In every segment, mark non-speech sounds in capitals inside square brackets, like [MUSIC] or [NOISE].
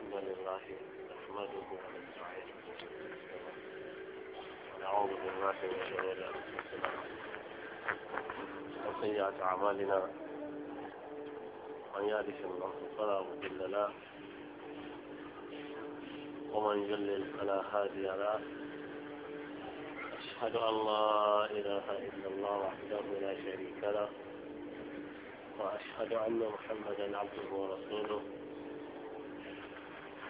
الحمد لله نحمده ونستعينه ونعوذ بالله من شرور انفسنا وسيئات اعمالنا من يهده الله فلا مضل له ومن يضلل فلا هادي له أشهد أن لا إله إلا الله وحده لا شريك له وأشهد أن محمدا عبده ورسوله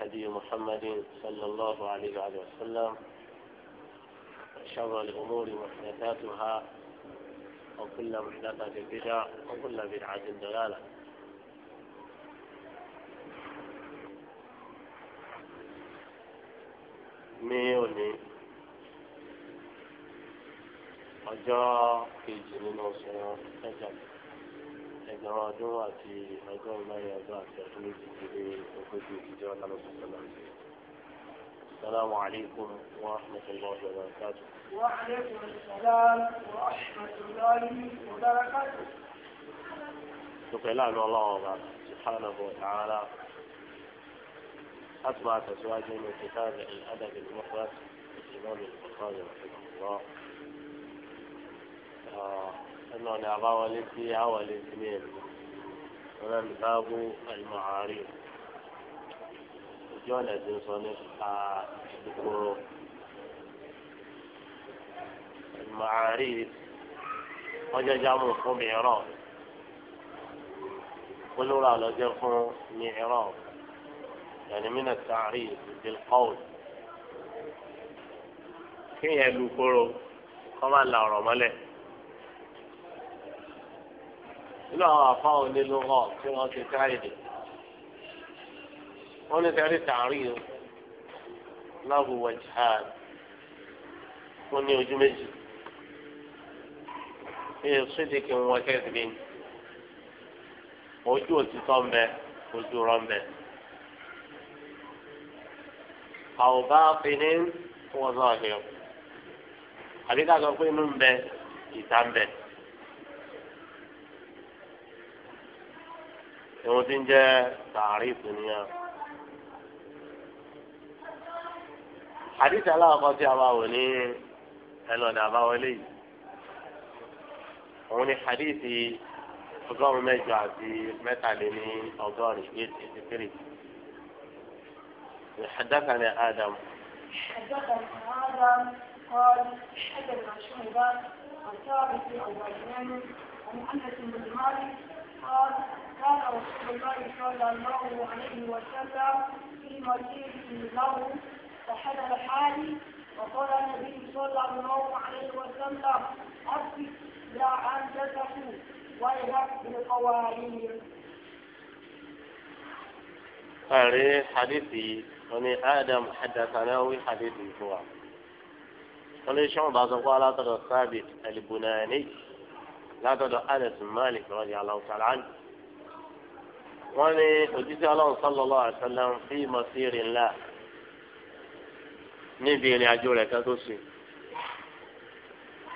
هدي محمد صلى الله عليه وآله وسلم شر الأمور محدثاتها وكل محدثة بدعة وكل بدعة دلالة ميوني ọjọ́ في جنون oṣù ẹ̀jẹ̀. ẹgbẹ̀rún ọdún àti ọgọ́rùn-ún mẹ́rin ọdún àti ọdún méjìlélẹ́ ogójì ìjọ lálọ́sọ̀tọ̀lá. السلام عليكم ورحمة الله وبركاته. وعليكم السلام ورحمة الله وبركاته. dúpẹ́ láàánú ọlọ́run ọba subhanahu wa ta'ala láti máa tẹ̀síwájú ní kitab al-adab al-mufrad ìmọ̀ mi ìfọ̀kànlẹ̀ ìfọ̀kànlẹ̀ ẹnu ọ̀nà àbáwọlé sí àwọlé sí ní ẹ̀rọ ọ̀nà ìbáwó àìmọ̀ àárín ojú ọ̀nà tí ń sọ nípa ìdókòrò àìmọ̀ àárín ọjọ́ jámù fún mìíràn olórí àlọ́jọ́ fún mìíràn yàní mí náà sàárì ìdílkọ́ọ̀lù kéèyàn lu kóró kọ́ máa la ọ̀rọ̀ mọ́lẹ̀ nínú àwọn àfa onílùmọ̀ tí wọ́n ti káyìdì wọ́n ní sẹ́rí tààrí o láwù wajhan wọ́n ní ojú méjì bíi sídìkì wọn kẹ́sìbí ojú òtítọ́ ń bẹ ojú rọ́ ń bẹ. أو باطن وظاهر حديث هذا يقول من به يتم به ìwọ̀n ti ń jẹ́ tààrífù nìyẹn. àdìsí aláwọ̀kọ́ tí a máa wò ní ẹlọ́dà àbáwọlé yìí òun ni àdìsí ọgọ́rùn-ún mẹ́jọ àti mẹ́tàléní ọgọ́rin eight eighty three. حدثنا آدم حدثنا آدم قال حدثنا شعبة عن ثابت عن عن أنس بن مالك قال قال رسول الله صلى الله عليه وسلم في مريض له فحلل حالي وقال النبي صلى الله عليه وسلم أثبت لا أن تتقوا ويهب بالقوارير قال حديثي ومن آدم حدثناه حديثي هو قال شعبة قال هذا ثابت البناني لا تدع أنس مالك رضي الله تعالى عنه wọ́n ní òjíṣẹ́ ọlọ́run sallallahu alaihi wasallam fi masiri ńlá níbi ìrìn àjò rẹ̀ kan tó ṣe.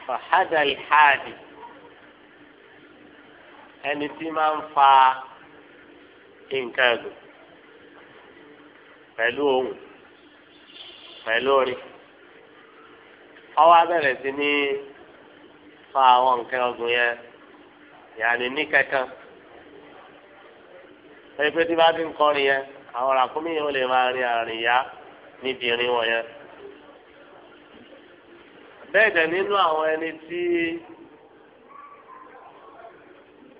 fàhádà ìhádì ẹni tí máa ń fa nǹkan ẹ̀dùn pẹ̀lú ohùn pẹ̀lú orin ọwọ́ abẹ́rẹ́ sí ní fa àwọn nǹkan ọ̀gùn yẹn yàrá ní kankan ẹni pé tí bá ti ń kọrin yẹn àwọn ràkúnmí yẹn ó lè máa rin àrìn yá níbi irin wọn yẹn. bẹ́ẹ̀ dẹ̀ nínú àwọn ẹni tí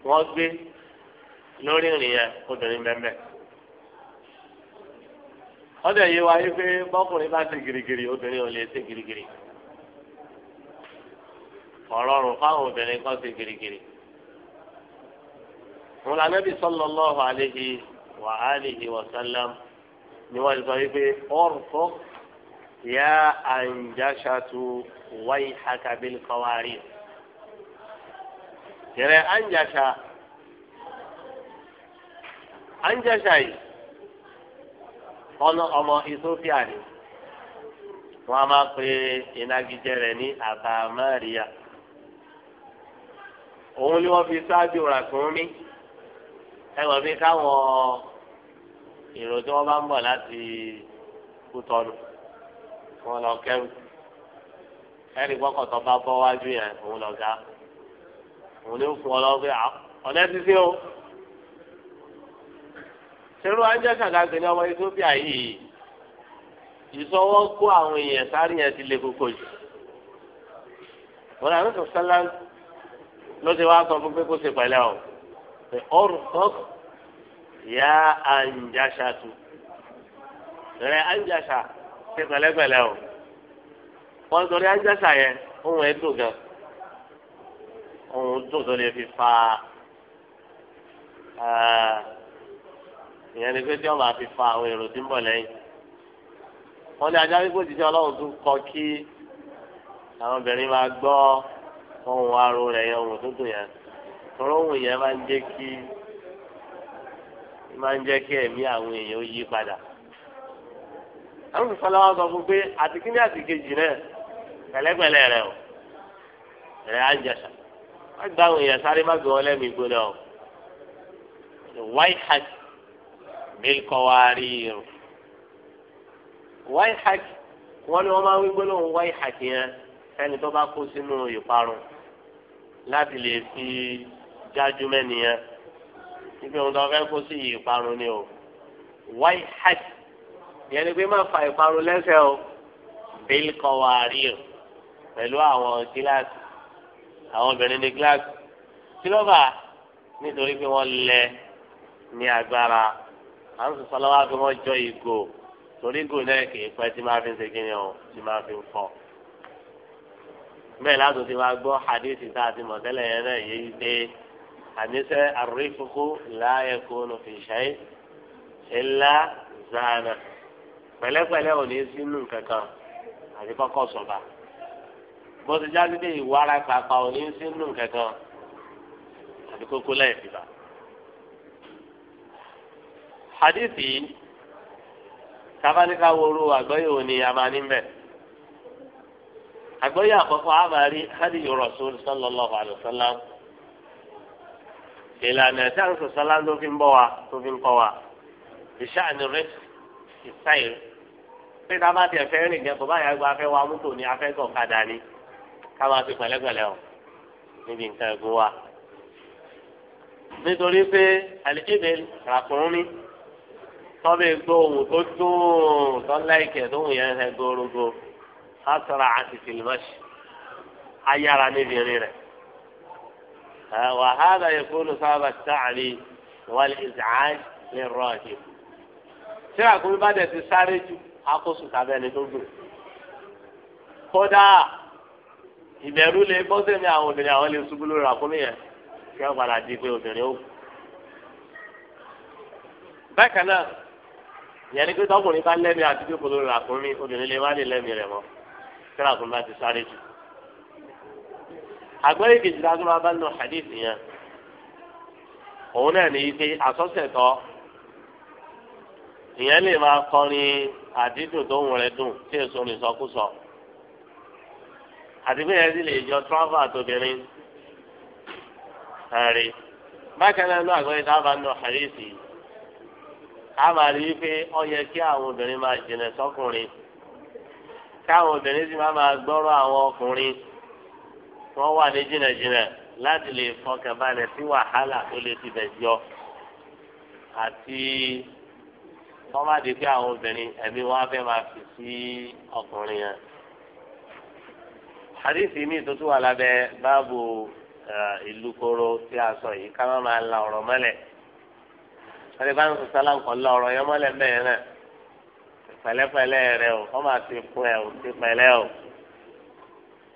wọ́n gbé lórí ìrìn yẹn obìnrin bẹ́ẹ̀ wọ́n dẹ̀ yé wa yí pé bọ́kùnrin bá ṣe gírígírí obìnrin ò lè ṣe gírígírí ọ̀rọ̀ ọ̀rùn fáwọn obìnrin kan ṣe gírígírí wọn la nabi sallallahu alayhi wa alihi wa sallam ni wọn sọ wípé ọrùfọ ya anjasatu wáyé hakabil kọwari yẹrẹ anjasa anjasa yìí ọlọ ọmọ ethiopia ni wọn a máa pe ìnagijẹ rẹ ní abamaria òun ni wọn fi ṣáájú rà fún mi ẹ bí káwọn èrò tí wọn bá ń bọ̀ láti kútọọlù wọn lọ kẹrù ẹnì gbọkọtọ bá bọ wájú yẹn òun lọ ga òun ní fún ọ lọ pé ah, o ṣerú ajá kàkàgbé ọmọ Ethiopia yìí ìsọwọ́ kó àwọn èèyàn sáré yẹn ti lé koko jù wọn làwọn sọ sálá ló ti wá sọ fún pé kó ṣe pẹ̀lẹ́ o pé ọrùkọ́k ya anjasa tu rẹ anjasa ṣe pẹ̀lẹ́pẹ̀lẹ́ o wọn sọ anjasa yẹn ohun ẹ gan ohun dùn tó lè fi fa ìyẹn ni pé tí fi fa àwọn èrò tí ń bọ̀ lẹ́yìn wọn ní ajá wípé òjijì Ọlọ́run tún kọ kí àwọn obìnrin máa gbọ́ ohun aró rẹ̀ yẹn ohun tó yẹn tọ́lọ́hùn yẹn máa ń jẹ́ kí máa ń jẹ́ kí ẹ̀mí àwọn èèyàn yí padà. àwọn ìfọlá wa sọ fún pé àti kíní àti kejì náà pẹ̀lẹ́pẹ̀lẹ́ rẹ o rẹ á jẹsà má gba àwọn èèyàn sáré má gbé wọn lẹ́mìí gbóná o. wáìhàk bíi kọ́wárí rò wáìhàk wọn ni wọn máa ń wí gbóná wáìhàk yẹn ẹni tó bá kó sínú ìparun láti lè fi jájú mẹ́niyẹn níbi òun tó fẹ́ kó sí ìparun ni o wáyé hajj yẹn ni pé má fa ìparun lẹ́sẹ̀ o bẹ́ẹ̀lì kan wà á rí o pẹ̀lú àwọn gíláàsì àwọn obìnrin ní gíláàsì sílọ́fà nítorí pé wọ́n lẹ ní agbára àwọn sọ̀sọ́lọ́wọ́ àti wọ́n jọ ìgò torí ìgò náà kì í pẹ́ tí máa fi ń ṣe kí ni o tí máa fi ń fọ́ bẹ́ẹ̀ látò ti máa gbọ́ hadith tá a ti mọ̀ tẹ́lẹ̀ yẹn náà yéé dé àníṣe àrífúkú láàyè kónú fìṣẹ́ ńlá zàánà pẹ̀lẹ́pẹ̀lẹ́ ò ní sínú kankan àti kọ́kọ́ sọ̀ba bó ti jáde dé ìwára pàpà ò ní sínú kankan àti kókó lẹ́yìn fìbà. hadithi tabanika woro àgbọ́yé òní amani mbẹ àgbọ́yé àkọ́kọ́ amari hadi yorùsùn sallallahu alayhi wa sallam ìlànà tí a ń sọ̀sọ́ lá ló fi ń bọ̀ wa tó fi ń kọ́ wa ìṣàánú rẹ̀ ìsáyè pé tá a bá tiẹ̀ fẹ́ rìn jẹ́ kó báyà gba afẹ́ wa mọ́tò ni afẹ́ gọ̀ kadà ni ká máa fi pẹ̀lẹ́pẹ̀lẹ́ o níbi nǹkan ẹ̀gbọ́n wa. nítorí pé àlejò ràkùnrin tọ́bẹ̀ gbọ́ ohun tó dùn tó láìkẹ̀ tó hùn yẹn gorogo á sọ̀rọ̀ àti fìlímọ́sì á níbi irin rẹ̀. وهذا يكون صعب التعلي والإزعاج للراجل سيرا كل بعد تسارج أقص كابين تقول kódà ìbẹ̀rù lè bọ́ sẹ́mi àwọn obìnrin àwọn lè ṣubú lórí àkúnmí yẹn kí wọ́n padà di pé obìnrin ó kù. bákan náà ìyẹn ni pé tọkùnrin bá lẹ́mìí àti pé kò lórí àkúnmí obìnrin lè má lè lẹ́mìí rẹ̀ mọ́ kí àkúnmí bá ti sáré jù. àgbẹ̀rẹ̀ kejì tá a tún máa bá nínú hadith yẹn òun náà ní ife àsọ́sẹ̀tọ́ ìyẹn lè máa kọrin àdídùn tó ń rẹ dùn tí èso ní sọkúsọ àti pé yẹn sì lè jọ travel tóbìnrin ẹ̀rí bákan náà nínú àgbẹ̀rẹ̀ tá a bá nínú hadith yìí a máa rí i pé ó yẹ kí àwọn obìnrin máa jìnnà sọkùnrin káwọn obìnrin sì máa máa gbọ́rọ̀ àwọn ọkùnrin wọ́n wà ní jìnnàjìnnà láti lè fọkàn balẹ̀ sí wàhálà tó lè ti bẹ̀ yọ àti wọ́n má di pé àwọn obìnrin ẹ̀mí wọn fẹ́ máa fi sí ọkùnrin yẹn. hadithi mi tó tún wà lábẹ́ báàbù eh, ìlú koro tí a sọ yìí ká má máa la ọ̀rọ̀ mọ́lẹ̀ wọ́n bá ń sọ sálá nǹkan la ọ̀rọ̀ yẹn mọ́lẹ̀ mẹ́rin náà pẹ̀lẹ́pẹ̀lẹ́ rẹ o wọ́n máa ti kún ẹ̀ o ti pẹ̀lẹ́ o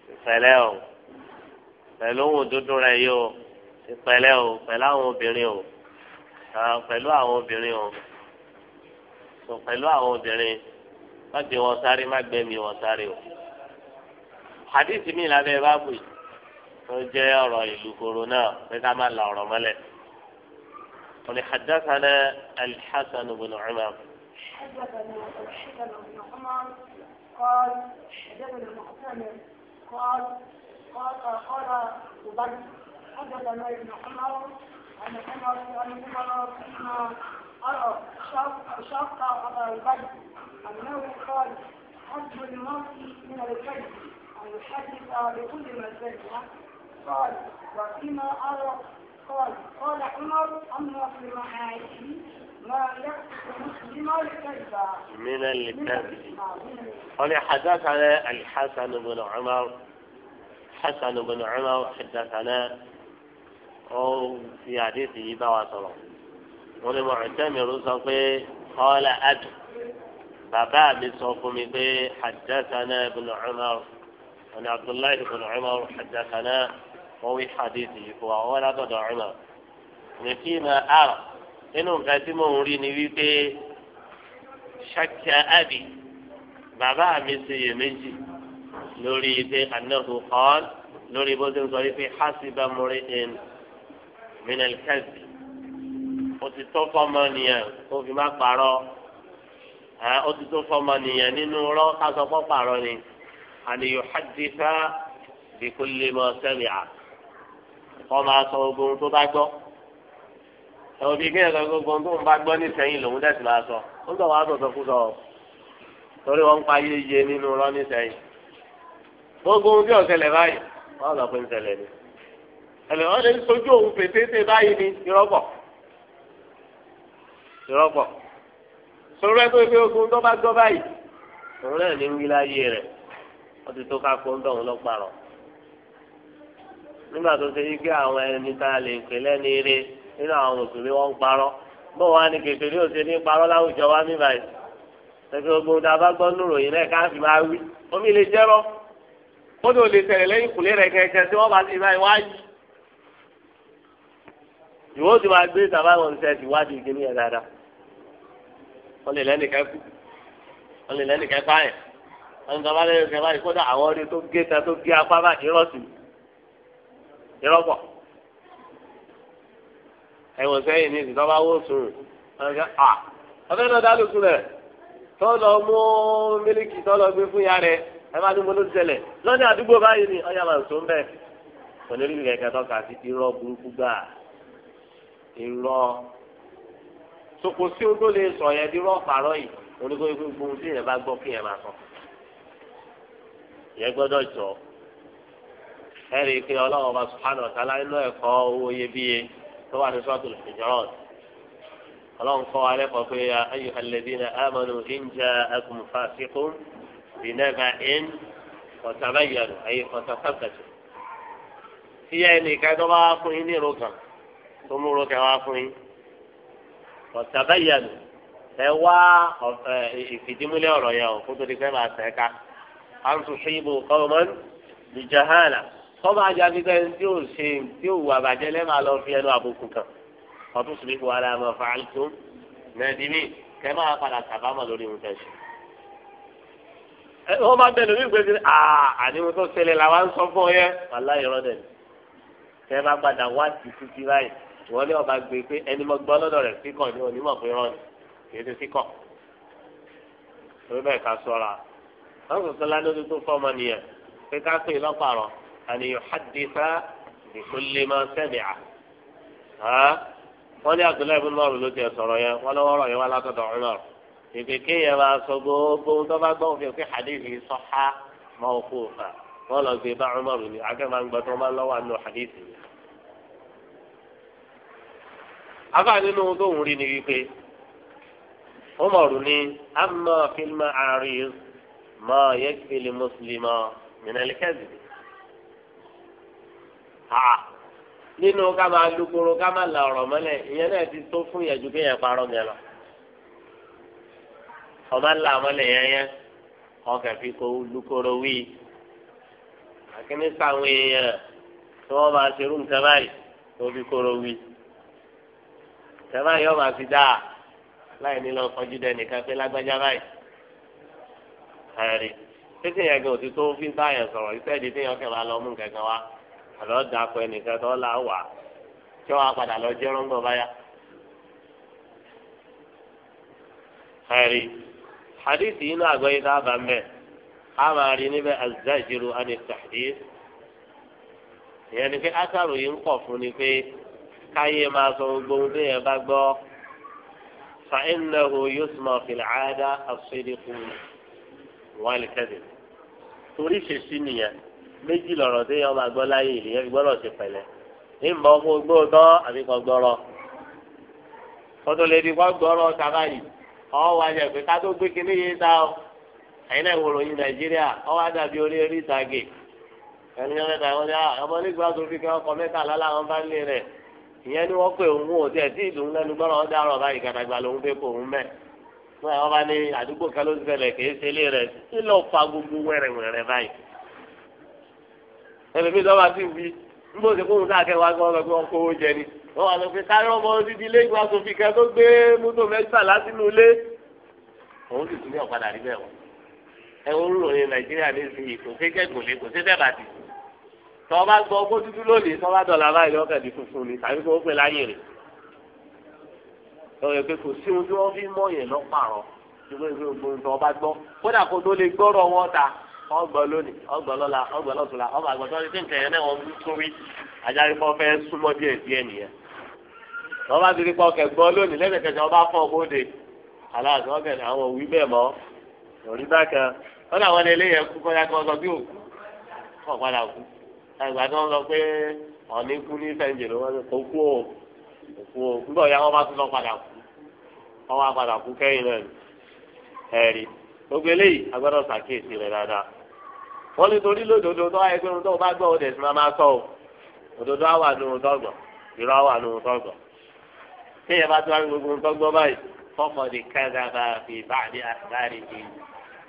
ti pẹ̀lẹ́ o pẹ̀lú ohun dúdú rẹ̀ yìí o ìpẹ̀lẹ́ o pẹ̀lú àwọn obìnrin o pẹ̀lú àwọn obìnrin o sọ pẹ̀lú àwọn obìnrin má gbé wọn sáré má gbẹ̀mí wọn sáré o. hadith mi lábẹ́ báàbù yìí tó jẹ́ ọ̀rọ̀ ìlú koro náà pé ká má la ọ̀rọ̀ mọ́lẹ̀. wọ́n ní haddathana alḥasan ibn umar. حدثنا الحسن بن عمر قال أبي حدثنا ابن عمر أن عمر أن عمر فيما أرى شاق على البدر أنه قال حد المرء من الكذب أن يحدث بكل ما قال وفيما أرى قال قال عمر أما في معانيه ما مسلم الكذب من الكذب قال على الحسن بن عمر hasan bin umar hadathana ó fi àdéhùn yìí bá wa sọ̀rọ̀ wọn ni mu'tamiru sọ pé qala àdù bàbá mi sọ fún mi pé hadathana bin umar wọn abdullahi bin umar hadathana wọn wí àdéhùn yìí fún wa wọn látọ̀dọ̀ umar ní fi máa àrà nínú nǹkan tí mò ń rí ni wípé ṣàkíyà àbí bàbá mi ṣe iyèméjì lórí ife anahu kọ́ọ́n lórí bó ti ń sọ ife hasiba mori in minel kẹ́sì ó ti tó fọ́mọ nìyẹn kó fi má parọ́ ó ti tó fọ́mọ nìyẹn nínú rọ́ kásọpọ̀ parọ́ ni àníyó hadifa bikulli mọ sẹ́mìà kọ́ máa sọ ogun tó bá gbọ́ ẹ̀wọ̀n bíi kíni ẹ̀ka gbogbo tó ń bá gbọ́ nísẹ̀yìn lòun dẹ̀sí máa sọ ó sọ wàá sọ̀tọ̀ kú sọ torí wọ́n ń pa yéye nínú rọ́ nísẹ̀yìn gbogbo ohun tí ọ̀sẹ̀lẹ̀ báyìí wọ́n lọ pé ń ṣẹlẹ̀ ni ẹ̀lẹ́ wọ́n lè ń sojú òun pètètè báyìí ni ìrọ́pọ̀ ìrọ́pọ̀ sọ̀rọ̀ ẹ̀ tó fi ogun tó bá gbọ́ báyìí sọ̀rọ̀ náà ní wí láyé rẹ̀ wọ́n ti tó ká kó ń dọ̀hún lọ́pàrọ̀ nígbà tó ṣe yí pé àwọn ẹni tá a lè pè lẹ́ni eré nínú àwọn mùsùlùmí wọ́n ń parọ́ bó wàá ní kèfèrí òsè ní parọ́ láwùjọ wa mí báyìí ṣèkè ogun tá a bá gbọ́ nùròyìn náà káàfin máa wí omi lè jẹ́rọ́ ó dò lè tẹ̀lé lẹ́yìn kùlé rẹ̀ kẹ̀kẹ́ tí wọ́n bá ti báyìí wáyé ìwọ́n ti máa gbé ìtàbáwọn ní sẹ́ẹ̀tì wádìí ìdí ní dáadáa wọ́n lè lẹ́nìkan kú wọ́n lè lẹ́nìkan báyẹn wọ́n ní tọ́ba lẹ́yìn kẹfà yìí kódà àwọn ọdẹ tó gé ta tó gé apá bá ìrọ́sì ìrọ́pọ̀ ẹ̀wọ̀n sẹ́yìn ní ìsìn tọ́ba sùn ẹ máa ní mọ́lódì sẹlẹ̀ lọ́ní àdúgbò báyìí ni ọ̀yà máa tó ń bẹ̀. onírú kẹ̀kẹ́ tọ́ka sí irọ́ burúkú gbà irọ́ soko sí o tó lè sọ yẹn di irọ́ pààrọ̀ yìí oníkóyè fún gbogbo tí yẹn bá gbọ́ kí yẹn máa sọ. yẹn gbọ́dọ̀ jọ ẹ̀rí pé ọlọ́run bá subhanahu wa ta'ala inú ẹ̀kọ́ owó iyebíye tó wà ní sọ́ọ̀tù ìjọ́rọ̀ ọlọ́run kọ́ wa lẹ́kọ̀ọ́ pé ayé alẹ́bí náà بنبأ وتبينوا أي وتثبتوا هي اللي كانوا واقفين ركن ثم ركن واقفين وتبينوا ẹwà ìfìdímúlẹ̀ ọ̀rọ̀ yẹn o kó tó di pé máa tẹ̀ ká à ń tún ṣíbù kọ́mọ́n ní jahana kọ́mọ́ ajá fi pé tí ò ṣe tí ò wà bàjẹ́ lẹ́màá lọ fi ẹnu àbùkù kan ọtún sì ní kó wà láàmú ọ̀fà àlùtún nàìjíríà kẹ́ máa padà sábàámọ̀ lórí ohun wọ́n máa bẹ̀rẹ̀ lórí ìgbésí àà àníwọ̀n tó ṣẹlẹ̀ làwa ń sọ fún ọ yẹn wàhálà ìrọ̀lẹ́ ni tẹ́ ẹ bá padà wá ti títí láì wọ́n ní ọba gbé pé ẹni mọ gbọ́ lọ́dọ̀ rẹ̀ síkọ̀ ní onímọ̀ pé rán ni kì í ti síkọ̀ torí bẹ́ẹ̀ ká sọ́ra wọ́n sọ sọ́lá lórí tó fọ́ ọmọ nìyẹn pé ká pè lọ́pàrọ̀ àníyàn hadisa ìkólé máa sẹ́mìà wọ́n ní Abdullahi ibùdó ló ti sọ̀rọ̀ yẹn wọ́n lọ́wọ́ ìpèké yẹn máa sọ gbogbo tó bá gbọ́ òfin pé hadithi sọ́ha máa kó o fà wọ́n lọ gbé bá ọmọrù ni akẹ́ máa ń gbọ́ tó máa ń lọ́wọ́ àánú hadithi yẹn. afa nínú ohun tó ń rí ni wípé ọmọrù ni amma fílmà àárín máa yẹ kílì mìnàlì kẹ́sì. nínú ká máa lukoro ká máa la ọ̀rọ̀ mọ́lẹ̀ ìyẹn náà ti tó fún ìyẹn ju kéèyàn parọ́ mi lọ. ọba ńlá mọ́lẹ̀ yẹn yẹn wọn kàn fi kó lukoro wí àkíní sáwọn èèyàn tí wọ́n máa ṣerú nǹkan báyìí tó fi kóró wí nǹkan báyìí wọ́n máa fi dáa láì ní lọ kọjú dẹnìkan pé lágbájá báyìí títí yẹn gan òtítọ́ hadithi inú àgbáyé tá a bá ń bẹ̀ a máa rí níbẹ̀ azajiru ani tahdith ìyẹn ni pé ásàrò yìí ń kọ̀ fún ni pé káyé máa sọ gbogbo ohun tó yẹ bá gbọ́ fa innahu yusma fil aada as-sidqu wal kadhib torí ṣèṣì nìyẹn méjì lọ̀rọ̀ tó yẹ ọba gbọ́ láyé ìyẹn gbọ́dọ̀ ṣe pẹ̀lẹ́ ìmọ̀ ọkọ̀ gbóòtọ́ àbíkọ̀ gbọ́rọ̀ kọ́tọ́lẹ́bí kọ́ gbọ́rọ̀ sábà yìí. ọwọ́ ajá pé ká tó gbé kinní yìí ta ọ, ẹ̀yin náà wòrò yín nàìjíríà ọwọ́ ajá bí orí eré ìtàgé ẹni yẹn mẹ́ta wọn ni ah, ọmọ nígbà tó fi ọkọ mẹ́tàlá làwọn bá lé rẹ̀ ìyẹn ni wọ́n pè òun ò tiẹ̀ tí ìdùnnú lẹ́nu gbọ́dọ̀ ọ́n dárọ̀ báyìí gàdàgbà lòun fẹ́ kó òun mẹ́ wọn bá ní àdúgbò kan ló ti ṣẹlẹ̀ kì ṣe ilé rẹ̀ fa gbogbo wọ́n wà lọ pé káyọ̀ ọmọ odidi ilé ìgbà sófin kan tó gbé mọ́tò mẹ́tàlá sínú ilé òun sì tún ní ọ̀padà rí bẹ́ẹ̀ wọ́n ẹ wọ́n rúrò ní nàìjíríà ní ìsinyìí kò sí kẹ́gùn lé kò sí tẹ́bà tì tọ́ bá gbọ́ ọkọ́ dúdú lónìí tọ́ bá dọ̀là báyìí lọ́kàn di funfun ni tàbí kò pé láyé rẹ̀ lọ́wọ́ pé kò sí ohun tí wọ́n fi mọ̀ yẹn lọ́pàrọ̀ ṣùgbọ́n ìwé ogun tọ́ bá gbọ́ kódà kó tó lè gbọ́rọ̀ wọn ta ọgbọ́n lónìí ọgbọ́n lọ́la ọgbọ́n lọ́tùlá ọgbọ́n àgbọ̀tọ́ wọ́n bá ti di pa ọkẹ̀ gbọ́ lónìí lẹ́sẹ̀kẹsẹ̀ wọ́n bá fọ́ ọgbóde aláàtú ọkẹ̀ ni àwọn òwí bẹ́ẹ̀ mọ́ òrí ya wọ́n ní àwọn ilé yẹn kú kọ́lá kí wọ́n sọ bí òkú kọ̀ padà kú àgbà tí wọ́n sọ pé ọ̀ní kú ní sẹ́ńjì ló wọ́n kó kú o nígbà wọ́n bá tún lọ padà kú wọ́n wá padà kú kẹ́yìn náà ẹ̀rí gbogbo eléyìí agbọ́dọ̀ rẹ̀ dáadáa wọ́n ní torí lódodo tó wáyé pé ohun tó bá sọ òdodo kéèyàn bá tó wá gbogbo gbọgbọ báyìí fọmọdé kẹgàbà fi báàdì àtàrí ni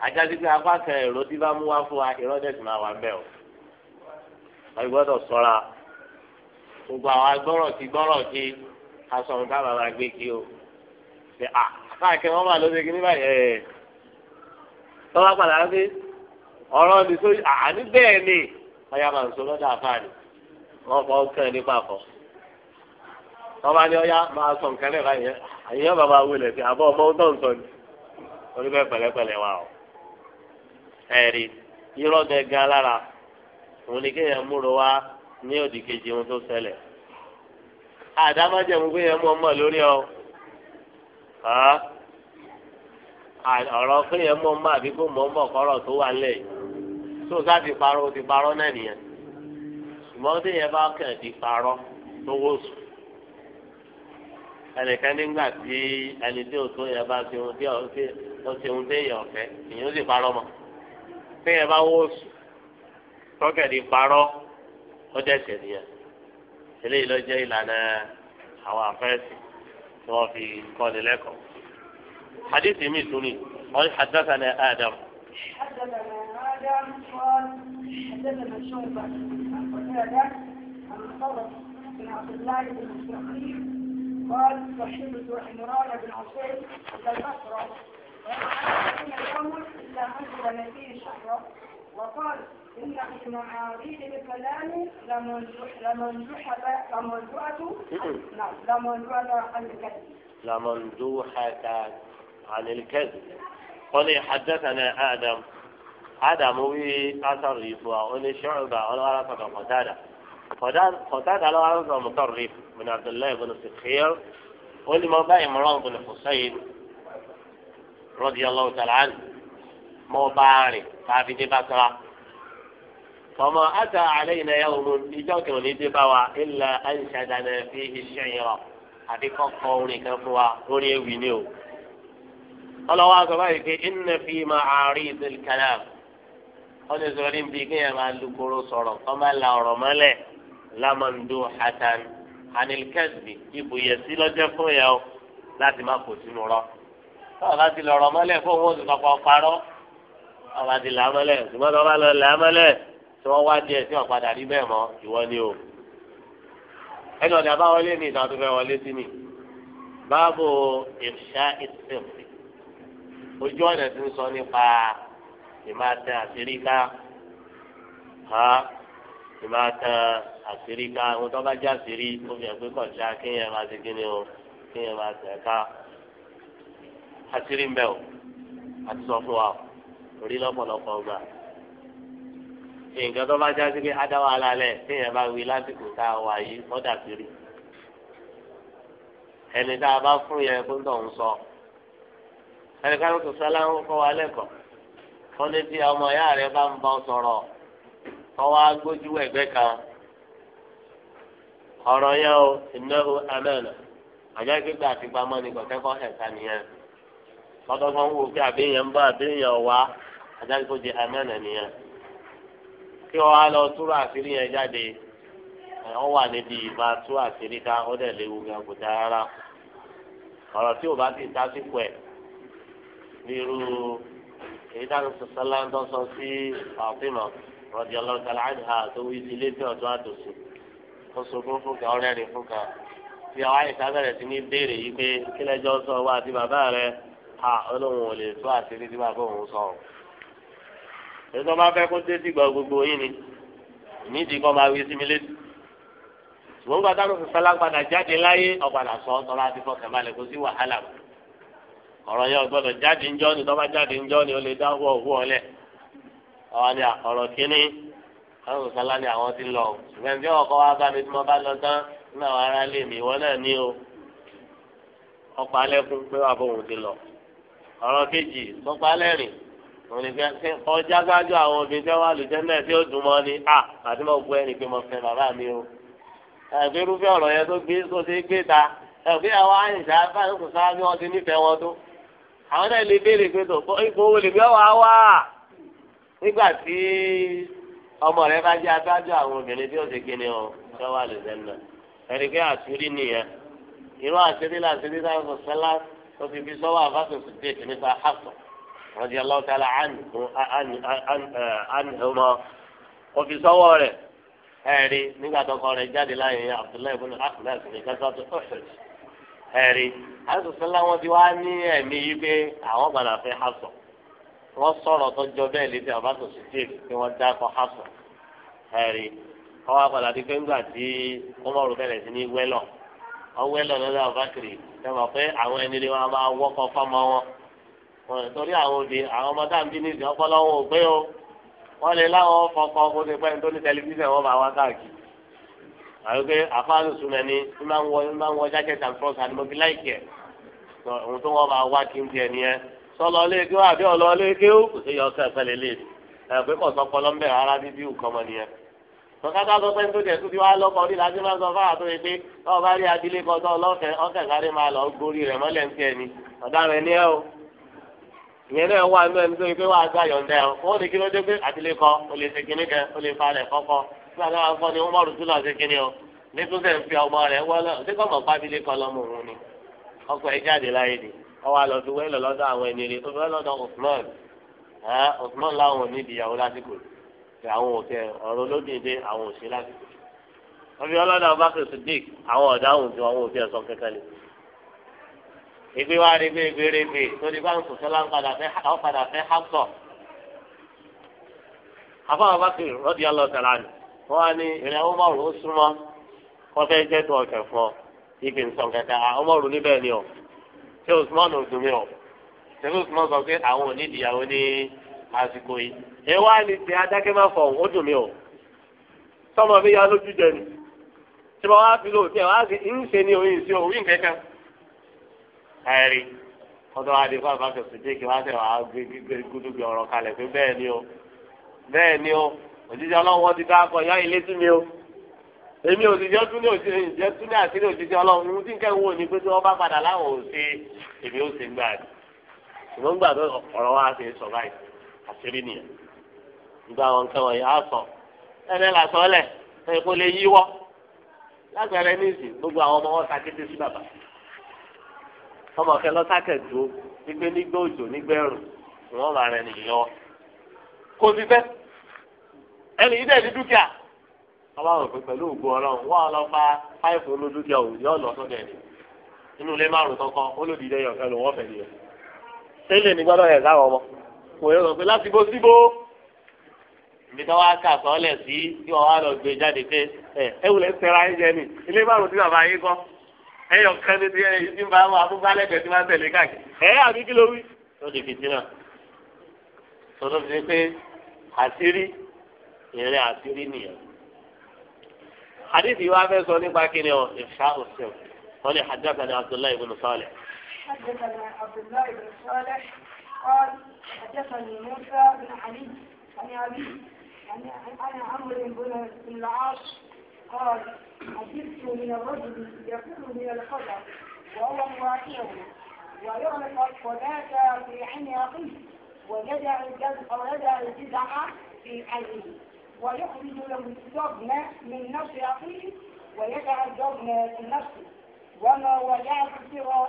àjáde pé apá kan èrò tí bá mú wá fún wa ìrọ́jẹ́ sì máa wà ń bẹ̀ o wọ́n gbọ́dọ̀ sọ́ra gbogbo àwọn agbọ́rọ̀ ti gbọ́rọ̀ ti aṣọ nǹkan bàbá gbé kí o ṣe à káàkiri wọn bá lóde kíní báyìí ẹ̀ tọ́wọ́ padà wá sí ọ̀rọ̀ ni sórí àní bẹ́ẹ̀ ni ọ̀yà màá sọ lọ́dọ̀ àfáàní wọ́n fọ́ kàn nípa fọ́ tọ́ba ni ọ̀ya máa sọ nǹkan lẹ́ka yẹn àyẹ̀yẹ́ bàbá wulẹ̀ sí àbọ̀ ọmọ ọdọ́ ń sọ ni torí bẹ́ẹ̀ pẹ̀lẹ́pẹ̀lẹ́ wa o. ẹ̀rí irọ́ gẹ́gẹ́ alára òun ni kéèyàn múro wá ní òdì kejì ohun tó ṣẹlẹ̀. àdámájẹ̀mú kéèyàn mú ọmọ lórí ọ ọ̀rọ̀ kéèyàn mú ọmọ àbí kó mọ ọmọ kọ́rọ̀ tó wà lẹ̀ tó sá ti parọ́ ti parọ́ náà nìyẹn ṣùgbọ́n téèyàn bá kàn ti parọ́ tó wó ẹnìkan nígbà tí ẹni tí òtún yẹn bá ṣe ohun tí ó ṣe ohun tí èèyàn fẹ́ èèyàn sì parọ́ mọ́ téèyàn bá wó sùn tọ́kẹ̀dì parọ́ ó dẹ̀sẹ̀ nìyẹn eléyìí ló jẹ́ ìlànà àwọn àfẹ́sì tí wọ́n fi kọ́ni lẹ́kọ̀ọ́. حديث من سني قال حدثنا آدم حدثنا آدم قال حدثنا شعبة عن قتادة عن بن عبد الله بن مسعود قال صحبت عمران بن عصير إلى البصرة وأنا الامر إلا أنزل فيه شهرا وقال إن معاريد بكلام لمنجوحة لمنجوحة نعم لمنجوحة عن الكذب لمندوحة عن الكذب قل حدثنا آدم آدم هو أثر رفوع شعبة ولا صدق قتادة قتادة على عرض المطرف بن عبد الله بن السخير ولما باع عمران بن حسين رضي الله تعالى عنه مبارك تعرفين دي بصرة فما أتى علينا يوم يجوكني دي بوا إلا أنشدنا فيه الشعر àti kọ́kọ́ orin kan fún wa lórí ewì ni o. ọlọ́wọ́ àgbà báyìí pé iná fi máa àárín ìdílé kalam lamando hatan anilkẹ́sì ibùyẹ̀sí lọ́jọ́ fún yẹn o láti má kó sínú rọ. báwo bá ti lọ rọ mọ́lẹ̀ fún òun oṣù kọ̀ọ̀kan parọ́ báwo bá ti là á mọ́lẹ̀ ṣùgbọ́n tó bá lọ là á mọ́lẹ̀ tí wọ́n wá díẹ̀ sí ọ̀padà rí bẹ́ẹ̀ mọ́ ìwọ ni o. ẹni ọ̀dà bá wọlé ní ìtàn tó fẹ́ wọlé sí ni. báàbò ìṣá ìṣèlú ojú ọ̀nà ti ń sọ nípa ìmáṣe àṣírí ká ìbá tan àṣírí ká ohun tó bá jẹ́ àṣírí ó fi hàn pé kọ̀ọ̀dá kéèyàn máa ti kíni o kéèyàn máa tẹ̀ ká àṣírí ń bẹ o àti sọ fún wa o orí lọ́pọ̀lọpọ̀ gbà nǹkan tó bá já sí pé adáwọ̀ alalẹ̀ téèyàn bá wí lásìkò tá a wà yìí ó dà sírí ẹni tá a bá fún yẹn kó ń tọ̀ ń sọ ẹni ká ló tó sálá ń kọ́ wa lẹ́kọ̀ọ́ wọ́n ọmọ ìyá rẹ bá ń bọ́ sọ̀rọ̀ ọwọ́ agbójú ẹgbẹ́ kan ọ̀rọ̀ yẹn o ìnáwó amẹ́nà àjọ gbígbà àti gbàmọ́ ni gbọ̀tẹ́kọ̀ ẹ̀ka nìyẹn lọ́dọ́gbọ́n wò pé àbíyẹn ń bọ́ wá àjọ di amẹ́nà nìyẹn kí ọ á lọ túrọ̀ àṣírí yẹn jáde ọ wà níbi ìbá tú àṣírí ká ó dẹ̀ léwu rárá ọ̀rọ̀ tí ò bá ti bí irú èyí rọ̀dì ọlọ́ọ̀tàlá àdìhà tó wí sí ilé tí ọ̀tún àtòsí ó sọkún fúnkà ọ̀rẹ́ rẹ̀ fúnkà tí àwọn àyíká bẹ̀rẹ̀ sí ní béèrè yìí pé kí lẹ́jọ́ sọ wá àti bàbá rẹ̀ ha olóhùn ò lè tó àti ní bàbá òun sọ. ètò ọba fẹ́ kó ni kọ́ máa wí sí mi létí. ṣùgbọ́n jáde láyé sọ àwọn ni ọ̀rọ̀ kínní àwọn sọlá ni àwọn ti lọ ṣùgbọ́n bí ọkọ wa bá mi tí mo bá lọ tán nínú àwọn ará ilé mi ìwọ náà ní o ọkọ alẹ́ fún pé wà fóun ti lọ ọ̀rọ̀ kejì sọpọ alẹ́ òun ni pé ọjà gbájú àwọn obìnrin tẹ́ wà lùjẹ́ náà tí ó dùn mọ́ ni à àti mo gbọ́ ẹni pé mo fẹ́ bàbá mi o àgbẹ̀ irúfẹ́ ọ̀rọ̀ yẹn tó gbé tó ti gbé ta ẹ̀gbẹ́ àwọn àyìnṣá báyìí kò sáá bí wọ́n ti nífẹ̀ẹ́ wọn tó àwọn náà lè béèrè pé tó ipò olè bí ọ wà wá nígbà tí ọmọ rẹ bá jẹ́ adájọ́ àwọn obìnrin tí ó ti kíni ọ ṣé wà lè sẹ́nu ẹni pé àṣírí nìyẹn irú àṣírí làṣírí sáfù sẹ́lá tó fi fi sọ́wọ́ àfáàsù sídìk nípa Hafsa radiyallahu ta'ala anhuma ó fi sọ́wọ́ rẹ̀ ẹ̀rí nígbà tó kọ́ rẹ̀ jáde láyé Abdullahi ibn Ahmed ní kásátó ọ̀ṣẹ̀ṣ ẹ̀rí àṣìṣe láwọn ti wá ní ẹ̀mí yí pé àwọn gbàdá fẹ́ Hafsa wọ́n sọ̀rọ̀ tó jọ bẹ́ẹ̀ létí àbátò sitif tí wọ́n dá kọ́ hasan ẹ̀rí wọ́n wá padà dípẹ́ ńgbà tí wọ́n bẹ̀rẹ̀ sí ní wẹ́lọ̀ wọ́n wẹ́lọ̀ lọ́dọ̀ àbákiri ṣe pé àwọn ẹni ni wọ́n máa wọ́kọ̀ fọ́mọ wọn torí àwọn òde àwọn ọmọ dáhùn bí ní ọpọlọ wọn ò pé o wọ́n lè láwọn fọkàn kó pẹ́ ní tẹlifíṣàn wọn máa wá káàkiri àwọn pé àfáàlù súnmọ́ ni ní máa ń wọ jákẹ́tì àti àdìmọ́bí láìkẹ́ ohun tó wọ́n máa wá kí n tiẹ̀ nìyẹn sọlọ lé kí wọn àbí ọlọ lé kí ó èèyàn ọsẹ ìfẹlẹ lé ẹ pé kò sọ pọlọ mbẹ rárá bíbí òkọ ọmọ nìyẹn tọ́kátà sọ pé nítorí ẹ̀sùn tí wàá lọ́kọ̀ orí làásì máa ń sọ fáwọn àtúnyẹ pé tọ́wọ́ bá rí abilé kan tó ọlọ́fẹ́ ọ̀kẹ́ sáré máa lọ gorí rẹ̀ mọ́lẹ̀ ń tiẹ̀ ni ọ̀daràn ni ẹ o ìyẹn náà wà nínú ẹni tó yẹ pé wàá gbà yọ̀ǹda ẹ wọ́n ní kí ló dé pé abilé kan ó lè ṣe kinní kan ó lè falẹ̀ kọ́kọ́ nígbà tó wàá fọ́ ni wọ́n mọ̀rún tún lọ sí kinní o nítorí sẹ́ ń fi ọmọ rẹ̀ wọ́n lọ ọwọ́ àlọ́ fi wẹ́lọ̀ lọ́dọ̀ àwọn ẹni rẹ̀ ọ̀fẹ́ lọ́dọ̀ Usman Usman láwọn onídìí ìyàwó lásìkò tí àwọn òkè ọ̀rọ̀ lóbìn dé àwọn òṣè lásìkò wọ́n fi ọlọ́dọ̀ Abubakar Siddiq àwọn ọ̀dọ́ àwọn òjò àwọn òfin ẹ̀sọ́ kẹ́kẹ́ lé ìgbé wa rí bẹ́ẹ̀ gbére bẹ́ẹ̀ torí bá ń sọ sọ́lá ń padà fẹ́ hapsọ̀ àfọwọ́ Abubakar rọ́dí ọlọ́sẹ̀ lánàá wọ́n á ní ìrìn àwọn ọmọ òrùn ó súnmọ́ kọ́fẹ́ jẹ́ tó ọ̀kẹ́ fún ọ ìgbìnsọ̀ ah, kẹta ṣé Usman ò dùn mí o ṣé Usman sọ pé àwọn ò ní ìdíyàwó ní àsìkò yìí ẹ wá ní ti adákẹ́ má fọ̀ ó dùn mí o sọmọ mi yá lójú jẹ ni tí wọn wá fi lóòótọ́ ẹ wá sí ń ṣe ni òun ìṣe òun kankan ẹ̀rí ọ̀dọ̀ adìfọ àbáfẹ́ sèdèkì wá sẹ́wọ̀n á gbé gbígbé gúdúgbé ọ̀rọ̀ kalẹ̀ pé bẹ́ẹ̀ ni o bẹ́ẹ̀ ni o òjijì ọlọ́wọ́ ti dá akọ yá ilé sí mi o èmi òṣìṣẹ́ tún òṣìṣẹ́ ìjẹ́ àṣírí òṣìṣẹ́ ọlọ́run ohun tí ń kẹ́wọ́ ni pé tí wọ́n bá padà láwọn ò ṣe èmi ó ṣe gbà ní. ṣùgbọ́n gbà tó ọ̀rọ̀ wa ṣe sọ báyìí àṣírí nìyẹn. nígbà wọn kẹ́wọ́ yẹn á sọ ẹ̀rẹ́ làṣọlẹ̀ ẹ̀ kó lè yíwọ́. lágbàrẹ́ níìsì gbogbo àwọn ọmọ wọn takété sí bàbá. ọmọ kẹ lọ́sàkẹ̀ tó nígbẹ́ nígbẹ́ òjò nígbẹ́ ẹ̀rùn wọ́n máa rẹ nìyí ọlọ́run pé pẹ̀lú ògo ọlọ́run wọ́n lọ fa páìpù olódúkẹ́ òun yóò lọ sókè ni inú ilé márùn kankan olódìdẹ yọ fẹ́ lò wọ́n fẹ́ nìyẹn. sẹ́lẹ̀ ní gbọ́dọ̀ yẹ̀ sáwọn ọmọ kò yẹ kàn pé láti bó síbó ibi tó wá kà sọ́ọ́lẹ̀ sí kí wọ́n wá lọ gbé jáde pé ẹ ẹ wùlẹ̀ ń tẹ́ra ẹ ni ilé márùn tí bàbá yín kọ́ ẹ yọ ní tiẹ̀ yìí tí ń bá wọn afúgbálẹ́gbẹ̀ tí wọ́n tẹ̀lé káàkiri ẹ àbí kí ló wí. ó di fìtínà sọdọ́ fi pé àṣírí ìrìn àṣírí nìyẹn. حديثي وافي سوني باكين يوم إفشاء السر قال حدثنا عبد الله بن صالح حدثنا عبد الله بن صالح قال حدثني موسى بن علي عن أبي عن عمرو بن العاص قال حدثت من الرجل يقول من الخطأ وهو مواقعه ويغلق الصلاة في عين أخيه ويدع الجزع في عينه ويخرج له الجبن من نفس أخيه ويجعل الجبن في نفسه وما وجعت سوى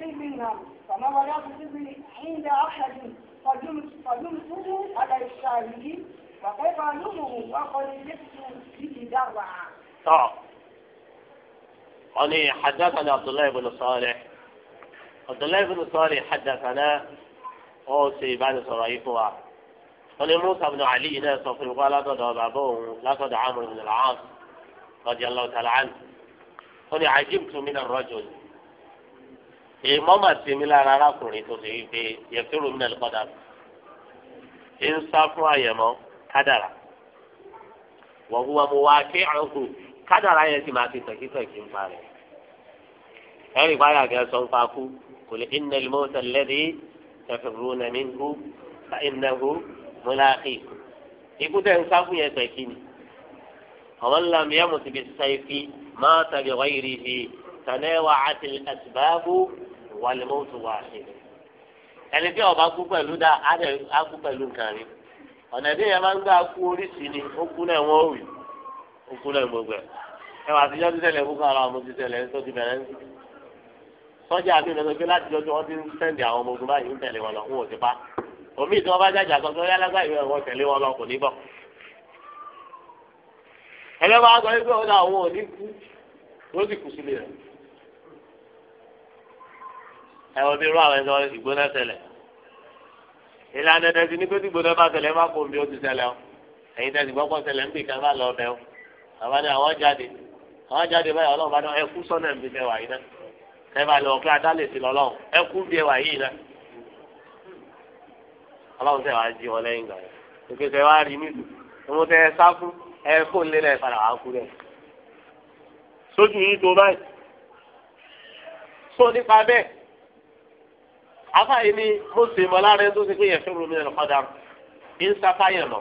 سرنا فما وجعت سري عند أحد فجمسه على الشاهد وكيف ألومه وقد جبت به درعا. آه. حدثنا عبد الله بن صالح عبد الله بن صالح حدثنا ó ṣe ìbánisọ̀rọ̀ yìí wọn ni musa bin ali yìí náà sọ fún ikú alátọ̀dọ̀ bàbá òun látọ̀dọ̀ amr bin al-aas radiyallahu ta'ala anhu wọn ni ajibtu min ar-rajul èèmọ́ mà sí mi lára arákùnrin tó ṣe wípé yẹfẹ́rù mi nàlẹ́ kọ́dà ń sá fún àyẹ̀mọ́ kádàrà wọ́n wúwa mo wá ké àrùn kádàrà yẹn ti máa ti tẹ̀kítẹ̀kí ń parẹ́ ẹ̀rì báyà gẹ̀ sọ ń fa kú kò lè innal mawta mọláàkì ikú tẹ̀ ń sáfù yẹn pẹ̀ kí ni ọmọ ńlá mi yẹn mo ti fi sẹ́yìfì máa tàbí wáyé rí i tànẹ́wà àti àtìbáàbù wàlẹ́mọ́tò wà sí i ẹni tí ọba kú pẹ̀lú dá akú pẹ̀lú nǹkan rí ọ̀nà ìdí yẹn máa ń gbà kú oríṣi ni ó kú náà wọ́n wì ó kú náà gbogbo ẹ̀ ẹ wà síjọ́ ti tẹ̀lé fún kára ọmọ ti tẹ̀lé tó ti bẹ̀rẹ̀ ń sìn sọ́jà àbí ìrẹsọ̀gbé láti jọjọ́ wọn ti ń sẹ́ndì àwọn ọmọ ogun báyìí ń tẹ̀lé wọn lọ ń wò pa omi tí wọn bá jàjà kan tó yá lágbá ìwé ọwọ́ tẹ̀lé wọn lọ kò ní bọ ẹgbẹ́ bá gbọ́ ẹgbẹ́ ọdọ àwọn òní kú ló sì kù sílẹ̀ rẹ ẹ wọ bí irú àwọn ẹjọ́ ìgbóná ṣẹlẹ̀ ìlànà ẹdẹ ti ní pé tí ìgbóná bá ṣẹlẹ̀ má kó omi ó ti ṣẹlẹ̀ o ẹ̀yin tẹsí gbọgbọ ṣẹlẹ̀ ń bì ká má lọ bẹ o bàbá ni àwọn jáde àwọn jáde báyìí Ọlọ́run bá dán ẹkú sọnà ń bí bẹ yìí náà ẹ bá lọ kí adá sí lọ ẹkú bí ẹ yìí náà ọlọ́run sẹ wàá jí wọn lẹ́yìn ìgbà yẹn òkè sẹ wàá rí nílùú òun tẹ ẹ sá fún ẹ kó lé náà padà wàá kú rẹ. sójú yìí tó báyìí sọ nípa bẹ́ẹ̀ afáyé ni mo sì mọ láàrin tó ti pé yẹn fẹ́ràn mi lọ́nà padà bí ń sáfáyẹ̀ lọ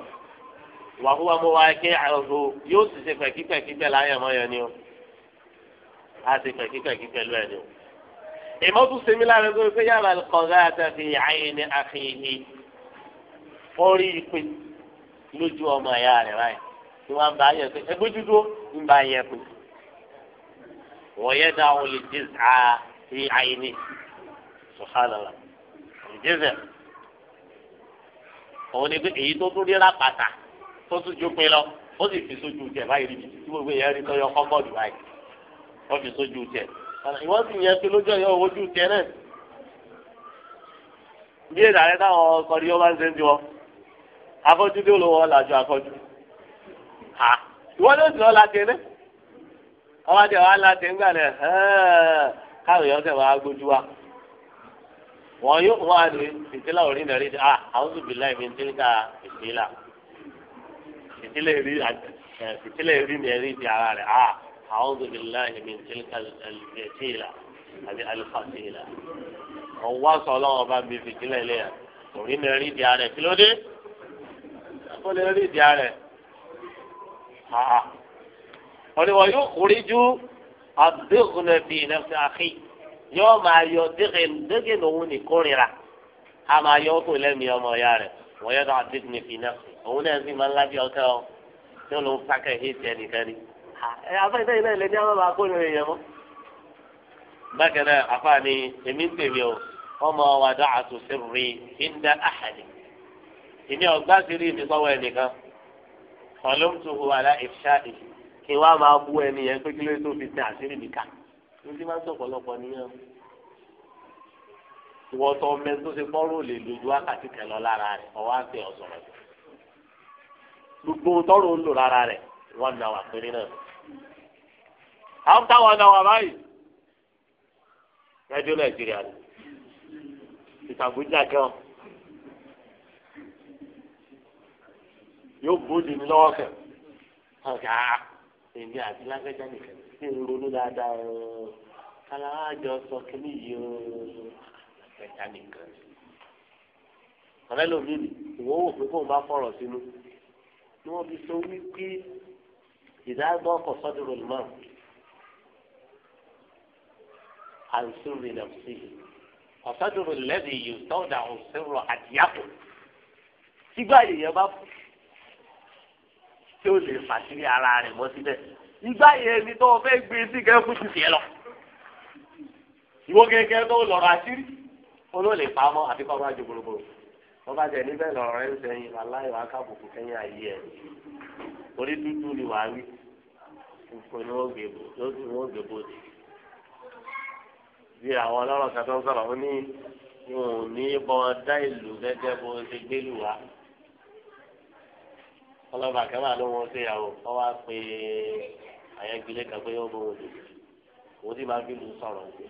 wàhùwà mo wá ké àrògò yóò sì ṣe pẹ̀kípẹ̀kí pẹ̀lú àyẹ̀mọ́ yẹn ni o a ṣe pẹ̀kípẹ̀kí pẹ̀lú ẹ̀ ni o. ìmọ̀tún sèmi láàrin tó ti pé yàrá kọ̀ọ̀gá àtàfi àyè ni àfihàn wọ́n rí ipe lójú ọmọ ẹ̀yà rẹ̀ báyìí tí wọ́n bá yẹ pé ẹgbẹ́ dúdú ń bá yẹ pé wọ́n yẹ dá wọn lè dé zá sí àyíní sùhánàlá ìdíje òun ni pé èyí tó tún rí lápàtà tó tún jó pin lọ ó sì fi sójú tiẹ̀ báyìí rí tí gbogbo èèyàn rí tọ́yọ kọ́mọ́ọ̀dù báyìí wọ́n fi sójú tiẹ̀ ìwọ́n sì yẹ pé lójú ọ̀yọ́ ojú tiẹ̀ náà bí èdè àrẹ táwọn ọkọ̀ ni wọ́n bá ń ṣe ń di wọn afọ́jú tí olówó ọ̀làjú afọ́jú ha ìwọ ló sì ọ̀là tẹ̀ ní ọwọ́ àti ọ̀hún ọ̀là tẹ̀ ńgbà náà káàrọ̀ yọ̀ sẹ̀wọ̀n agbójú wa wọ́n yóò wọ́n á ní ìtìlá orí náà rí ah àwùjọ bìlá ìmí ti ń ka ìtìlá ìtìlá rí ìtìlá rí ni ẹ̀rí ti ara rẹ̀ ah àwùjọ bìlá ìmí ti ń ka ìtìlá àti alifasìlá ọ̀wọ́ sọ ọlọ́wọ́ bá mi fìtìlá ilé yẹn orí náà ti ara rẹ̀ kí ló dé ó lè rí ìdí rẹ̀ wọ́n ní wọ́n yóò kúrí ju àdéhùnlẹ̀ bíi nẹ́fẹ̀ àkì yóò máa yọ dégè lòun ní kórìíra a máa yọ kó lẹ́mìí ọmọ ya rẹ̀ wọ́n yọ náà dégè bíi nẹ́fẹ̀ òun náà sì máa ń lábẹ́ ọ̀tẹ́ ọ tí ó lòun sákẹ́ hìtì ẹnìkan ni. afẹ́fẹ́ ilé ilé ní àwọn máa kórìíra yẹn mọ́. bákan náà afáàní èmi ń tèmi o ọmọ wàdà àtúnṣe rí hinda àhàlì èmi ọ̀gbá sí rí ìfisọ́wọ́ ẹnìkan ọlọ́mùtòkò àlá ìfṣà ìfì kí wọ́n á máa bú ẹni yẹn pé kí ló tó fi sin àṣírí nìka níbi máa ń sọ̀pọ̀lọpọ̀ nìyẹn wọ́n tọ́ mẹ́rin tó ṣe fọ́rọ̀ lè lójú wákàtí kan lọ lára rẹ̀ ọwọ́ àti ọ̀sọ̀rọ̀ gbogbo tọ́rọ̀ ń lò lára rẹ̀ wọ́n na wà péré náà àwọn táwọn na wà báyìí rẹ́díò nàìjíríà ní ìtàgùjà kan. yóò bójú ní lọ́wọ́ kẹ ọ̀gá èmi àti lágbẹ́jà nìkan ṣe ń ronú dáadáa ọ̀ọ́ aláàjọ sọ kínní yìí ọ̀ọ́ lágbẹ́jà nìkan ọ̀rẹ́ lòmí ni ìwọ́n wò pé kóun bá fọ̀rọ̀ sínú ni wọ́n fi sọ wípé ìdágbọ́ ọkọ̀ sọ́dúnrún náà àìsùnrin náà sí ọ̀sọ́dúnrún lẹ́bi yìí tọ́jà òṣèrò àdìyàpọ̀ sígbà yìí yẹn bá tí ó lè fàṣírí ara rẹ̀ mọ́ síbẹ̀ ìgbà yẹn ni tó o fẹ́ gbé sí kẹ́kù ti tiẹ̀ lọ ìwọ kẹ́kẹ́ tó lọ́rọ̀ àṣírí olóòlè pamọ́ àti kọ́ bá ju gbogbogbò wọ́n bá tẹ̀ níbẹ̀ lọ́rọ̀ rẹ̀ ń sẹ́yìn aláìwá kábùkù kẹ́yìn ayé ẹ̀ orí dúdú ni wàá rí nǹkan ni wọ́n gbé bò lójú ni wọ́n gbé bò dé bí àwọn ọlọ́rọ̀ kan tó ń sọ̀rọ̀ ó ní wọn ò ní bọ́ dá ìlú gẹ́gẹ́ bó ṣe gbélùú wa ọlọ́ba àkẹ́wà ló wọn ṣe àwọn ọwọ́ á àyẹ̀gbélé kan pé ó bóun lò òun ti máa fi lù sọ̀rọ̀ òkè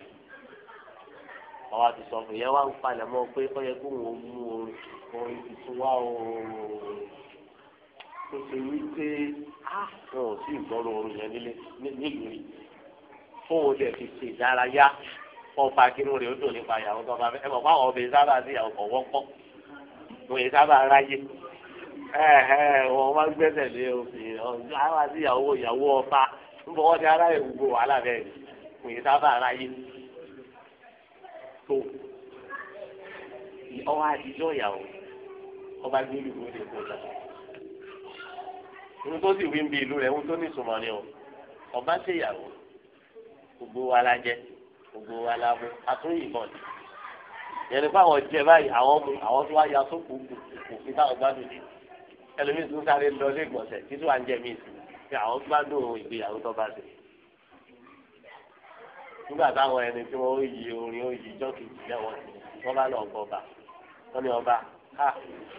ọwọ́ àti sọ̀rọ̀ yẹn wá ń palẹ̀ mọ́ pé ó yẹ kó wọn mú orin tuntun wá oòrùn tó ṣe wí pé àwọn ò sí ìgbọ́rọ̀ oorun yẹn nílé nílùú yìí fún dẹ̀ fi ṣe ìdárayá ọba kínú rẹ̀ ó dùn nípa ìyàwó tó bá fẹ́ ẹ mọ̀ fáwọn ọbẹ̀ sábà sí ìyàwó kọ̀ wọ́pọ̀ wọ́n máa gbẹ́sẹ̀ lé òfin ọ̀gá wa sí ìyàwó ìyàwó ọba ń bọ́ wọ́n ti aráyè gbogbo wàhálà bẹ́ẹ̀ kò yẹ sábà aráyé tó ọwọ́ àtijọ́ ìyàwó ọba gbé olùkó lè kó lọ. ohun tó sì wí ń bi ìlú rẹ̀ ohun tó ní ìsúnmọ́ ni o ọba ṣe ìyàwó gbogbo wa la jẹ gbogbo wa la mú àtúnyìnbọn yẹn ni fáwọn jẹ báyìí àwọn mú àwọn tó wá ya tó kù táwọn gbádùn nínú ẹlòmíì tún sáré lọ sí ìgbọ̀nsẹ̀ títí wàá ń jẹ míì sí pé àwọn gbádùn ìgbéyàwó tó bá ṣe. nígbà táwọn ẹni tí wọ́n yí orin ó yí jọ́kì ìjìnlẹ̀ wọn sí wọ́n bá lọ bọ̀ ọba wọ́n ní ọba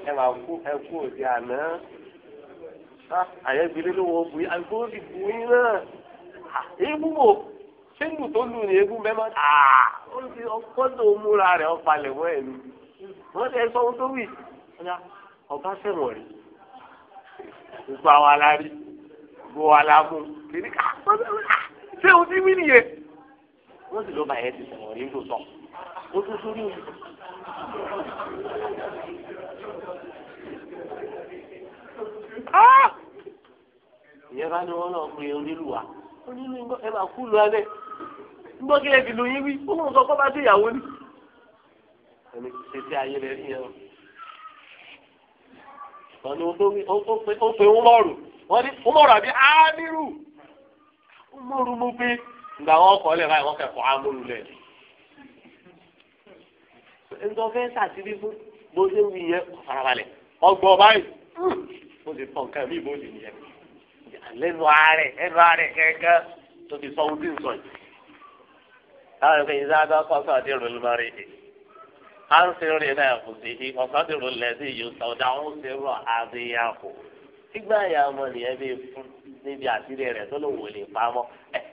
ẹ máa kú ẹ kú òde àná àyẹ̀gbélé ló wọ bu àgbo ti bu yín náà èébú wò ṣé lù tó lù ní èébú mẹ́mọ́ ọkọ́dọ̀ múra rẹ̀ ọ̀palẹ̀ wọ́n ẹ̀ ní wọ́n ti ẹ sọ ohun tó wì ọba sẹ́wọ̀n rí gbogbo àwọn alárí gbogbo alámú kìíní ká ṣé o ti mí nìyẹn wọ́n sì ló bá yẹn ti sọ̀rọ̀ ní lòótọ́ ó tún sórí òun. Ah! ìyẹn bá ní wọn náà pe onílùwà onílù ẹ bá kú lu alẹ́ gbọ́dọ̀ kí ẹ ti lóyún wí ó mọ̀ nǹkan kọ́ bá dé ìyàwó ni. ẹni ṣe tí ayé rẹ̀ rí yẹn o wọn ni ó pe umaru wọn ni umaru àbí amiru umaru mo pe ìgbà wọn kọ lẹ báyìí wọn kẹkọọ amúlù lẹ nǹkan sàtìrí fún bó ṣe ń wí yẹn farabalẹ̀ ọgbọ́n báyìí ó ti fọ nǹkan mi bó ṣe yẹ lẹ́nu ààrẹ ẹnu ààrẹ kẹ́kẹ́ tó fi sọ ohun tí ń sọ yìí. táwọn ẹgbẹ́ yìí sábà kọ́ sọ́ọ́ àti ìrònú lórí èdè ansiri náà kò sí i ọ̀kadìrún lẹ́sìn yìí sọ̀dá ń sèrò àdéyàkó nígbà yà á mọ nìyẹn bí fún níbi àtìrí rẹ̀ tó ló wò pamọ́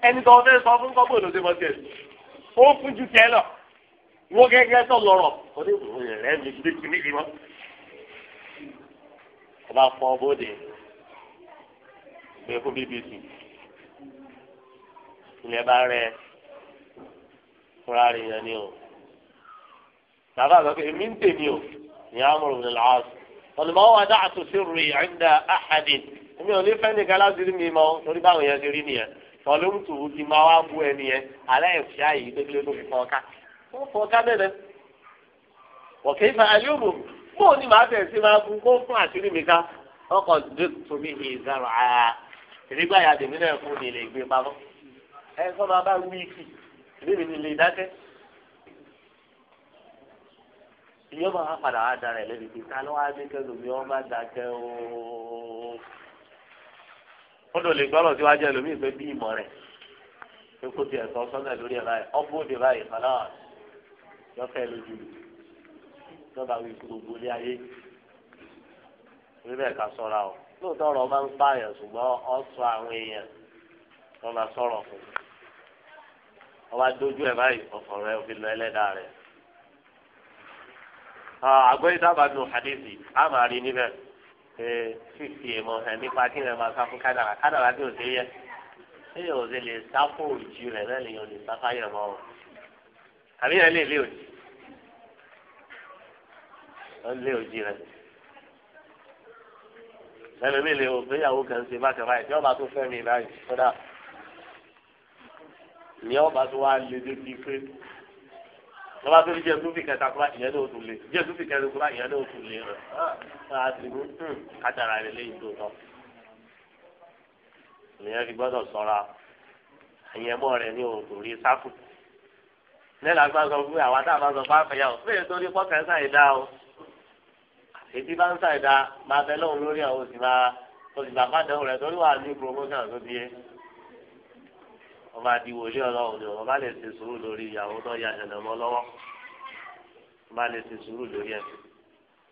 ẹni tó fẹ́ sọ fún kọ́bọ̀ ló ti tiẹ̀ ó fún ju tiẹ̀ lọ wọ́n gẹ́gẹ́ tó lọ́rọ̀ ó ní ìròyìn rẹ̀ mi ti kú níbi mọ́ ẹ bá fọ bóde gbé fún bbc ilẹ̀ bá rẹ̀ fúnra rẹ̀ yẹn ni o bàbá àgbà pé èmi ń tèmi o ní amúrò ní làásù ọ̀nàmọ́ wa dá àtúnṣe rè ẹ̀ńdà àhàdì èmi ò ní fẹ́ nìkan láti rí mi mọ́ torí báwọn yẹn ti rí nìyẹn tọ́lóńtù ti máa wá bú ẹni yẹn aláìsíá yìí gbégbé ló fi fọ́ọ́ká wọ́n fọ́ọ́ká bẹ̀rẹ̀ wọ̀kẹ́ ìfà àlùmù bó ni màá bẹ̀rẹ̀ sí máa bú kó fún àṣírí mi ká ọkọ̀ dé tómi ní ìzára àá ìrígbà yàtọ̀ mi náà fún mi lè gbé pamọ́ ẹ sọ ma bá wíìkì ìdí mi ni lè dákẹ́ ìyẹn máa padà wá dára ẹ̀ lẹ́bi kíkà ló wá dé mi wọn bá dákẹ́ ooo. ó lò lè gbọ́dọ̀ síwájú bí ìmọ̀ rẹ̀ kó tiẹ̀ sọ sọ́nà lórí báyìí báyìí fọlá lójú lọ́ba wí ayé orí bẹ́ẹ̀ ká sọ́ra o lóòótọ́ ọ̀rọ̀ máa ń pààyàn ṣùgbọ́n ọ́ sọ àwọn èèyàn lọ́ba sọ̀rọ̀ fún un ọba dojú ẹ̀ báyìí ọ̀fọ̀ ya òfin lọ àgbẹ̀ sábà nù hadithi a máa rí fífi ìmọ̀ ẹ̀ nípa kí ẹ máa sá kádàrà kádàrà tí ò sí yẹ ẹ̀yìn ò sí lè sá òjì rẹ̀ náà lèyìn ò lè sá fáyọ̀ mọ́ ọ àbí ẹ lè lé òjì ẹ lé òjì rẹ̀ ẹnu mi lè ògbéyàwó kan ṣe bá kẹfà yìí ọba tó fẹ́ mi báyìí kódà ni ọba tó wá lé débi pé tó tó ní jẹ́ túnfì kẹta kúrá ìyẹn náà ó tún lé jẹ́ túnfì kẹta kúrá ìyẹn náà ó tún lé rẹ̀ á ti mú hmm, kádàrà rẹ̀ léyìn tó tọ́ ìyẹn fi gbọ́dọ̀ sọ́ra ìyẹn mọ́ rẹ̀ ní òòtò rí sáfù nílẹ̀ àgbà sọ fún àwa tá a bá sọ fún àfẹ́yà ò fẹ́ẹ̀ tó ní pọ́kẹ́ ṣàìdá o ètí bá ń ṣàìdá máa bẹ lóhun lórí àwọn òsì máa òsì máa bá dẹ́hùn rẹ̀ torí wà ní ọba àdìwò ilé ọlọ́run ni ọba lè ṣe sùúrù lórí ìyàwó tó ya ṣẹlẹ̀mọ́ lọ́wọ́ ọba lè ṣe sùúrù lórí ẹ̀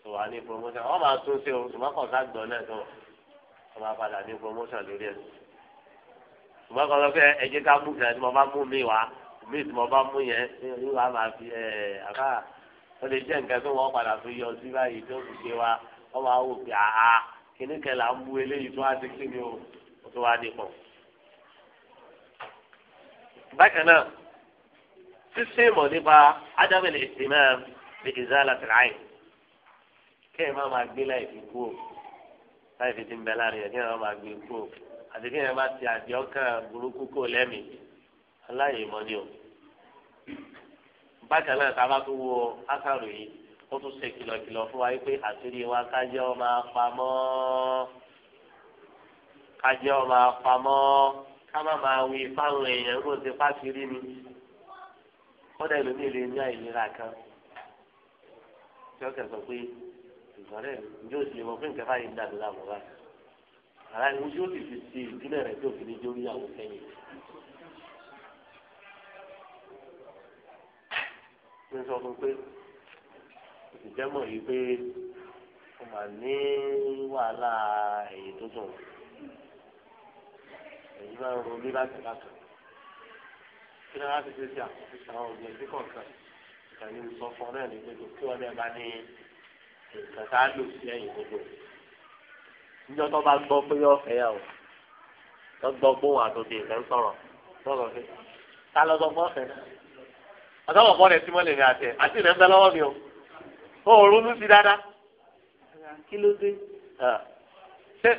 tó wà ní promotion ọba tún ṣe o ṣùgbọ́n kọ̀ọ̀ká gbọ́n náà tó ọba padà ní promotion lórí ẹ̀ ṣùgbọ́n kọ́ lọ pé ká mú ìṣẹ̀lẹ̀ tí mo bá mú mi wá mi tí mo bá mú yẹn wíwá máa fi ẹ̀ àká ó lè jẹ́ nǹkan tó wọ́n padà fi yọ sí báyìí tó fi bákan náà ṣíṣe mọ̀ nípa ádámẹ́lì ìsìnmọ́ bí ìzáàlà tìláyìn kí ẹ má máa gbé láì fi kú o láì fi ti ń bẹ láàrin ẹ kí ẹ má máa gbé kú o àti kí ẹ má ti àjọ kan burúkú kò lẹ́mìí aláyè mọ́ ni o bákan náà tá a bá tún wo ákàrò yìí ó tún ṣe kìlọ̀kìlọ̀ fún wa pé àṣírí wa kájọ́ máa pamọ́ kájọ́ máa pamọ́ ká máa wí fáwọn èèyàn kó ti fásiri ni kódà ìlúmi lè ní àìlera kan tí wọ́n kẹsàn pé ìgbọ̀nrẹ́ yóò ṣe mọ pé nǹkan báyìí ń dàdúrà mọ́ ara ìwé yóò sì fi ṣe ìpínlẹ̀ rẹ̀ tó fi ní dórí àwọn sẹ́yìn. mo sọ fún pé ìjẹ́mọ̀ yìí pé mo mà ní wàhálà èyí tó dùn èyí máa ń ro ní láti láti kí ni wọ́n ti ṣe sí àwọn òbí ẹbí kọ̀ọ̀kan ìkànnì sọ fún ọ náà ní gbogbo kí wọ́n náà bá ní nǹkan tá a lò sí ẹ̀yìn gbogbo níjọ́ tó bá gbọ́ pé yọ fẹ́ yà o tó gbọ́ gbóhùn àtòkè ìfẹ́ ń sọ̀rọ̀ sọ̀rọ̀ sí ta lọ sọ fún ọ̀fẹ́ ọ̀sọ́wọ̀ pọ̀ rẹ̀ sí mọ́lẹ̀ àtẹ àti ìrẹ́ ń mi o ó ronú sí dáadáa kí ló dé ṣé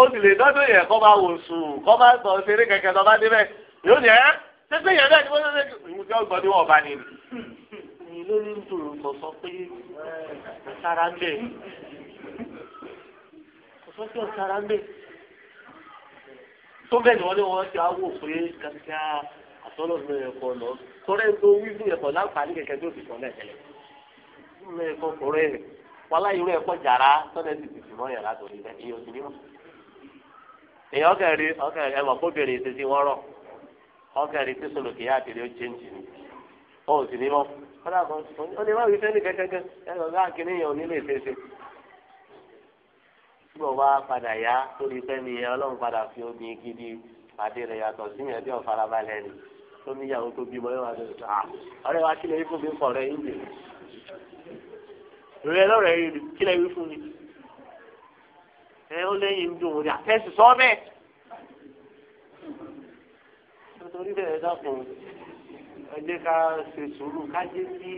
ó sì lè dọ́dún yẹn kọ́ bá wò sùn kọ́ bá sọ ṣeré kẹ̀kẹ́ tó bá débẹ̀ yóò ní ẹ́ ṣẹ́gbẹ́ yẹn bẹ́ẹ̀ ni wọ́n ṣe ìmùsí ọgbọ́n ni wọ́n bá ní. lórí ń tòrò sọ sọ pé sára ń bẹ̀ kò sọ pé sára ń bẹ̀ tó bẹ́ẹ̀ ni wọ́n ní wọ́n ti á wò pé kàkà àtọ́lọ́ ní ẹ̀kọ́ lọ tọ́rẹ́ tó wí fún ẹ̀kọ́ láǹfààní kẹ̀kẹ́ tó ti sọ lẹ́tẹ̀lẹ̀ ní ẹ̀kọ́ kọ̀ọ̀rẹ́ irú ẹ̀kọ́ jàrá tọ́lẹ̀ ti ti fi mọ́ yàrá tó ní bẹ́ẹ̀ iye ní mọ́. èyàn ọkẹrin ọkẹrin ẹmọ kóbìnrin títí wọ́n rọ̀ ọkẹrin tí sọlọ kìí àtìrí ó ni ó sì ní mọ kọ́dà kan ó lè má wí fẹ́ni kẹ́kẹ́kẹ́ ẹ̀rọ náà kí níyàn onílé ṣeéṣe. tí mo bá padà yá lórí fẹ́ni yẹn ọlọ́run padà fi omi gidi pàdé rẹ̀ yàtọ̀ sí yẹn bí ọ̀farabalẹ̀ ni tó níyàwó tó bímọ yóò wá sí ah, ọ̀rẹ́ wa kílẹ̀ yìí fún mi kọ̀ ẹ ó léyìn ń dùn òun ni àtẹ́sí sọ bẹ́ẹ̀. nítorí bẹ́ẹ̀ dákun ẹ jẹ́ ká ṣe sùúrù ká jẹ́ sí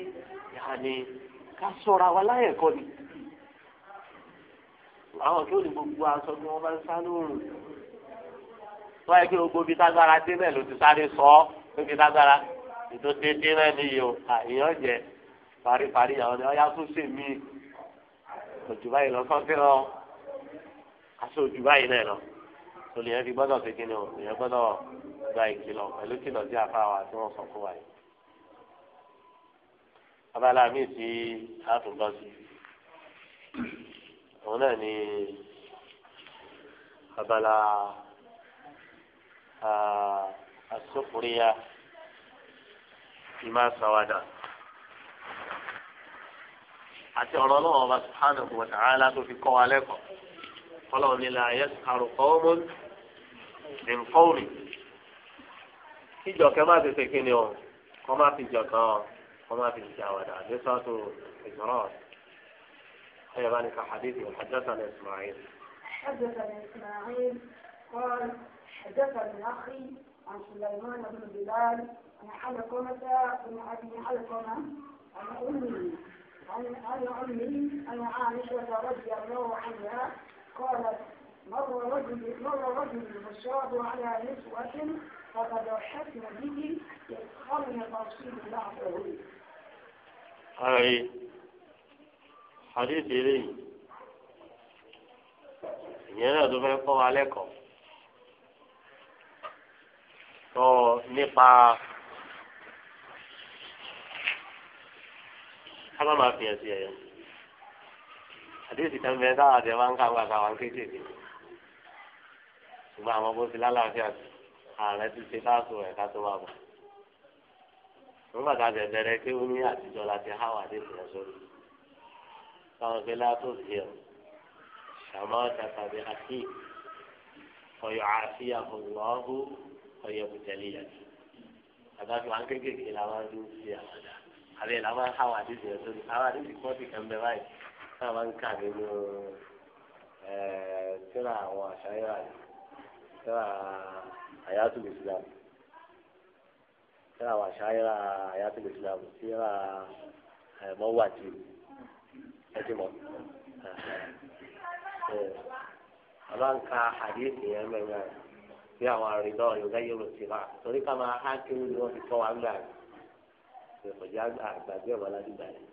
yàní ká sọ̀ra wa láyẹ̀kọ́ ni. àwọn kí ó ní gbogbo aṣọ tí wọ́n bá ń sá lóòrùn tó wáyé kí gbogbo ibi tágbára dé bẹ́ẹ̀ ló ti sáré sọ ọ́ ibi tágbára ètò déédéé náà nìyí o àìyàn jẹ paríparí àwọn ni wọ́n yá tún ṣèmí òjò báyìí lọ sọ́sẹ́ lọ aṣọ òjò báyìí náà lọ tòlè yẹn fi gbọ́dọ̀ ṣe kí ni o èèyàn gbọ́dọ̀ gba ìkìlọ̀ pẹ̀lú kìlọ̀ sí àfáwà tí wọ́n sọ fún wa yìí. abala mi ti àtúntò sí òun náà ni abala asopuriya ìmá sàwádà àti ọ̀rọ̀ ọlọ́wọ́ ọba subhanahu wa ta'ala tó fi kọ́ wa lẹ́kọ̀ọ́. fọlọ́run ní la yasharu qawmun min qawmin kíjọ kẹ má tètè kí ni o kọ́ má fi jọ kan o kọ́ má fi jẹ àwàdà àti sọ́tò ìjọ́rọ̀ ẹ̀yẹ bá ní ká hadithi haddathana Ismail. حدثنا إسماعيل قال حدثني أخي عن سليمان بن بلال عن حلقمة بن أبي حلقمة عن أمي عن أمي عن عائشة رضي الله عنها قال: مر رجل مر رجل البشراب على نسوة فضحكن به يسخرن تفصيل بعضه. أي حديث إليه ìyẹn náà tó fẹ́ kọ́ wa lẹ́kọ̀ọ́ tó nípa ká má máa fi hàn sí ẹ̀yọ́ àdéhùn kan bẹ táwọn àti ẹ máa ń kàwé àtàwọn kéékèèké ṣùgbọ́n àwọn bó lálàáfíà ààrẹ ti ṣe káàtó ẹ̀ ká tó bọ̀ nígbà tá a bẹ̀ bẹ̀rẹ̀ kéwú ní àtijọ́ láti há wà dé sórí táwọn pé látò sí ẹ̀ ṣàmọ́ tàbí àti ọ̀yọ̀ àti àfọwọ́hù ọ̀yọ̀ bùtẹ̀lì yẹn àtàkùn àwọn kéékèèké làwọn ń ṣe àwàdà àbẹ̀ làwọn há wà dé ìfìyà sórí àwọn àdéhùn kọ́ọ̀tì kan bẹ táwa ń kà nínú tíra àwọn àṣàyà tíra àyàtò islam tíra àwọn àṣàyà àyàtò islam tíra mọ́wàtí ẹtì mọ́ àbá yẹn mẹ́rin bí àwọn àrídọ́ yorùbá yóò ti rà torí ká máa há kí wọ́n ti kọ́ wa gbà rẹ̀ kò jẹ́ àgbàgbé ọ̀bọ̀lá dìgbà yẹn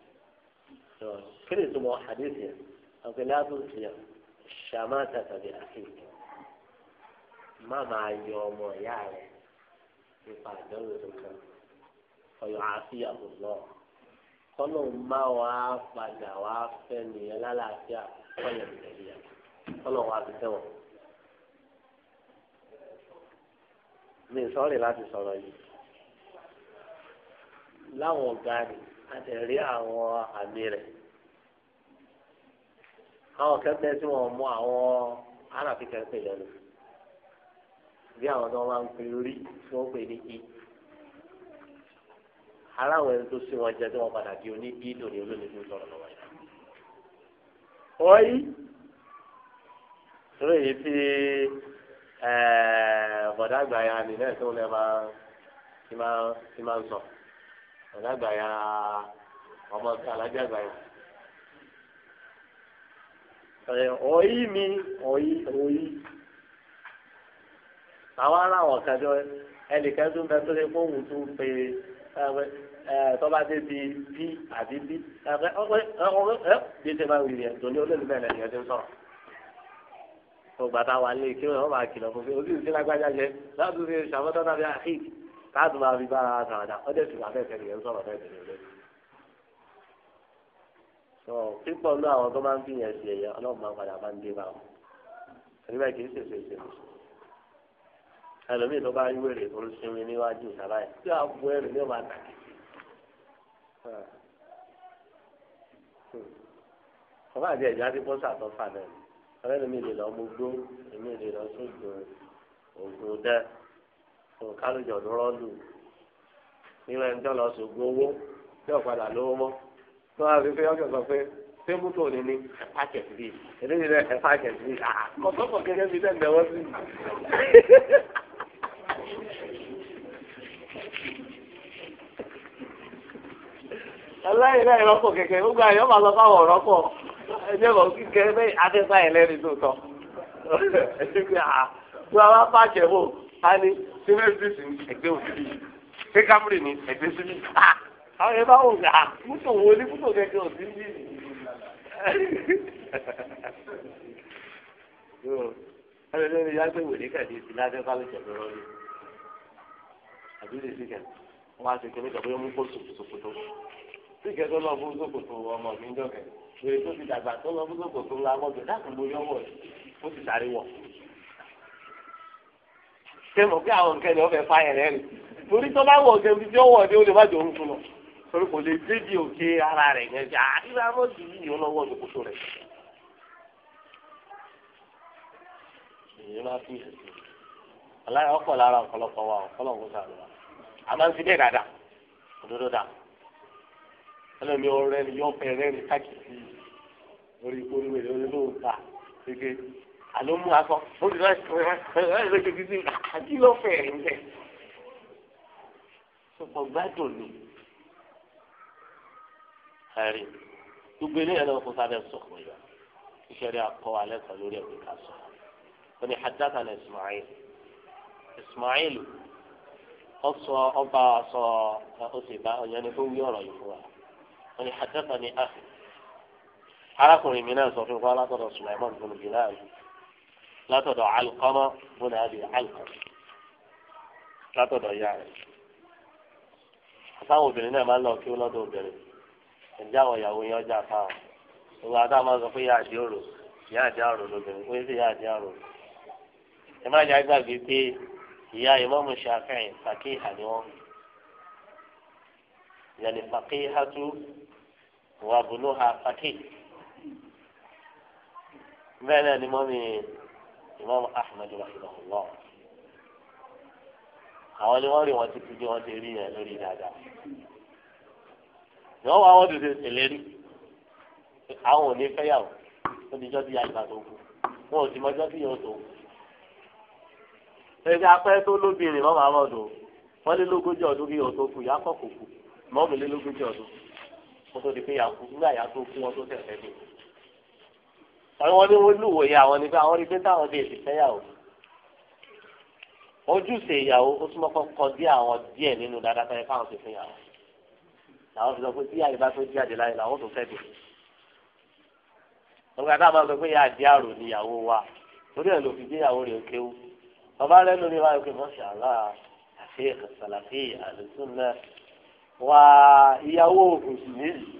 kí ni ìtumọ̀ hadith yẹn àgbẹ̀lẹ́ àtúntì yẹn ṣàmáta tàbí àkíyèsí má máa yọ ọmọ ìyá rẹ nípa àdánwò tuntun ọ̀yọ̀ àfi àbùlọ̀ kọ́nà má wà á padà wà á fẹ́ nìyẹn lálàáfíà kọ́yọ̀ tẹ̀lé yẹn kọ́nà mi sọ́ọ̀rì láti sọ̀rọ̀ láwọn ọ̀gá rẹ̀. àtẹ̀rí àwọn àmì rẹ̀ àwọn kẹ́kẹ́ tí wọ́n mú àwọn arábí kẹ́kẹ́ yẹn bí àwọn tó máa ń pè rí tí wọ́n pè ní i aláwọ̀ ẹni tó wọn tí wọ́n padà di oní i lónìí olónìí tó sọ̀rọ̀ lọ́wọ́ yẹn. ọ̀yí lórí yìí fi eh, bọ̀dá àgbà ya n'i náà tó lè máa ń ọ̀dà àgbàyà ọmọ alájà àgbàyà. ọ̀yí mi ọ̀yí ọ̀yí àwọn aláwọ̀ kan ẹnìkan tó ń bẹ tó lè fóun tó ń pe tọ́ba dé bi bí àbí bí ẹ ẹ bí ṣe máa wuli ẹ̀ tòní olóòlù bẹ́ẹ̀ lẹ́yìn ẹ̀dín sọ̀rọ̀ tó wà lé kí wọ́n máa kìlọ̀ fún mi ojú ìsín jẹ láti fi ṣàmọ́tọ́ náà bí àhíkì káàtó máa fi bára àtàràdà ọjọ́ ìṣùgbọ́n afẹ́fẹ́ nìyẹn sọ̀rọ̀ fẹ́ẹ́ tẹ̀lé lé. sọ pípọ̀ náà àwọn tó máa ń fìyàn sí ẹ̀yẹ ọlọ́run máa padà bá ń dé bá wọn. ẹni báyìí kìí ṣèṣe ṣe ẹlòmíì tó bá ń wèrè tó ń sinmi níwájú ìsàlá yẹn tí àbú ẹrù ní ọba àtàkì. ọba àti ẹ̀jẹ̀ àti pọ́sà tó fà náà ọlọ́run mi lè lọ mú gbó èmi lè lọ sóògùn ògùn dẹ́. tó kálùjọ dúró lù nínú ẹni lọ sògùn owó tí ò padà lówó mọ́ tó wá fi pé ọkọ̀ sọ pé tébù tó ní ní bíi rẹ̀ bíi bíi wọ́n sí. ìrọ́pọ̀ kẹ̀kẹ́ gbogbo máa fáwọn ẹgbẹ́ bọ̀ bẹ́ẹ̀ tó tọ́ a a ní sèmẹ́sìtì ẹgbẹ́ òsì ṣé kámúrì ní ẹgbẹ́ síbí àwọn yẹn bá wò ní mútò wo mútò kẹ̀kẹ́ òsì ń bí. ẹ̀rọ lórí yàgbé wòlé kàdé ìsìn láti ẹ̀ka lóṣù ọ̀dọ́ rọ́ọ̀lì àbí lè sí kẹ̀ wọ́n á ní kàbí ọmú kó sòkòtò sí tó lọ fún sòkòtò ọmọ mi ń jọ kẹ̀ tó ti dàgbà tó lọ fún sòkòtò ńlá mọ́tò dákùn mo yọ ó ti sáré wọ̀ ṣé mo pé àwọn nǹkan ni wọ́n fẹ́ fa torí tó bá wọ̀ ọ̀gẹ̀ ibi tí ó wọ̀ ọ̀dẹ́ ó lè má jọ orúkú lọ torí kò lè débi òkè ara rẹ̀ yẹn ṣe àríwá mọ́tì yìí ó lọ́wọ́ ìdókòtò rẹ̀. èyí máa fi hàn sí aláya ọkọ̀ lára ọ̀pọ̀lọpọ̀ wa ọ̀pọ̀lọpọ̀ sàrò wa a máa ń fi bẹ́ẹ̀ dáadáa òdodo dáa ẹlẹ́mi ọ̀rẹ́ yọ̀ọ̀fẹ́ rẹ́ káàkiri lórí ìpolówó àló mú afọ ó ti láti lójú títí àti ló fẹ́ ẹ̀ ńlẹ̀ sọpọ̀ gbádùn ni ẹ̀rí gbogbo eléyà lọ́wọ́ kó sábẹ́ sọ̀kọ̀ yọ ìṣẹ̀lẹ̀ akọ alẹ́ kan lórí ẹ̀kọ́ ká sọ wọn ni hajjata na Ismail Ismail ọsọ ọba ọsọ ọsèbá ọ̀yẹ́ni tó wí ọ̀rọ̀ yìí fún wa wọn ni hajjata ni afi arákùnrin mi náà sọ fún wa látọ̀dọ̀ Sulaiman bin Bilal látọ̀dọ̀ alùkọ́mọ́ mo nà á lè alùkọ́mọ́ látọ̀dọ̀ ìyá rẹ̀ àtàwọn obìnrin náà máa ń lọ kí ó lọ́dọ̀ obìnrin ǹjẹ́ àwọn ìyàwó yẹn ọjà fáwọn ìwà àtàwọn máa sọ pé ìyá àdé òrò ìyá àdé àrò lóbìnrin pé sí ìyá àdé àrò ẹ má jẹ́ àgbàgbé pé ìyá ìmọ̀mù ṣàfihàn pàkí ìhàní wọn yàní pàkí hàtú wà bùnú ha pàkí bẹ́ẹ̀ náà ni mọ́mì imam ahmed rahimahullah àwọn ni wọn rí wọn títí bí wọn ti rí yẹn lórí dáadáa ìwọ wa wọn dùdú ìlérí àwọn ò ní fẹ́yàwó ó tó kù wọn ò sì tó kù ẹgbẹ apẹ tó lóbìnrin mọ wọn lé lógójì ọdún kí tó kù kù mọ lógójì ọdún wọn tó di pé yà kú nígbà yà tó kú wọn tó tẹsẹ bí. àwọn ni wọn lù wọ ìyá àwọn nípa àwọn ibi táwọn bíi èsì fẹyàwó ojúṣe ìyàwó ó túnbọ̀ kọ́kọ́ dí àwọn díẹ̀ nínú dáadáa tẹ́lẹ̀ fáwọn ti fẹyàwó làwọn fi sọ pé tí àyè bá tó jáde láyé làwọn tó fẹ́ bì wọn gbàdá máa sọ pé ìyá àdí àrò ni ìyàwó wa torí ẹ̀ ló fi dé ìyàwó rẹ̀ kéwú bàbá rẹ̀ lórí wa pé mọ́ṣálá àti ìsàlàfí àlùsùn náà wà ìyàwó òkùnkùn nílùú.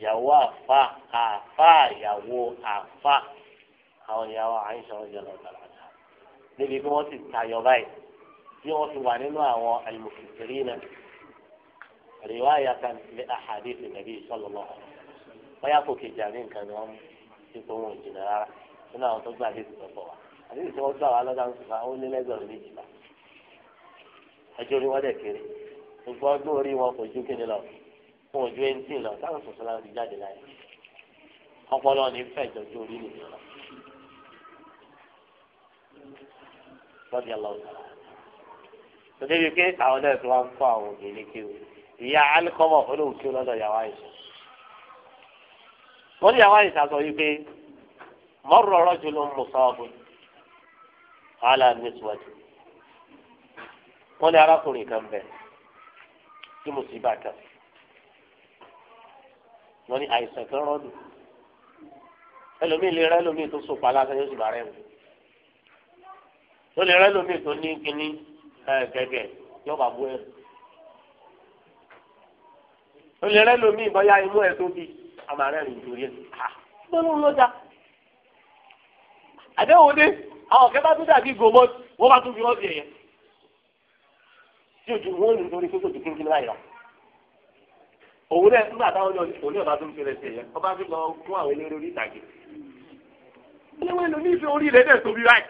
ìyàwó àfa àfa ìyàwó àfa àwọn ìyàwó àyíṣà ọjọ́ lọ́tàlá níbi bí wọ́n ti tayọ báyìí bí wọ́n ti wà nínú àwọn àlùmọ̀fìsìrì náà rìwáyà kan ní àhàdí ìfìnàbí ìṣọlọ́lọ́ báyà kò kejì àbí nǹkan ni wọ́n ti tó wọn jìnnà rárá nínú àwọn tó gbà dé ti tọ̀pọ̀ wa àbí ìṣe wọn gbà wá lọ́dà ńsùnfà ó lé lẹ́gbẹ̀rún méjìlá ẹjọ́ orí wọn dẹ̀ kéré gbogbo ọdún orí wọn kò ju kíni lọ fún ojú ẹntì lọ táwọn sọ̀sọ̀ láti jáde láyé ọpọlọ ní fẹjọ ju orí lè lọ. lọ́dí aláwọ̀ tó débi pé àwọn náà ti wá ń kọ́ àwọn obìnrin kí o ìyá alikọ́mọ̀ olóhùn kí o lọ́dọ̀ yàwá ìṣe. wọ́n ní yàwá ìṣe àsọ yìí pé mọ́rọ̀ rọ́jò ń mú sọ́ọ̀bù wàhálà nísìwájú. wọ́n ní arákùnrin kan bẹ̀ tí mo sì bá a kàn wọn ní àìsàn kan rọdù ẹlòmíì lè rẹ ẹlòmíì tó sopa lásán yóò sì bá rẹ wò ó lè rẹ ẹlòmíì tó ní kínní gẹ́gẹ́ yóò bá bú ẹ ó lè rẹ ẹlòmíì bóyá imú ẹ tóbi àmà rẹ rìn jòyè ha lọ́nà ló dá àdéhùn dé àwọn kẹfà tó dàbí gòmọ wọn bá tún fi wọn sí ẹyẹ tí ojú wọn ò ní torí pé kò ju kíńkín láyé lọ òun náà nígbà táwọn yọ òun náà bá tó ń ṣe lẹsẹ yẹn ọba fi lọ fún àwọn eléré orí ìtàgé ẹlẹ́wọ̀n ẹlòmí ìfẹ́ orí rẹ̀ dẹ̀ tóbi ráì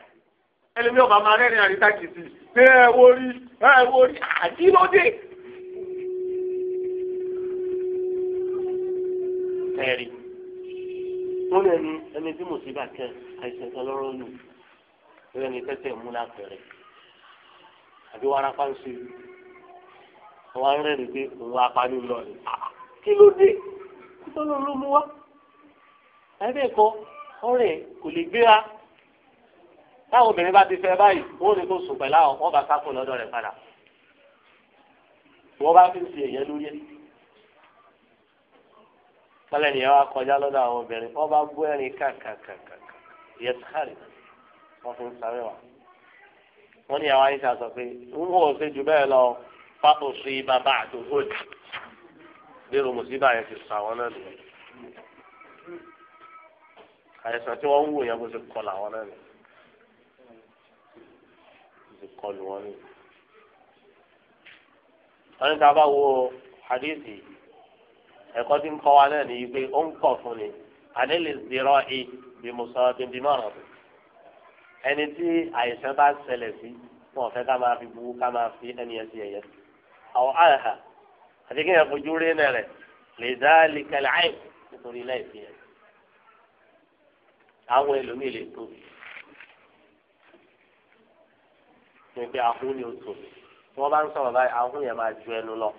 ẹlòmí ọba máa rẹ́rìn àríntàkì sí ẹ ẹ wo rí ẹ wo rí àjí ló dé. ẹ̀rí wọ́n ní ẹni ẹni tí mo sì bá kẹ́ àìsàn kan lọ́rọ́ lù ẹni tẹ́tẹ̀ múlá pẹ̀rẹ̀ àbí wàrà pàǹsì wọn rẹ́rìí pé òun apani lọ ni ah, kí ló dé kí tó ló ló mú wá ẹgbẹ́ ẹ̀kọ́ ọ̀rẹ́ kò lè gbéra táwọn obìnrin bá ti fẹ́ báyìí wọ́n ní kó sùn pẹ̀lú àwọn wọ́n bá sáko lọ́dọ̀ rẹ̀ padà wọ́n bá fi ń fi èèyàn lórí ẹ̀ tọ́lẹ̀ nìyẹn wá kọjá lọ́dọ̀ àwọn obìnrin wọ́n bá bú ẹ̀rín kàkàkàkà ìyẹn sáré wọ́n fi ń sáré wà wọ́n ní àwọn àyíṣà sọ pé wọ́n ò pápọ̀ sí bàbá àdúgbò lérò mùsíbà yẹn ti sọ àwọn náà nìyẹn àìsàn tí wọ́n ń wò yẹn bó ti kọ làwọn náà nìyẹn ti kọ lù wọ́n nìyẹn. wọ́n ní ká bá wo hadithi ẹ̀kọ́ tí ń kọ́ wa náà nìyí pé ó ń kọ̀ fún ni àní lè zèrọ i bí musa bí bí mọ̀ràn bí ẹni tí àìsàn bá ṣẹlẹ̀ sí wọn fẹ́ ká máa fi bu ká máa fi ẹni ẹsẹ̀ yẹn àwọn àhà àti kí yẹn fojú rí náà rẹ̀ lè dá lìkàlẹ̀ àì nítorí láìpẹ́ yẹn àwọn ẹlòmíì lè tóbi pé ahun ni o tóbi tí wọ́n bá ń sọ̀rọ̀ báyìí ahun yẹn máa ju ẹnu lọ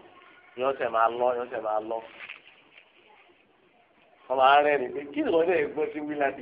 yóò tẹ̀ máa lọ yóò tẹ̀ ni pé kí ló dé gbọ́ sí wíńdà ti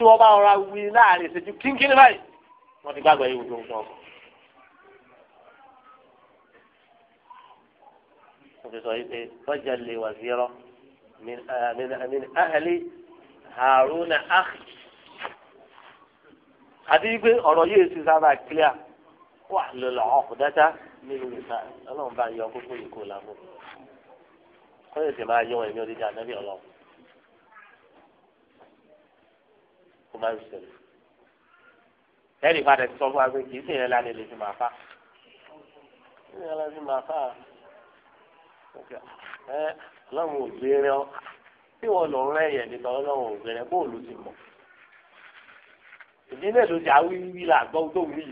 tí wọ́n bá rọra wí láàrin ìṣẹ́jú kínkínní báyìí wọ́n ti gbàgbọ́ ewu tó ń pọ̀. wọ́n fi sọ yìí pé tọ́jà lè wà sí ẹ̀rọ min ahli haruna akhi àti pé ọ̀rọ̀ yìí ti sábà clear wà lọ́lọ́ ọ̀kùdátà nínú ìta ọlọ́run bá yọ kókó ìkó làbọ̀ kọ́yọ̀tì máa yọ ẹ̀mí odidi ànábì ọlọ́run. kó má ṣẹlẹ̀ lẹ́yìn ìpadà ti sọ fún wa pé kì í sì yẹn lè fi máa fà kì í fi máa fà ẹ ọlọ́run ò gbé ọ tí wọ́n lọ rẹ́ yẹn nípa ọlọ́run ò gbé rẹ bóòlù ti mọ̀ ìdí ló ti awí là gbọ́ tó wí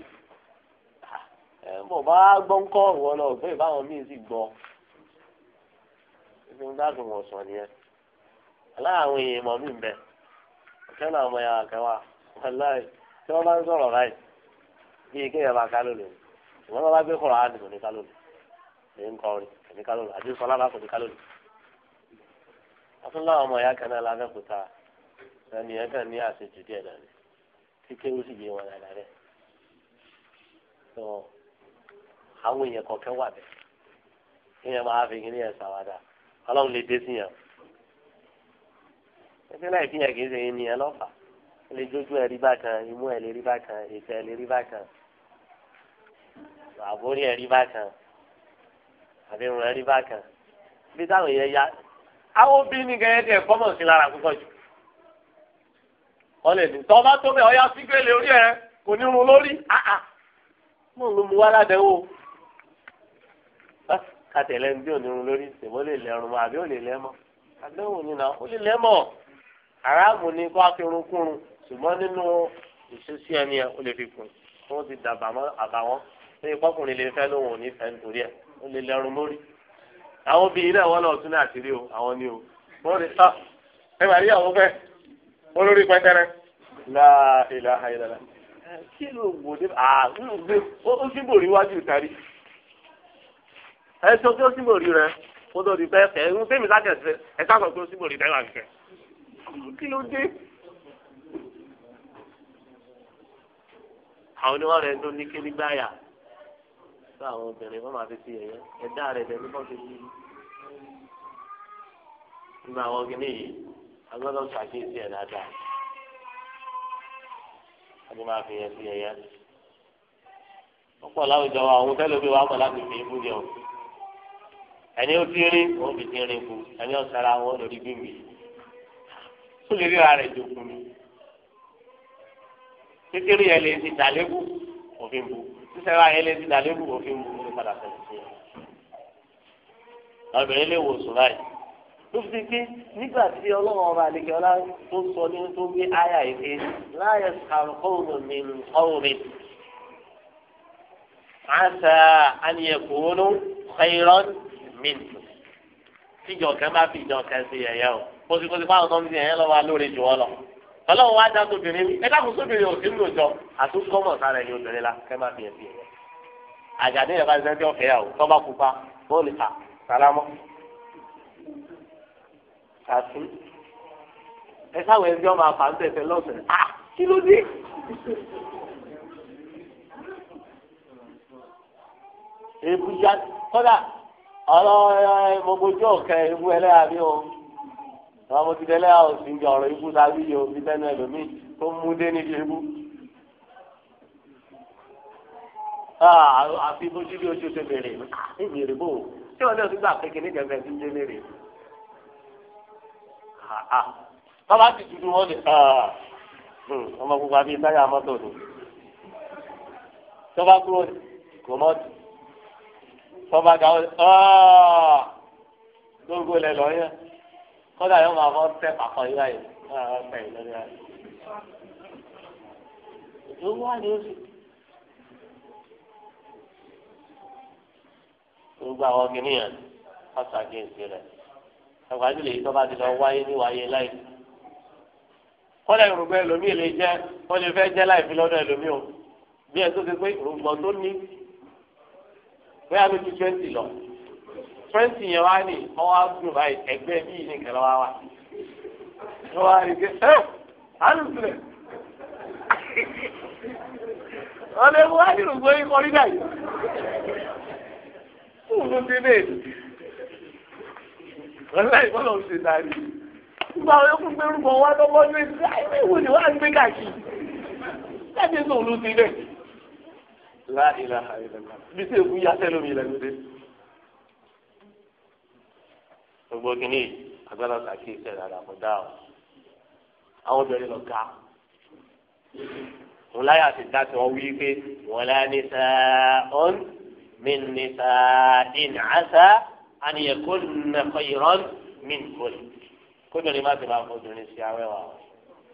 ẹ mọ̀ bá gbọ́ ń kọ́ ìwọ lọ pé ìbáwọn míì sì gbọ́ ìdí ń dágùn wọ̀sán nìyẹn aláàwọn èèyàn mọ̀ mí bẹ́ẹ̀ ọ̀kẹ́ náà ọmọ yàrá kẹwà tí wọ́n bá ń sọ̀rọ̀ láì bí kéèyàn bá ká lónìí ìwọ́n bá gbé kọ̀ọ̀rọ̀ àdìgbò ní ká lónìí èyí ń kọrin ká lónìí àdìsọ lábá kò ní ká lónìí. afúnláwọn ọmọ ìyá kan lábẹ́kúta ẹni yẹn ní àṣejù díẹ̀ náà ni tí sì yé wọn dáadáa rẹ̀. àwọn èèyàn kọ̀ọ̀kẹ́ wà bẹ́ẹ̀ kéèyàn máa fi kíní ẹ̀ sàwádà ọlọ́run lè dé sí ẹgbẹ́ láì fihàn kì í ṣe ènìyàn lọ́fà ẹ lè jójú ẹ rí bákan imú ẹ lè rí bákan ètò ẹ lè rí bákan àbórí ẹ rí bákan àbẹ̀wò ẹ rí bákan bí táwọn yẹn ya àwọn obìnrin gẹ́gẹ́ tiẹ̀ kọ́mọ̀ sí lára púpọ̀ jù ọlẹ́ ní tọ́ bá tó bẹ́ẹ̀ ọ̀yá sígbélé orí ẹ kò ní run lórí àà mò ń lu mu wá ládẹ́wò kàtẹ́lẹ́ ní bí ò lórí ṣèwọ́ lè lẹ́rùn àbí ò lè lẹ́ mọ́ àdéhùn nínú ó lè lẹ́ mọ́ aráàmù ni kó akérun kúrun ṣùgbọ́n nínú ìṣesí ẹni ẹ ó lè fi kùn kó o ti dàbà mọ́ àbàwọ́n ní ìkọkùnrin lè fẹ́ lóun ò ní fẹ́ nítorí ẹ̀ ó lè lẹ́run mórí. àwọn obìnrin náà wọ́n lọ tún náà ti o àwọn ni o wọ́n rí sọ ah, ẹ wà rí àwọn fẹ́ olórí pẹ́tẹ́rẹ́ láàlá àyẹ̀lẹ́lá kí ló wò dé ó sì bò rí wájú ìtarí ẹ sọ pé ó sì bò rí rẹ kó tó di pẹ́ fẹ́ ẹ ń tẹ́mi lákẹ̀sẹ̀ ẹ ká pé ó sì bò rí rẹ kí ló dé. àwọn oníwọ̀n rẹ̀ tó ní kí nígbà yà sọ àwọn obìnrin wọn máa fi ti yẹ̀yẹ́ ẹ̀dá rẹ̀ bẹ̀ ní bọ́ọ̀sì yìí nínú àwọn gíní yìí agbọ́dọ̀ ṣàkíyèsí ẹ̀ dáadáa wọ́n máa fi yẹn sí yẹ̀yẹ́ ọ̀pọ̀ láwùjọ wa àwọn tẹ́lẹ̀ bí wàá mọ̀ láti fi ibú jẹun ẹni ó ti rí wọn fi ti rí ibú ẹni ọ̀sára wọn lórí bíbí ó lè ríra rẹ̀ jòkó ni kékeré yẹn lè ti dàlébù òfin bu sísẹ́wá yẹn lè ti dàlébù òfin bu ó lè padà sẹ́yìn sí i ọbẹ̀rẹ̀ lè wò sùn láì tó fi pé nígbà tí ọlọ́run ọba àlejò ọlá tó sọ ní tó gbé àyà ìpè láyé sàrùkọ́ọ̀nù mi ọ̀rẹ́ àṣà àníyẹ̀kọ́ ló xeyìrán mi tìjọ kan bá fi ìjọ kan ẹ̀yà o kòsìkòsì fáwọn tó ń tiẹ̀ yẹn lọ́wọ́ alóore jù ọ lọ. ọlọ́run wá dá tóbìnrin mi ẹ dákun sóbìnrin ò sí lòjọ àtúntọ́mọ̀ sára ẹni obìnrin la kẹ́ má fi ẹ̀ fi ẹ̀. àjàdé yẹn bá ń sẹ́ńtì ọ̀fẹ́ yàwó tọ́ bá pupa bóòlù ta sálámọ́. kàtún ẹ sáwọn ẹbí ọmọ àfà ń tẹ̀sẹ̀ lọ́sẹ̀ à kí ló dé. èbújá kọ́dà ọ̀rọ̀ àwọn mo ti tẹ́lẹ̀ àwọn sì ń jẹ ọ̀rọ̀ ikú sábí yìí omi tẹ́nu ẹlòmíì tó mú dé níbi ikú. Ah, àfi bójú bí ojú ṣe bèrè ah, ìmì rè bò ṣé wọn náà ti gbà pé kìnìún kẹfẹ ti ń dé mèrè. Ah, bàbá ti dúdú wọn ni hmm, ọmọ pupa bíi táyà mọ́tò ni tọ́ba kúrò kò mọ́tò tọ́ba gàwọ́ gbogbo lẹ̀ lọ́yẹ́ kódà yóò máa fọ́ tẹ́ pàkọ́ yíra yìí wọ́n á fẹ́ yìí wà ní oṣù. gbogbo àwọn kìnìyàn ọ̀sà géèsì rẹ̀ ẹ̀wájú lèyí tó bá ti lọ wáyé níwáyé láì kọ́lá ìrùgbọ́ ẹlòmíì lè jẹ́ wọ́n lè fẹ́ jẹ́ láì fi lọ́dọ̀ ẹlòmíì o bí ẹ tó ti pé ìrùgbọ́ tó ní bóyá ló twenty lọ twenty yẹn wá ní ọwọ́ àdúgbò báyìí ẹgbẹ́ bíi ní kẹlẹ́ wá wá ló wá rí ké ẹ àlùsílẹ̀ wọ́n lè wá nínú gbóyè kọrí náà yìí fún ti dé ọ̀lá ìbọ̀lọ̀ ṣe darí nígbà wọn kún pé rúbọ wá lọ́wọ́ ní ẹgbẹ́ ìwé ni wọ́n á gbé káàkiri láti sọ olùsílẹ̀ láìláha ìlànà bí sèkú yá sẹ́lómi ìlànà dé gbogbo kìíní agbára sàkí ìfẹ́ rárá kò dáa o àwọn obìnrin lọ ga wọn láyà ti dá tí wọn wí pé wọn lá ní sàón mí ní sàín àṣà àníyànkó nàkọ ìrọ́n mí nìkọ́l kóbìnrin má ti máa fọdùnrin sí awẹ́wà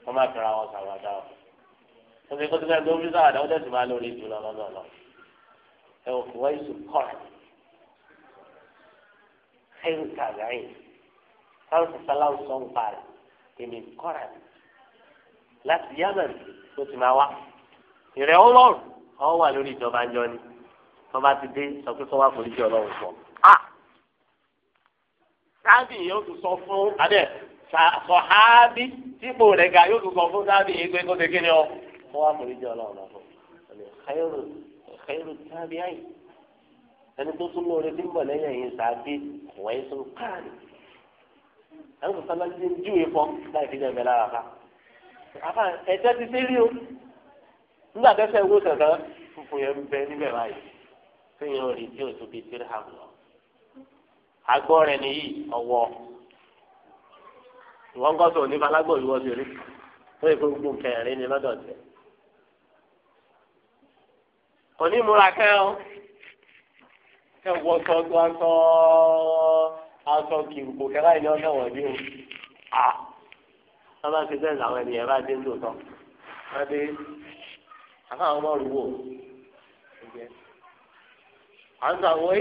wọn má fẹ́ra wọn sàwádà o wọn fi kó tó fẹ́ gbé wọn tẹ̀sí máa lórí jùlọ lọ́dọọdọ ẹ ò fi wáyé sùn kọ́ra ẹnka gàáyìn káwọn sasala sọ ń parẹ èmi kọra láti yámẹ tó ti máa wá ìrẹ Ọlọ́run àwọn wà lórí ìjọba ń jọ ni wọn bá ti dé sọ pé sọwọ́ àforíjì Ọlọ́run sọ. sábì yóò tún sọ fún abẹ sọhábì típò rẹ ga yóò tún sọ fún sábì yìí pé kó ṣe kí ẹni tó tún lóore tí ń bọ̀ lẹ́yìn ẹ̀yìn sáàbí wọ́n yẹn tún káàdì àwọn sọ̀tàlá ti ń júwe fọ́ láì fi dẹ̀mẹ́ lára ká àbá ẹ̀tẹ́ ti ṣe rí o nígbà tẹ́sẹ̀ wo sọ̀tàn funfun yẹn ń bẹ níbẹ̀ báyìí fẹ́yìn orí tí o tún fi tẹ́lẹ̀ hàn lọ. àgọ́ rẹ̀ nìyí ọ̀wọ́ wọ́n kọ́ sọ nípa alágbọ̀ yìí ti rí wọ́n yẹ kó gbó ní lọ́dọ̀ ẹ wọ sọ tó aṣọ aṣọ kìrùkù kẹlá ìní ọjọ wọn ni o à wọn bá ti bẹ́ẹ̀ làwọn ènìyàn bá dé lóòótọ́ wọn dé àkàwọn ọmọ rúwò à ń sọ yìí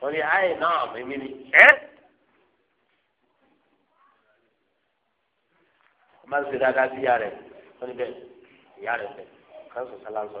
wọn ni àyè náà mímí ni ẹ. máa ń ṣe dáadáa sí ìyá rẹ̀ wọ́n ní bẹ́ẹ̀ ìyá rẹ̀ bẹ́ẹ̀ kan sọ sálá ń sọ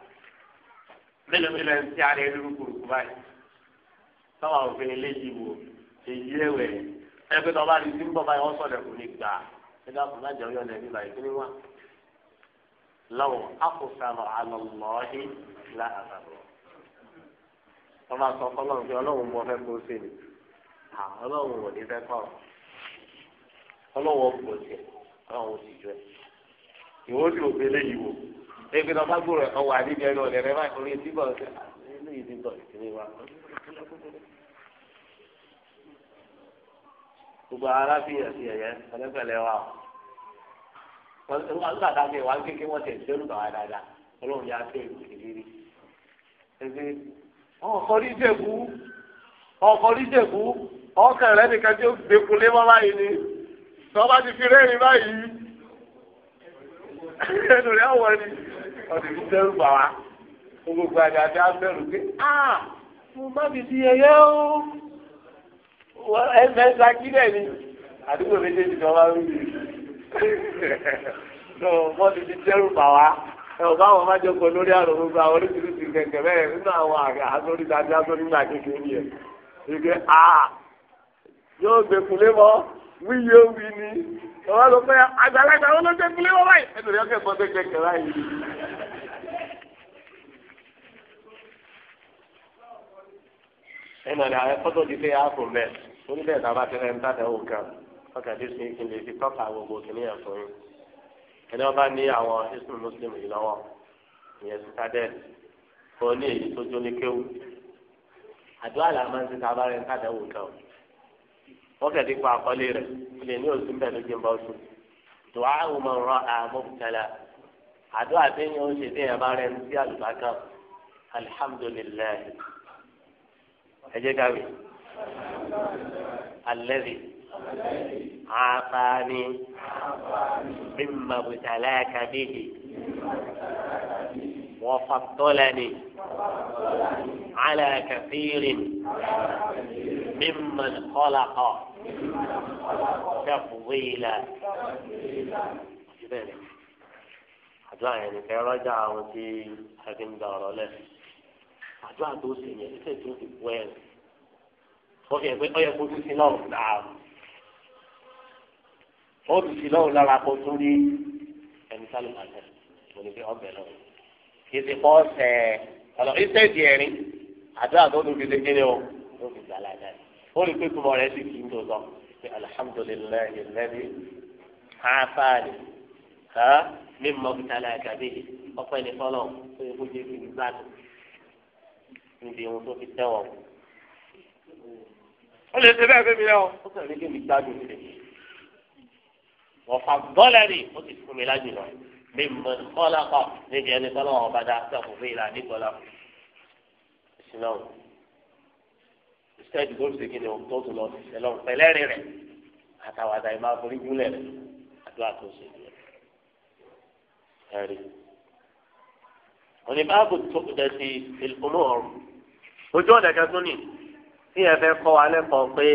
mélòó mélòó ń tí ara ẹlú kúrúkú báyìí táwọn òfin eléyìí wò èyí ẹwẹ ẹgbẹ́ tó bá rí sí ń bọ̀ báyìí wọ́n sọ̀rọ̀ kò ní gbà ẹgbẹ́ àpò lájà ọyọ lẹ́bí báyìí kí ni wá. lọ́wọ́ àkùsàmọ̀ àlọ́lọ́ọ̀hí láàbàbọ̀ wọ́n máa sọ fọlọ́run pé ọlọ́run mú ọfẹ́ kó sí ni ọlọ́run ò ní fẹ́ kọ́ ọlọ́run ò gbòòsì ọlọ́run ebi lọ bá ọwọ àdìdì ẹni ọdẹ rẹ báyìí orí etí bọ ọsẹ ẹni ìdí bọ ìkíni wa. gbogbo ara fi ẹsẹ ẹyẹ pẹ̀lẹ́pẹ̀lẹ́ wa o nígbà tá a fi kékeré wọn tẹ ìdẹrù bàwá dáadáa Ọlọ́run yà á tẹ ìlú ìrírí. ẹbí ọkọ rí jẹ̀bú ọkọ rí jẹ̀bú ọkàn rẹ nìkan tí ó gbẹkulé mọ́ báyìí ni tọ́ bá ti fi rẹ́rìn báyìí [LAUGHS] ẹnu rẹ̀ wọ̀ ni. ọ̀dẹ̀ mi dẹ́rù bà wá gbogbo àdàdé abẹ́rù pé ah mo má fi yẹyẹ o ni àdúgbò wá bà wá ẹ̀wọ̀n báwọn lórí àrùn gbogbo àwọn oríṣiríṣi kẹ̀kẹ́ bẹ́ẹ̀ nínú àwọn gbà kékeré yẹn ah yóò mọ́ wíyé wí ni ọ̀rọ̀ ló fẹ́ àgbàlagbà ló mọ́ báyìí kẹ́kọ̀ọ́ tó ẹ mọ̀ ní àwọn ẹ̀kọ́ tó di pé a kò mẹ́ torí bẹ́ẹ̀ náà bá ti rẹ̀ ń tàdé òun kan ọkà dé sí kí n lè fi tọ́ka gbogbo kìnìyàn fún yín ẹni wọn bá ní àwọn islam muslim yìí lọ́wọ́ ìyẹn citadel kò ní èyí tó jó ní kéwù àdúrà là máa ń ti tàbá rẹ̀ ń tàdé òun kan wọ́n kẹ̀dí pa àkọlé rẹ̀ kí ní oṣù bẹ́ẹ̀ ló jẹ́ ń bá oṣù dùá òmò rán àmọ́kùtàlà àdúrà téèyàn ó ṣe téèyàn bá rẹ̀ ń sí àlùbákan alihamudulilayi. ẹjẹ gàwé alẹ́rì àfààní mímọ bùtàlá kàbíyì وفضلني على كثير ممن خلق تفضيلا àdúrà yẹn ni kẹ́ rọ́jà àwọn tí a ti ń gba ọ̀rọ̀ lẹ́sìn. àdúrà tó sì yẹn títẹ̀ tó fi bu ẹ̀rù wọ́n fi ẹ̀gbẹ́ ọyẹ kó tún sí náà láàrú ó tún sí náà lára kó tún rí ẹni sálọ àtẹ mo ní fi ọbẹ̀ náà kì í ti kọ́ ọ̀sẹ̀ ọ̀nà iṣẹ́ ìdí ẹ̀rín àdúrà tó tún fi ṣe kéde o ó fi gbà láàdá ó rí pé túmọ̀ rẹ̀ sì kì í tó sọ pé alihamudulilayi lẹ́bi hafaani ha mímọ́ kìtàlá kàbí ọ̀pẹ́ ní fọlọ́ ó yẹ kó jẹ́ kí n gbádùn níbi ohun tó fi tẹ́wọ̀n. ó lè ṣe bẹ́ẹ̀ fẹ́mi lẹ́wọ̀n. ó kàn lè gbé mi gbádùn sí i. ọ̀fà bọ́lá ni ó ti fún mi lájú lọ. mi mọ̀ kọ́lá kọ́ níbi ẹni tọ́lọ́ wọn bá dá sẹ́kù fún ìlà nígbọ́lá. ìṣúná o ìṣẹ́jú gbọ́dọ̀ ṣe kí ni ohun tó tún lọ sí ẹlọ́run pẹ̀lẹ́rìn rẹ̀ àtàwàdà ìmọ̀ àforíjúlẹ̀ rẹ̀ àdúrà tó ẹ̀rí. oníbàbò tó kù dẹ́ ojú ọ̀nà kan tún nì tí ẹ fẹ́ kọ́ wa lẹ́kọ̀ọ́ pé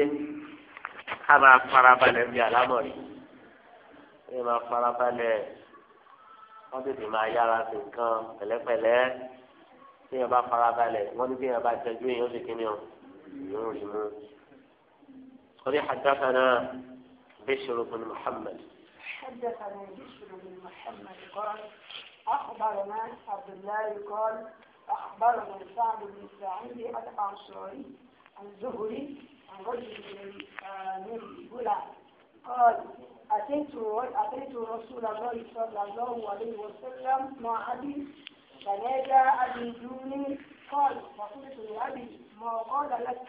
ká máa farabalẹ̀ bí alámọ̀rí ẹ máa farabalẹ̀ wọ́n tètè máa yára sí nǹkan pẹ̀lẹ́pẹ̀lẹ́ tí ẹ bá farabalẹ̀ wọ́n ní bí ẹ bá tẹ́jú èèyàn sì kíni o yóò rí mú. orí حدثنا بشر بن محمد. حدثنا بشر بن محمد قال أخبرنا عبد الله قال أخبرنا سعد بن سعيد الأنصاري الزهري عن رجل من بلع قال أتيت أتيت رسول الله صلى الله عليه وسلم مع أبي فنادى أبي دوني قال فقلت لأبي ما قال لك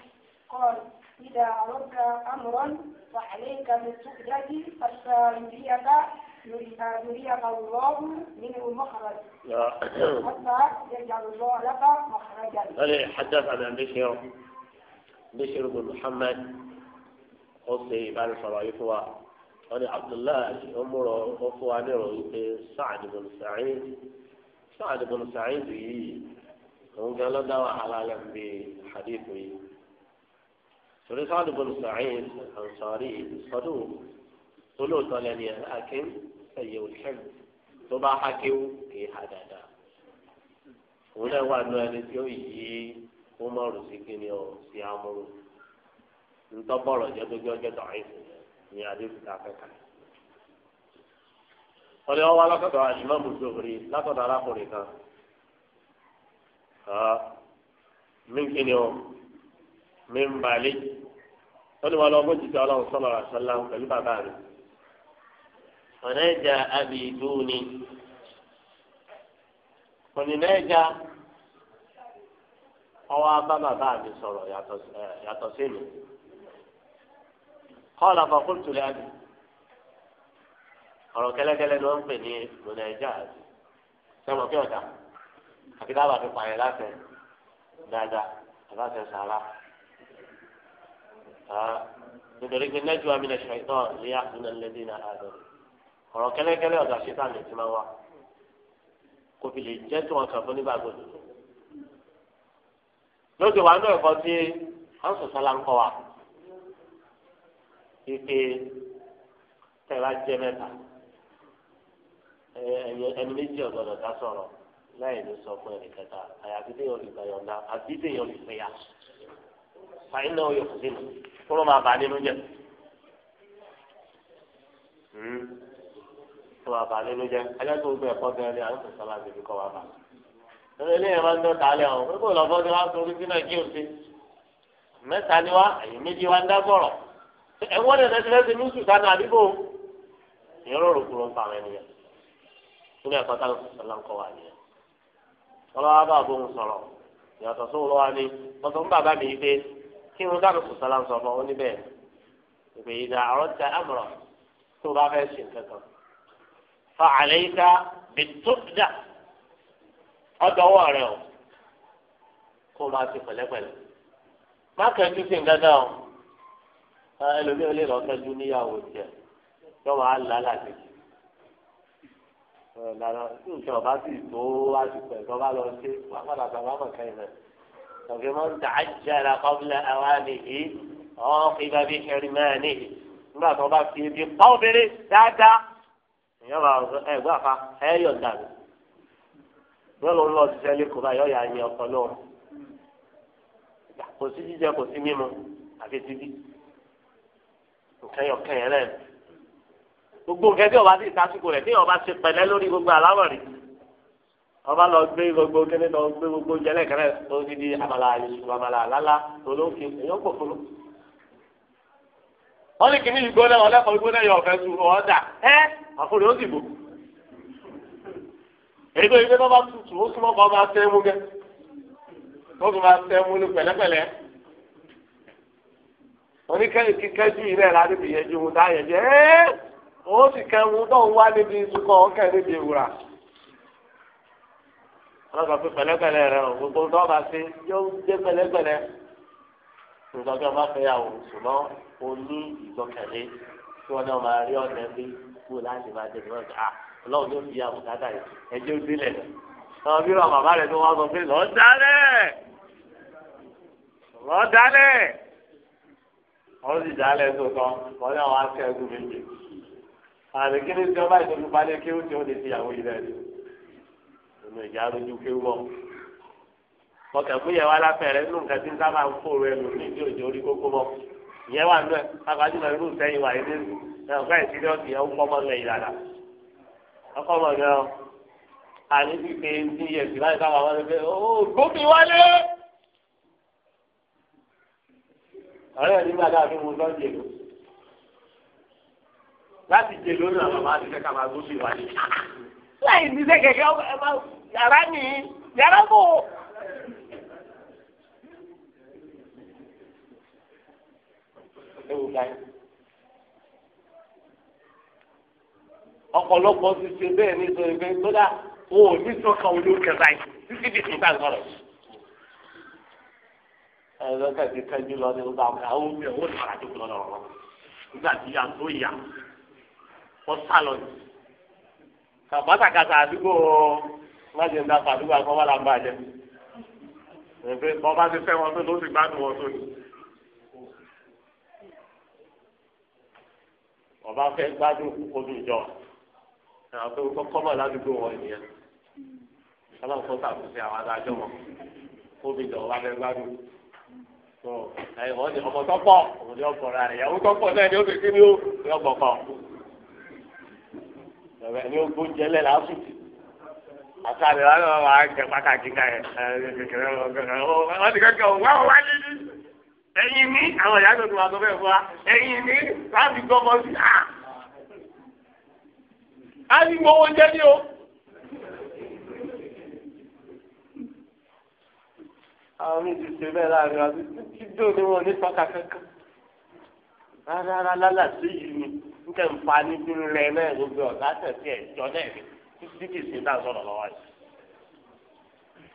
قال إذا أردت أمرا فعليك بالتؤدة السامية يريد الله منه المخرج حتى يجعل الله لك مخرجا قال حدث عن بشير بشير بن محمد قصي بعد صلاته قال عبد الله أمره أخواني رويت سعد بن سعيد سعد بن سعيد هم قالوا دوا حلالا بحديثه سعد بن سعيد الأنصاري صدوق طلوت لن يهلكن sẹ̀yẹ̀ òṣèlú tó bá há kì í há dáadáa. òun náà wà lóyún ẹni tí ó yí umaru sí kíni ọ sí amúrú ntọ́bọ̀rọ̀ jẹ́ gbogbo ọjọ́ tó àìsàn ní adébù tá a fẹ́ kà. wọ́n yọ wá látọ̀dọ̀ látọ̀dọ̀ arákùnrin kan. mí kíni ọ mí ń balẹ̀ wọ́n ní wọn bó ti sọ ọlọ́run sọ́lọ́ra sọ́lá pẹ̀lú bàbá rẹ̀ ọ̀nẹ́jà abìdú ni ọ̀nìnẹ́jà ọwọ́ abá bàbá mi sọ̀rọ̀ yàtọ̀ sí mi kọ́ọ̀lù àfọ̀kúntù rẹ̀ àbí ọ̀rọ̀ kẹ́lẹ́kẹ́lẹ́ ni wọ́n ń pè ní ọ̀nẹ́jà àbí sẹ́wọ̀n kí ọ̀dà àbí dábàá fi pààyàn láti dáadáa àbáṣe sàrà nítorí pé nẹ́jọ́ àmì nà ṣàìtàn ní àfúnà lẹ́dínà àdọ̀rọ̀. ọ̀rọ̀ kẹ́lẹ́kẹ́lẹ́ ọ̀dọ̀ àṣetán lè ti máa wá kò fi lè jẹ́ tí wọ́n kàn fún nígbà lóde wa náà ẹ̀kọ́ tí sọ ń kọ́ wa ike tẹ̀lá jẹ́ mẹ́ta ẹni méjì ọ̀gbọ̀dọ̀ dá sọ̀rọ̀ láì ní sọ fún ẹnì kẹta àyàfi tí yóò gbà yọ̀ǹda tí yóò fàyín náà yóò sínú kúrò máa tó wà bàálẹ̀ ló jẹ́ ajá tó ẹ̀kọ́ gan ni àwọn sọ̀tàn láti kọ́ wa bà. lórí eléyìí máa ń dán tàálẹ̀ àwọn pípò lọ́fọ́ tí wọ́n á torí sí nàìjíríà sí. mẹ́ta ni wá ẹ̀yìn méjì wá ń dá bọ̀rọ̀. lẹ́sẹ̀ ní kúrò ń ẹ̀kọ́ فعليك بالتبدع ọdọwọ rẹ o kó o máa ti pẹ̀lẹ́pẹ̀lẹ́ má kẹjú sí nǹkan o ẹlòmíràn lè lọ kẹjú níyàwó tiẹ yọwọ á là láti lànà tí nǹkan ọba sì tó àsìkò ẹ̀ tọ́ba lọ sí wàá padà bàbá màkà ẹ̀ náà tọ̀gẹ́ mọ́ ń tà á jẹ́ra kọ́bílẹ̀ àwa nìyí ọ̀hún fi bá bí kẹrin mẹ́rin nígbà tó bá fi ebi pa obìnrin dáadáa èèyàn máa sọ ẹ gbọ́ àfa ẹ yọ̀ dànù bẹ́ẹ̀ ló ń lọ ṣiṣẹ́ lẹ́kọ̀ọ́ báyọ̀ yà ní ọkọ̀ náà kò sí jíjẹ kò sí mímu àfi síbí nǹkan yọ̀ kẹ́yìn rẹ̀ gbogbo nǹkan tí ọba ti sásìkò rẹ̀ tí ọba ti pẹ̀lẹ́ lórí gbogbo àlámọ̀ rí ọba lọ gbé gbogbo kíní lọ gbé gbogbo jẹlẹ kẹrẹ tó ti di àmàlà ìṣù àmàlà lálá tó ló ń fi èèyàn pò fún un wọ́n ní kíní ìgbóná ọlẹ́kọ̀ọ́ ìgbóná yọ̀ ọ̀fẹ́ tu ọ̀ọ́dà ẹ́ àkùnrin ó sì bò èyí tó yẹ pé bá bá tutù ó súnmọ́ kó máa tẹ́ mú gẹ́ ó sì máa tẹ́ mú ní pẹ̀lẹ́pẹ̀lẹ́ oníkẹ́yìn kíkẹ́jú yìí náà láti fi yẹjú mu táyẹ̀ jẹ́ ẹ́ ó sì kẹ́mu tó ń wá níbi ìsúkọ́ ọ̀kẹ́ níbi ìwúrà wọ́n sọ pé pẹ̀lẹ́pẹ̀lẹ́ rẹ o gbogbo tó bá ṣe yóò dé pẹ̀lẹ́pẹ̀lẹ́ nígbà tí wọ́n fẹ́ yà wò ṣùgbọ́n o ní ìgbọ́kẹ̀lé tí wọ́n náà máa rí ọ̀nà bíi kú láti máa jẹ ìwọ́n à ọlọ́run ló fi àwọn kàkà yìí ẹjẹ́ ó sílẹ̀ ọmọ bí wọn bàbá rẹ̀ tó wọ́n sọ pé lọ́ọ́ dálẹ̀ lọ́ọ́ dálẹ̀ wọ́n sì dálẹ̀ tó tán wọ́n ní àwọn akẹ́ ẹ̀kú méjì àti kí ni tí wọ́n bá balẹ̀ kí ó ti ó lè fi àwọn ilẹ̀ rẹ̀ nínú ìjà lójú kí ó wọ̀ ọkẹ́ fún yẹn wá lápẹ̀rẹ̀ nínú nǹkan tí ń sábà ń fòrò ẹnu ní ìdí òjò ẹ̀ka ìṣẹ́jọ́ ti ẹ̀ ń kọ́ mọ́ lẹ́yìn dáadáa ọkọ mọ̀ gẹ́ ọ àní pípé ní ẹ̀sìn láti sábà wọlé pé ó gbómi wálé. ọ̀rẹ́ ẹ̀ nígbà dáa fi mu lọ́ jèlò láti jèlò ní àwọn ti fẹ́ ká máa gbómi wálé. láì ní sẹ́kẹ̀kẹ́ yàrá mi yàrá bò. ewu ka ọ̀pọ̀lọpọ̀ ti ṣe bẹ́ẹ̀ nítorí pé kódà o ò ní sọ́kàn olóòkè báyìí títí di ìgbà sọ̀rọ̀ yìí. ẹ lọ́kà lọ ní ọgbà ọ̀gá ó bẹ̀ ó lọ́ra tó lọ lọ́rọ̀ nígbà tí ìyá tó yà ọ sá lọ yìí. kàbátàkàtà àdúgbò májèlé dàpọ̀ àdúgbò àkọ́wá là ń bàjẹ́. ẹ̀fẹ̀ bọ́ba ti fẹ́ wọn tó ló sì gbádùn wọn tó ni. ọba fẹ́ gbádùn ojú ìjọ àwọn tó kọ́kọ́ bọ̀ ládùúgbò wọn nìyẹn ọlọ́run tó ṣàkóso àwọn adájọ́ wọn kó mi jọ̀ wá fẹ́ gbádùn tó ẹ̀ wọ́n ní ọmọ tọ́pọ̀ òun ni ọkọ̀ rẹ̀ ìyàwó tọ́pọ̀ náà ni ó fi kí ni ó ní ọgbọ̀n kan ẹ̀rẹ̀ ni ó gbóúnjẹ lẹ̀ lásùtì àtàlẹ̀ wọn lọ́wọ́ máa ń jẹ pàtàkì ká ẹ̀ wọ́n ti kẹ́kẹ́ wá wá lílí ẹ̀yìn ní àwọn ìyá á ní gbowó ní o. àwọn mi ṣe bẹ́ẹ̀ láàrin wa títí dòde wọn ní tọ́ka kankan rárá lálà sí yìí ni nǹkan ń fa níbi rẹ náà gbogbo ọ̀gá tẹ̀sí ẹ̀jọ́ náà ni títí kìí ṣe náà sọ̀rọ̀ lọ́wọ́ yìí.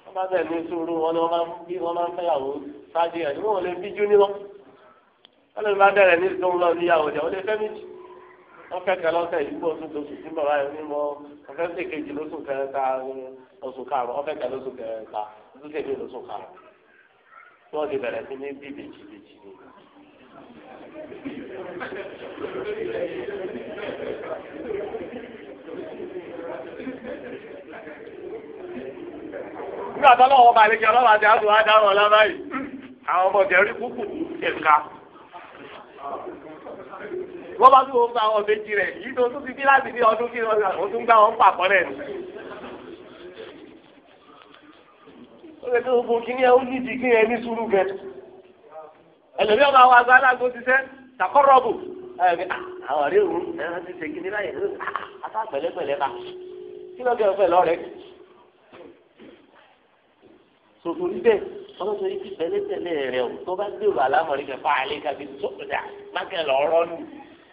wọ́n bá bẹ̀rẹ̀ ní sùúrù wọn ni wọ́n máa ń bí wọ́n máa ń fẹ́yàwó ṣáájú ẹ̀ ní wọn ò lè bíjú nílọ. wọ́n lè bá bẹ̀rẹ̀ ní sùúrù lọ níyàwó jẹ́ wọ́n lè fẹ́ méjì. wọ́n fẹ́ kẹ́ lọ́sẹ̀ yìí bọ̀ oṣù oṣù tí mo ra ẹni mọ́ wọ́n fẹ́ ṣe kejì lóṣù kẹta oṣù karùn-ún wọ́n fẹ́ kẹ́ lóṣù kẹta oṣù kejì lóṣù karùn-ún tí wọ́n ti bẹ̀rẹ̀ sí ní bí bèjì bèjì ni. nígbà tó lọ́wọ́ bá àlejò ọlọ́wọ́ àti àtúwádàá wọn lábáyé àwọn ọmọ tẹ̀rí kúkú tẹ̀ka. wọ́n bá tún wọn gba àwọn méjì rẹ̀ yìí tó tún ti bí láti bí ọdún kí wọ́n tún gba wọn pàpọ̀ rẹ̀ ó lè tó gbogbo kíní ẹ ó ní ìdí kíní ẹ ní sùúrù gẹ. ẹlòmíọ́ máa wá agbá alágbó ti sẹ́ àwọn ọ̀rẹ́ ẹ̀rọ ti ṣe kíní báyìí àtà ah, pẹ̀lẹ́pẹ̀lẹ́ ká kí lọ́ọ́ kẹ́rọ̀ pẹ̀lú ọ̀rẹ́ sòtò níbẹ̀ ọlọ́sọ yìí pẹ̀lẹ́pẹ̀lẹ́ rẹ̀ tó bá gbèrò àlámọ̀rí kẹfà àlékàbí tó dà mákẹ́ lọ́ọ́rọ́ nù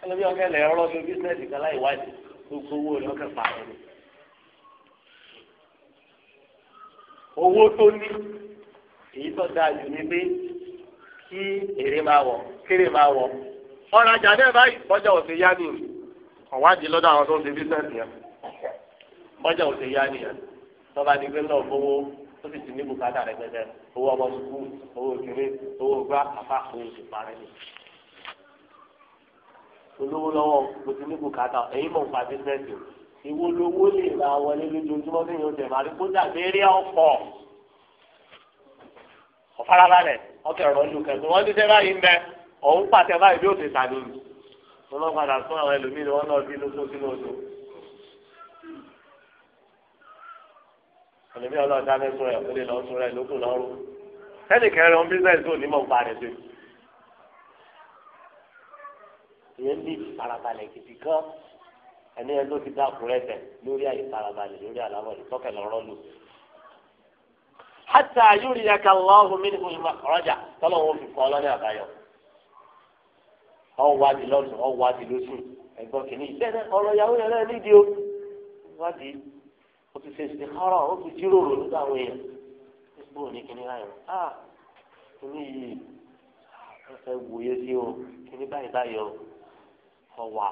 ẹlẹ́bí ọ̀kẹ́ lẹ̀ ọ̀rọ̀ ju bísíǹsì kan láì wáyé gbogbo owó rẹ̀ ọ̀kẹ́ pààrọ̀ ni. owó tó ní èyí tó dáa jù ní pé kí èrè máa wọ̀ kéré máa wọ̀ ọ̀rọ̀ ajá náà báyìí bọ́jà ò ṣe yá ni ọ̀wádìí lọ́dọ̀ àwọn tó ń ṣe bísíǹsì yẹn bọ́jà ò ṣe yá nìyẹn tọ́ba ní pé náà fowó ó sì ti ní bùkátà rẹ̀ pẹ̀lẹ́ owó ọmọ sùkúù owó kéré owó gbá àpá òun ti parẹ́ nìyẹn olówó lọ́wọ́ kò sí ní bùkátà ẹ̀yin mọ̀ nípa bísíǹsì ìwo lówó lè ra wọlé lójoojúmọ́ sí ìyóò tẹ̀mọ́ àti kódà béèrè ọ̀pọ̀ ọ̀farabalẹ̀ ọkẹ́ ọ̀rọ̀ ju kẹ̀sùn wọ́n ti tẹ́ báyìí ń bẹ ọ̀hún pàtẹ báyìí bí ó ti sàdé mi wọ́n lọ́ padà fún àwọn ẹlòmíì ni wọ́n lọ bí lóṣù sínú oṣù. ẹlòmíì ọlọ́ọ̀dá mẹ́sùn rẹ̀ kó lè lọ́ọ́ sùn rẹ̀ lókùn lọ́rùn. sẹ́nì kẹrin ọ̀hún ìyẹn ní ìfarabalẹ̀ gidi gan ẹni ẹ ló ti dákun rẹ bẹ lórí àyè ìfarabalẹ̀ lórí àlámọ̀ ìtọ́kẹ̀ lọ́rọ́ lò. hátà yóò rí ẹka lọ́hùn mí ní olùmọ̀ ọ̀rọ̀jà tọ́lọ̀ wọn fi kọ́ ọlọ́ní àbáyọ. ọ̀wọ́ adi lọ́sùn ọ̀wọ́ adi lọ́sùn ẹ̀gbọ́n kìíní ìṣẹ́ni ọ̀rọ̀ yàwó yẹn náà nídìí o. wádìí o ti ṣe ṣe kọ́rọ̀ o ti jíròrò nígbà àwọn ọwà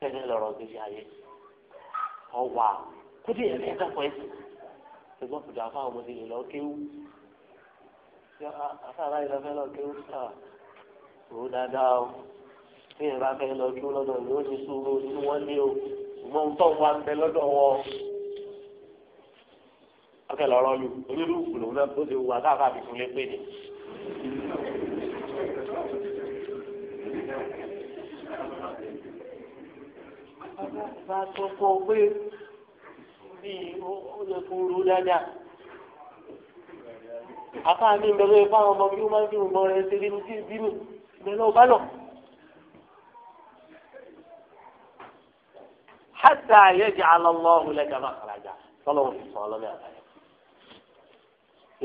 tẹ́lẹ̀ lọ́rọ̀ gbèsè ayé ọwà kúndì ẹ̀rẹ́ ẹ̀dàpọ̀ ẹ̀sìn ṣùgbọ́n kùdà fáwọn ọmọdé lè lọ kéwú afárá yìí lọ fẹ́ lọ kéwú sáà rò dáadáa o bí ìrora fẹ́ lọ kéwú lọ́dọ̀ yóò ti sùúrù nínú wọn ní o ṣùgbọ́n tó wà ń bẹ lọ́dọ̀ wọn ọkẹ lọrọ lu onírú kùlù náà tó ti wà káfà fi lé pé ni. bá tó kọ pé bí ó lè kúrú dáadáa àfa mi ń bẹ̀rẹ̀ fáwọn ọmọ bí ó máa ń fi ìmọ̀ rẹ̀ ṣe nínú tí bínú ìbẹ̀rẹ̀ ọba lọ. hasa yaj'al Allahu laka makhraja tọ́lọ̀ ń sọ ọlọ́mọ àbáyọ.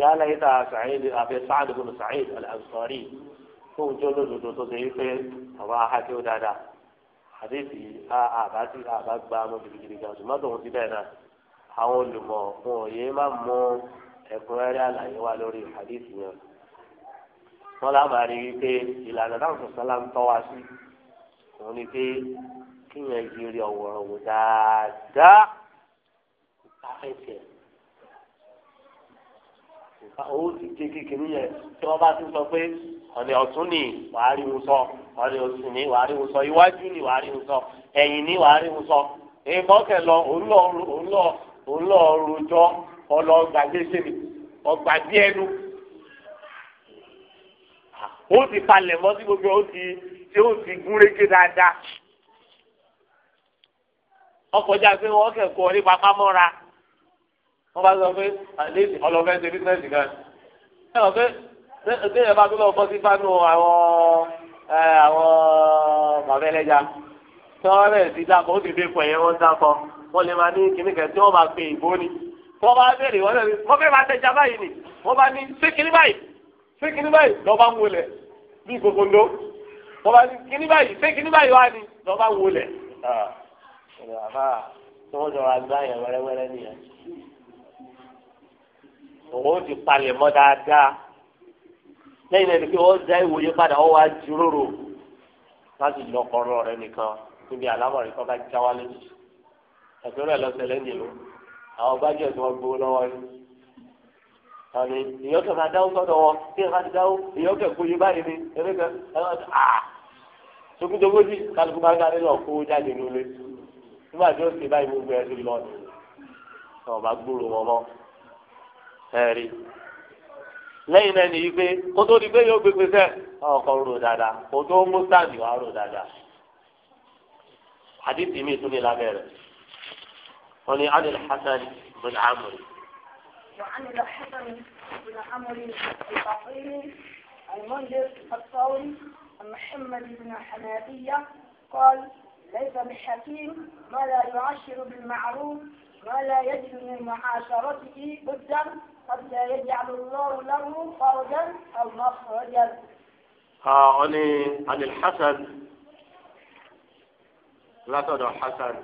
يا ليت سعيد أبي سعد بن سعيد الأنصاري tó ń jọ́ lódodo tó ṣe yí pé àwọn ahádé ó dáadáa àdébí àbá tí àbá gba ọmọ gidigidi gan ṣùgbọ́n tòun ti bẹ́ẹ̀ náà àwọn olùmọ̀ wọn ò yé má mú ẹ̀kúnrẹ́rẹ́ àlàyé wa lórí àdébí yẹn wọn lábàá rí i pé ìlànà táwọn sọ̀sọ́lá ń tọ́ wa sí òun ni pé kíyàn yiri ọ̀wọ̀rọ̀ wò dáadáa ìtafẹ́sẹ̀. owó ti ké kékeré yẹn tí wọ́n bá ti sọ pé ọ̀nì ọ̀tún ni wàá rí wọn sọ ọ̀nì ni wàá rí wọn sọ iwájú ni wàá rí wọn sọ ẹ̀yìn ni wàá rí wọn sọ ìbọn kẹlọ ònlọ́ọ̀rọ̀jọ́ ọlọ́gbàgbèsè ọgbàdí ti palẹ̀ mọ́ sí gbogbo ó ti tí ó ti gúnrégé dáadáa ọkọ̀ pé wọ́n wọ́n bá sọ pé àdéhìí ọlọ́fẹ́ ṣe bísíǹsì kan ẹ pé ṣé ẹ bá tó lọ́wọ́ bọ́sí fánú àwọn àwọn bàbá ẹlẹ́ja tí wọ́n rẹ̀ sí dákọ̀ ó sì fi pọ̀ yẹn dákọ̀ wọ́n lè máa ní kíní kẹ́ tí wọ́n máa pe ìbò ni wọ́n bá béèrè wọ́n lẹ́nu wọ́n fẹ́ máa tẹja báyìí ni wọ́n bá ní ṣé báyìí ṣé báyìí lọ́ọ́ bá ń wọlé bí gbogbo wọ́n bá ní kíní báyìí ṣé báyìí wá ni lọ́ọ́ bá ń ah, wọlé òun ó ti palẹ̀ mọ́ dáadáa lẹ́yìn ẹni pé wọ́n dá ìwòye padà wọ́n wá jíròrò láti lọ kọ́rọ́ rẹ nìkan níbi àlámọ̀rí kọ́ bá já wá lójú ẹ̀sùn rẹ̀ lọ́sẹ̀lẹ̀ nìlú àwọn gbájúẹ̀ tí wọ́n gbowó lọ́wọ́ yìí àmì ìyọ́ kẹfà dáwó sọ́dọ̀ wọn tí ẹ̀ka ti dáwó ìyọ́ kẹfà yìí báyìí ni ẹ̀rẹ́ kẹ sokudogo di kálukú bá ń kárí lọ kó jáde nílé nígbà tí ó ti báyìí gbogbo ẹ̀ ẹ̀rí lẹ́yìn náà nìyí pé kó tó di pé yóò gbégbé sẹ́ ọkọ̀ rò dáadáa kó tó mú sáàdì wá rò dáadáa hadithi mi tún ní lábẹ́ rẹ̀ wọ́n ní adil hasan bin amr. وعن الحسن بن عمرو البصري المنذر الطاوي محمد بن حنابية قال ليس بالحكيم ما لا يعشر بالمعروف ما لا يجد من معاشرته بدا حتى يجعل الله له فرجا أو مخرجا ها أني عن الحسن لا تدع حسن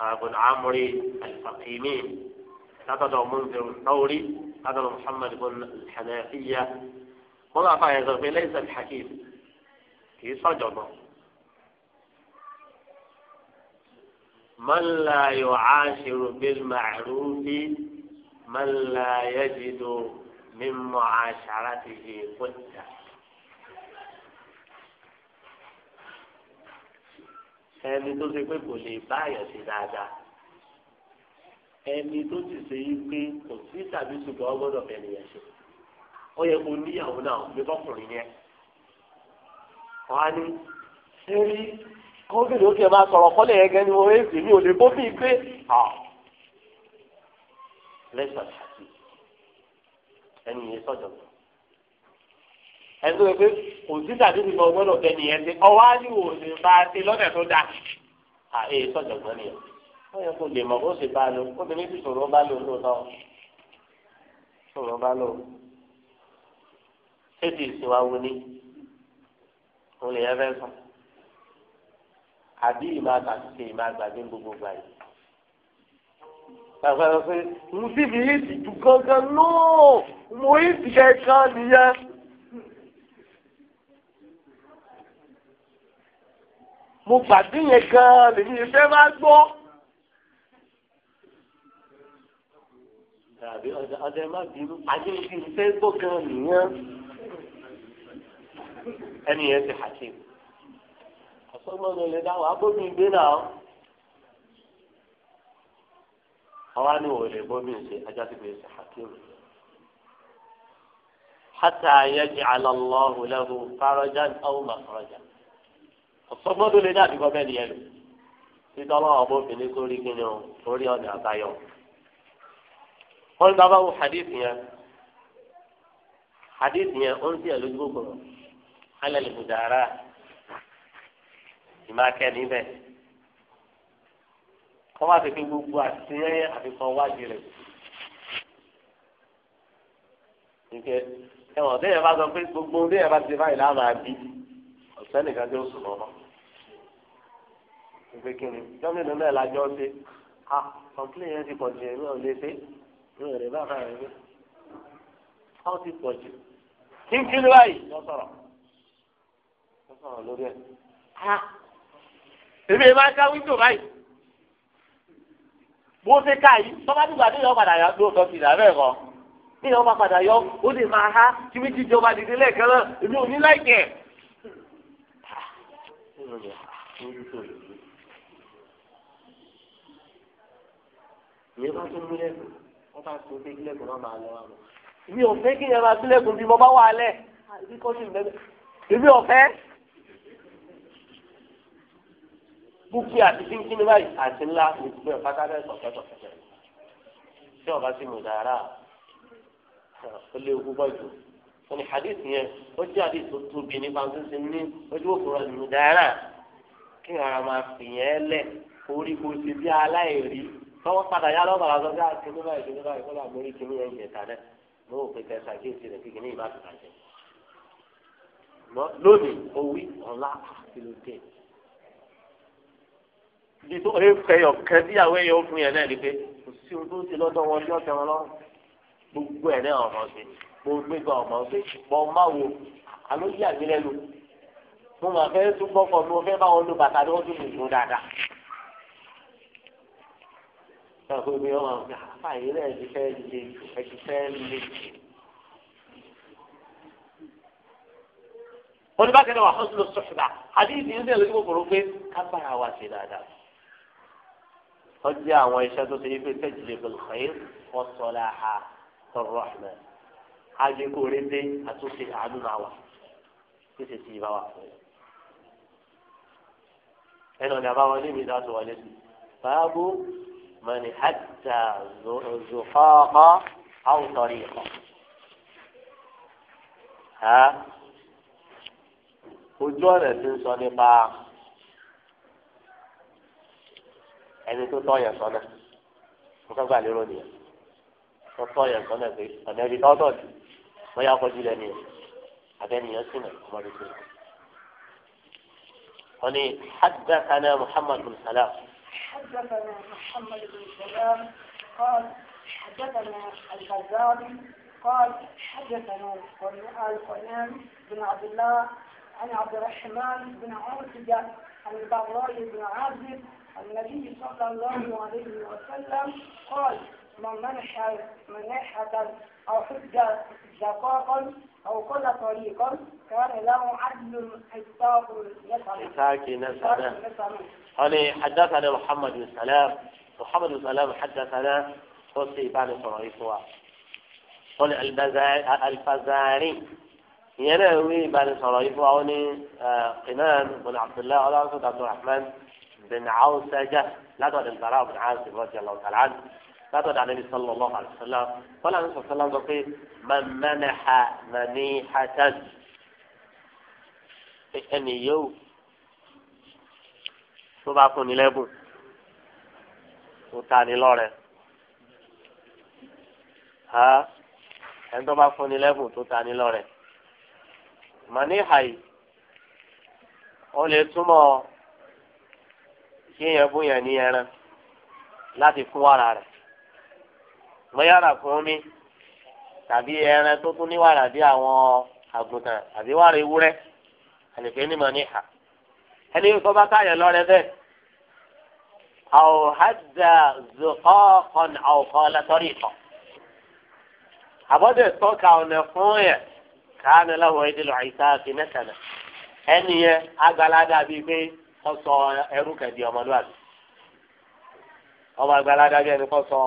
ابن عمري الفقيمي لا تدع منذر الثوري هذا محمد بن الحنافية ولا فايز ليس الحكيم في صجبه من لا يعاشر بالمعروف من لا يجد من معاشرته قدة ẹni tó ṣe pé kò lè bá àyàn sí dáadáa ẹni tó sì ṣe yí pé kò sí tàbí ṣùgbọ́n gbọ́dọ̀ bẹ̀ nìyẹn ṣe ó yẹ kó níyàwó náà gbé bọ́kùnrin yẹn wọ́n á ní ṣé rí kóbìnrin ó kì í máa sọ̀rọ̀ kọ́lẹ̀ yẹn gẹ́gẹ́ mo fẹ́ sì mí ò lè bómi pé lẹ́sọ̀ ṣáàtì ẹni yẹn sọ̀jọ̀ lọ. ẹni tó yẹ pé kò sí tàbí ti lọ gbọ́dọ̀ yẹn ti ọwọ́ á ní lè bá a ti lọ́dẹ̀ tó dáa. à èyí sọ̀jọ̀ gbọ́n nìyẹn wọ́n yẹ kó lè mọ̀ bó ṣe bá a lò obìnrin ti sọ̀rọ̀ bá lò lò náà sọ̀rọ̀ bá lò. ṣé ti ìsìn wa wo ni? òun lè yẹ fẹ́ sùn àbí ìmọ̀ àtàkùnkè ìmọ̀ àgbàgbé gbogbo gbà yìí. Bàbá rẹ̀ pé mo sì fi èsì jù gangan lóò mo èsì kankan nìyẹn. Mo gbàgbé yẹn gan lèmi ìfẹ́ máa gbọ́. Tàbí ọ̀dẹ má bínú àti ìfẹ́ gbọ́ gan nìyẹn. Ẹni yẹn ti hàṣẹ́ sọgbọ́n lè dáhùn abómi gbé náà àwa ni wò lè bómi ṣe ajá ti gbé ṣe hakim hata yaj'al Allahu lahu farajan aw makhrajan ọ̀sọ́gbọ́n tó lè dàbí kọ́ bẹ́ẹ̀ ni ẹ lò títí ọlọ́wọ́ bó fi ní sórí kíni o sórí ọ̀nà àbáyọ. wọ́n gba báwo hadith yẹn hadith yẹn ó ń tiẹ̀ lójú gbogbo alẹ́ lè fi dàrá ìmákẹ́ níbẹ̀ kọ́ má ti fi gbogbo àtìlẹ́yìn àfikún wájú rẹ̀ nígbẹ́ ẹ̀wọ̀n déyẹ̀ bá sọ pé gbogbo déyẹ̀ bá ti báyìí láàmú àbí ọ̀sẹ̀ nìkan tó sùn lọ́wọ́ ìgbé kiri jọ́mìnì náà lájọ́ ṣe ha kọ̀ǹpìlẹ̀ yẹn ti pọ̀ jù ẹ̀mí ò ṣe ní ọ̀rẹ́ bá fara ẹ̀mí ó ti pọ̀ jù kí n kí ni báyìí lọ sọ̀rọ̀ lórí ẹ̀ èmi ẹ máa ń ká wíńdò báyìí bó ṣe ká yìí tọ́ba nígbà tí yọ padà yọ lóòótọ́ ti dà bẹ́ẹ̀ kọ́ tí yọ padà yọ ó lè máa há tí mi ti jọba dìde lẹ́ẹ̀kan náà èmi ò ní láìkẹ́ ìyẹn bá tún mílẹ̀kùn wọ́n bá tún gbé kí ìyẹn máa mílẹ̀kùn bí mo bá wà á lẹ̀ ibi kọ́ dúkìá àti kínkínní báyìí àti ńlá ìgbẹ́ pátákẹ́ tọ̀kẹ́tọ̀kẹ́ tí ọba sì mú dára ó lé ogún bọ́ọ̀dù wọn ni hadith yẹn ó jẹ́ hadith tó tóbi nípa tó ti ní ojú òkúrọ̀ ìlú dára kí ara máa fi yẹn lẹ̀ orí kò sí bí aláìrí tọwọ́ padà yá lọ́wọ́ àwọn ọ̀gá ah, kíní báyìí kíní báyìí kọ́lá mórí kíní yẹn yẹn tà náà ló pè tẹ̀sán kí èsì rẹ̀ kíní ìbá ibi tó ẹ fẹ́ ọ̀kẹ́ tíyàwó yẹn ó fún yẹn náà ni pé kò sí ohun tó ń ṣe lọ́dọ̀ wọn ní ọ̀tẹ̀ wọn lọ́rùn gbogbo ẹ̀ náà ọ̀mọ̀ sí gbogbo ìgbà ọ̀mọ̀ sí bọ́ má wo àlọ́ yí àgbélé lu mo mà fẹ́ tún gbọ́kọ̀ mi mo fẹ́ bá wọn lo bàtà tí wọ́n tún lè dùn dáadáa. ṣàkóso mi ọmọ àwọn àfà yìí náà ti fẹ́ le ẹ ti fẹ́ le. wà hàn sí àdéhìí ti ń sẹ́yìn lójú kòkòrò pé ká bára ṣe dáadáa tọ́jú àwọn iṣẹ́ tó ṣe yípe tẹ́jìlẹ̀ bẹ̀lẹ̀ ọ̀sọ̀lá ha tọrọ ọ̀hún àjẹkù rédé àtúnṣe àánú máa wà títí tí ì bá wà fún yẹn. ẹnu ọ̀nà àbáwọn níbi ìdá tó wọlé sí báàbù mọ̀nì hàtà zòfọ́ọ̀kọ́ àwùtọ́rì ìkọ̀. ojú ọ̀nà ti ń sọ nípa. ẹni tó tọ̀yàn sọ́nà mo kàn gbà lérò nìyẹn tó tọ̀yàn sọ́nà pé ọ̀nà ibi tọ́tọ̀ sí bóyá kọjú lẹ́nu yẹn abẹ́niyàn sì nà ọmọdé tó. yẹn. wọ́n ní haddathana muhammad bin salam. حدثنا محمد بن سلام قال حدثنا البزاري قال حدثنا القنان بن عبد الله عن عبد الرحمن بن عوفية عن البراء بن عازب النبي صلى الله عليه وسلم قال من منح منحة أو حج زقاقا أو كل طريقا كان له عدل حساب نسبة حساب يعني حدثنا محمد بن سلام محمد بن سلام حدثنا قصي بن صريفوا قل الفزاري ينوي بن صريفوا عوني قنان آه، بن عبد الله على عبد الرحمن بن عوسجة لا تود البراء بن عازب رضي الله تعالى عنه لا تود عن النبي صلى الله عليه وسلم قال النبي صلى الله عليه وسلم يقول من منح منيحة ẹni yóò tó bá fún ni lẹ́bùn tó ta ni lọ́rẹ ha ẹni tó bá fún ni lẹ́bùn tó ta ni lọ́rẹ màníhàì ó lè túmọ̀ kí èèyàn bú yàn ní ẹran láti fún wàrà rẹ̀ mọ́yàrá fún mi tàbí ẹran tó tún ní wàrà bí àwọn àgùntàn àbí wàrà ewúrẹ́ àlèfé ní mọ̀ ní hà ẹni tó bá káyọ̀ lọ́rẹ́ bẹ́ẹ̀ àwòhádà zùkọ́ọ̀kan àwòkọ́ látọ́rí ìtọ̀ àbọ̀dẹ̀ tọ́ka ọ̀nà fún yẹn káàní láwọn ẹ̀dínlọ́ àìsàn àti ẹni yẹn agbálada bíi pé. kọ́ sọ ẹrú kẹ̀dí ọmọlúwàbí ọmọ àgbàlagbà bí ẹni kọ́ sọ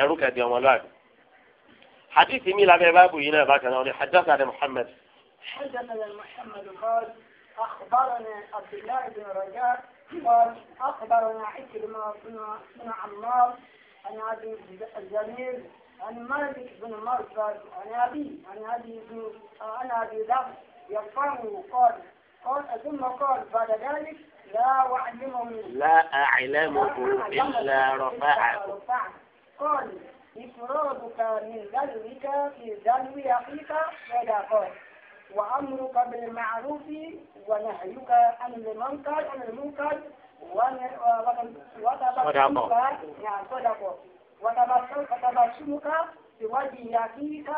ẹrú kẹ̀dí ọmọlúwàbí. حديث مين لابي بابو هنا باكنا حدثنا محمد حدثنا محمد قال أخبرنا عبد الله بن رجاء قال أخبرنا عكرمة بن عمار عن أبي الزميل عن مالك بن مرثد عن أبي عن أبي عن أبي ذر يرفعه قال قال ثم قال بعد ذلك لا أعلمه لا أعلمه إلا رفعه قال إفرادك من ذلك في ذنب أخيك ولا قال وأمرك بالمعروف ونهيك عن المنكر عن المنكر وتبسمك نعم صدقه وتبسمك في وجه أخيك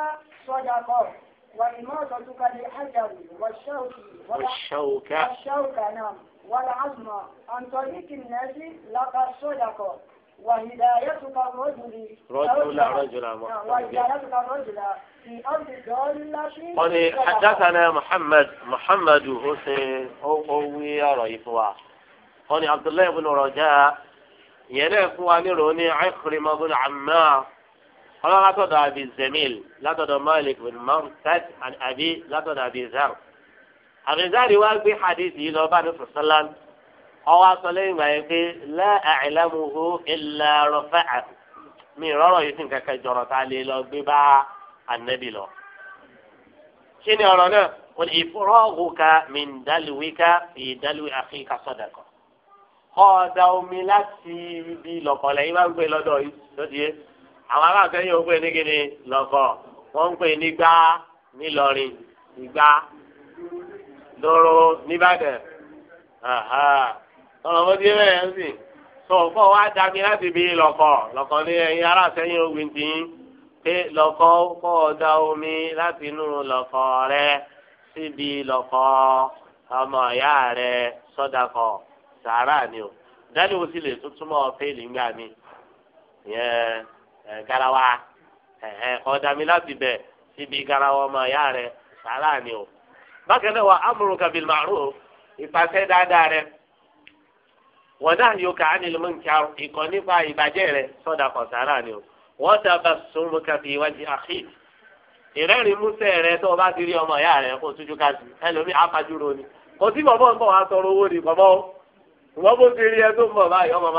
صدقه والإماطة كالحجر والشوك والشوك والشوك نعم والعزم عن طريق الناس لقى الصدقة وهدايتك الرجل رجل رجل وهدايتك الرجل في أرض الضالة قال حدثنا محمد محمد حسين أو قوي ريفوا قال عبد الله بن رجاء ينافوا عن روني عكرمة بن عمار ọlọ́run látọ̀dọ̀ àbí zemil látọ̀dọ̀ malik bin mountad àbí látọ̀dọ̀ àbí zar àbí zar wá gbé hadith yìí lọ bá ní sọ̀sọ́lán ọwọ́ asọ́lé ìgbà yẹn pé la a'lamuhu illa rafa'a mi rọrọ̀ yìí sì ń kẹ́kẹ́ jọ̀rọ̀ tá a lè lọ gbé bá anabi lọ. kí ni ọ̀rọ̀ náà wọ́n ifraguka min dalwika fi dalwi akhika sadaqa. ọ̀dà omi láti ibi lọ̀kọ̀lẹ̀ yìí máa ń gbé lọ́dọ̀ yìí lọ́dọ̀ yìí àwọn aláàtẹ̀yìn ó pè ní kíni lọ́kọ̀ wọ́n ń pè ní gbá nílọrin ìgbá lóró nìbàdàn tọ́lọ̀ mọ́ díẹ̀ ń sìn tó fọ́ wá dàbí láti bí lọ́kọ̀ lọ́kọ̀ ní ẹ̀yìn aláàtẹ̀yìn ó gbìn tì pé lọ́kọ̀ kọ́ ọ omi láti inú lọ́kọ̀ rẹ síbi lọ́kọ̀ ọmọ ìyá rẹ sọ́dàkọ̀ sàárà ni o dáníwò sì lè tuntun mọ́ fẹ́ẹ̀lì ńgbà mi garawa ọ̀dàmí láti bẹ̀ ibi garawa ọmọ ya re sàrà ni o bákan náà wà amruka bil ma'ruf ìpàṣẹ dáadáa rẹ̀ wọn náà yóò ká ánìlú mú nkàr ìkọ nípa ìbàjẹ́ rẹ̀ sọdà kọ sàrà ni o wọn dábàá kàfi músẹ́ rẹ tó o bá ti ọmọ ya o ká sí àfàjúrò ni kò sí bọ̀bọ̀ ń bọ̀ wá sọ̀rọ̀ owó ni bọ̀bọ̀ bó ti rí ẹ tó ń bọ̀ báyìí ọmọ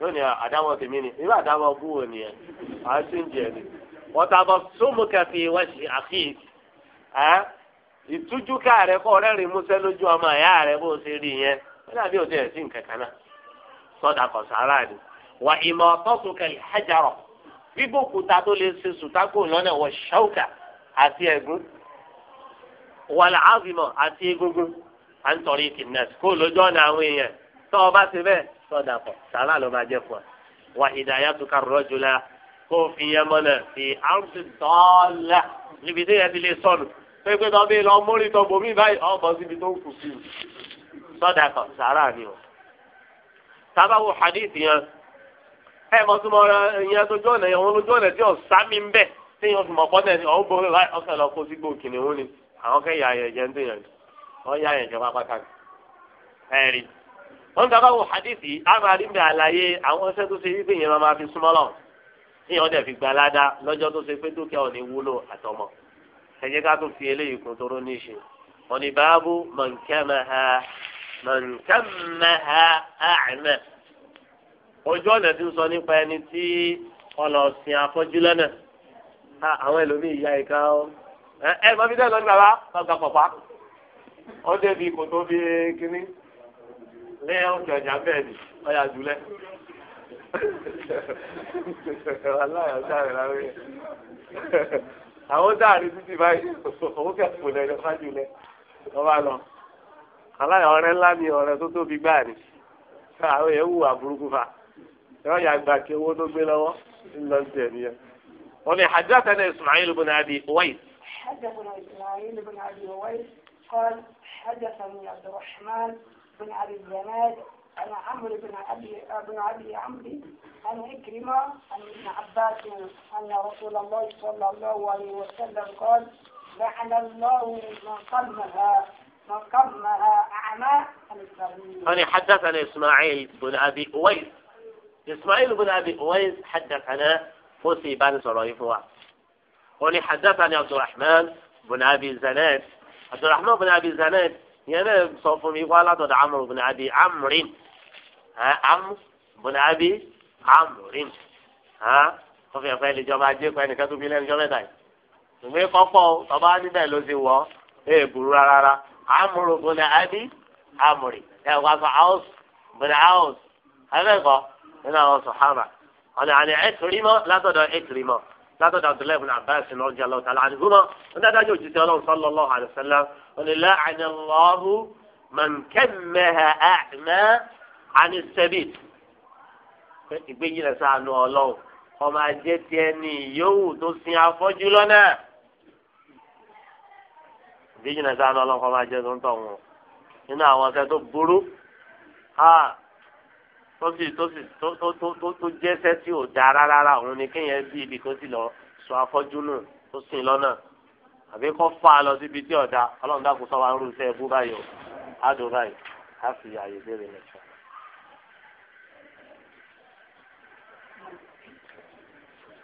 lónìí àdáwọ̀ tèmi ni irú àdáwọ̀ bú wo nìyẹn à ń sìn jẹ ni wọ́tàbọ̀ súnmù kẹfì wẹ́sì àfíì ẹ́ ìtújúká rẹ kọ́ rẹ́rìn músẹ́ lójú ọmọ ẹ̀yà rẹ bó ṣe rí yẹn ó dàbí òde ẹ̀sìn kankan náà sọ́dà kọ̀ sára ni wà ìmọ̀ ọ̀tọ́sùn kẹlẹ̀ hajarọ̀ gbígbó kúta tó lè ṣe sùtákò lọ́nà wọ ṣáùkà àti ẹ̀gún wàlà ázìmọ̀ àti egungun à ń tọrí kìnnẹ́sì kó lójú ọ̀nà àwọn èèyàn tọ́ ọ bá ti bẹ́ẹ̀ sọdà pọ sàrà ló máa jẹ fún ẹ wà ìdáyà tó ká rọjò la kó fi yẹn mọlẹ fi àrùntì dọ́ọ̀là níbi tí yẹn ti lè sọnù pé pé tọ́ bí lọ mórí tọ́ bòmí báyìí ọ̀bọ̀ síbi tó kù sí i sọdà pọ sàrà ni o sábàwò hadith yẹn ẹ mọ tó mọ ìyẹn tó jọ ọ̀nà yẹn òun lójú ọ̀nà tí ò sámi ń bẹ̀ tí yẹn fi mọ̀ pọ́n tẹ̀sí ọ̀hún borí láì ọ̀kẹ́ lọ kó sígbó kìnìún ni àwọn kẹ́ yà ẹ̀jẹ̀ ń tẹ̀yẹ̀ wọ́n yà ẹ̀jẹ̀ pápákà ẹ̀rí wọn gba báwo hadithi ama rí mi àlàyé àwọn ọsẹ tó ṣe wípé yẹn máa fi súnmọ́ lọ níyàn ọdẹ fi gba ládá lọ́jọ́ tó ṣe pé dúkìá ò ní wúlò àtọmọ ẹ jẹ́ ká tún fi eléyìí kún toró ní ìṣe wọn ni báàbù mọ̀nkẹ́mẹ́hà mọ̀nkẹ́mẹ́hà ojú ọ̀nà tí ń sọ nípa ẹni tí ọlọ́sìn afọ́jú lọ́nà àwọn ẹlòmíì ya ìka ọ ẹ ẹ mọ fi dẹ́ lọ ní bàbá ọgbà pọ̀pá ó débi kò tó fi kíní ní oúnjẹ ọjà bẹ́ẹ̀ ni ọyà jùlẹ. àwọn dáàrin títí báyìí òun kẹfù lẹnu fájú lẹ ọba lọ aláya ọ̀rẹ́ ńlá ni ọ̀rẹ́ tó tóbi gbáà ni àwọn èèyàn wù àbúrúkú fa ẹwọn gbà kí owó tó gbé lọ́wọ́ ńlọ sí ẹni yẹn. wọn ni hadathana ismail bin abi wais. hadathana ismail bin abi قال حدثني عبد الرحمن بن أبي الزناد عن عمرو بن أبي بن أبي عمرو عن إكرمة عن ابن عباس أن رسول الله صلى الله عليه وسلم قال لعن الله من قمها من قمها أعمى أنا حدثنا إسماعيل بن أبي أويس إسماعيل بن أبي أويس حدثنا فوسي بن سرايف وني حدثني عبد الرحمن بن أبي زناد عبد الرحمن بن أبي زناد ìyẹn náà sọ fún mi wá látọ̀dọ̀ amúrò bùnà àbí amúrin amú bùnà àbí amúrin wọ́n fi ẹ̀fẹ́ ìjọba ajé pa ẹnìkan tó fi lẹ́nu ìjọba yìí ìwé kọ́kọ́ ọba níbẹ̀ ló ti wọ̀ ẹ̀ burú rárá amúrò bùnà ẹ̀ wá sọ house bùnà house ẹ̀fẹ́ kọ́ nínú àwọn sọ̀hámà ọ̀nà àná látọ̀dọ̀ látọ̀dọ̀ abdullahi ibn abbas lọ́jà lọ́wọ́ tààlà àdìgúnmọ́ wọn dájú òjijì ọlọ́run sọ́lọ́ lọ́wọ́ àdìsẹ́lá onílẹ̀ àdìlọ́rù mọ̀nkẹ́mẹ́hà àmẹ́ àníṣẹ́bì ìgbéyìí rẹ̀ sànù ọlọ́run ọmọ ajé tiẹ̀ ní ìyówù tó sin afọ́jú lọ́nà ìgbéyìí rẹ̀ sànù ọlọ́run ọmọ ajé tó ń tọ̀ wọn nínú àwọn akẹ́ tó burú tó sì tó sì tó tó tó tó jẹ́sẹ́ tí ò dáa rárá òun ni kéèyàn bí ibi kó sì lọ sọ afọ́jú nù tó sìn lọ́nà àbí kó fà á lọ síbi tí ọ̀dà ọlọ́run dàkú sọ wa ń rúṣẹ́ ẹbú báyìí o ádò báyìí á fi àyè béèrè lẹ́sọ̀.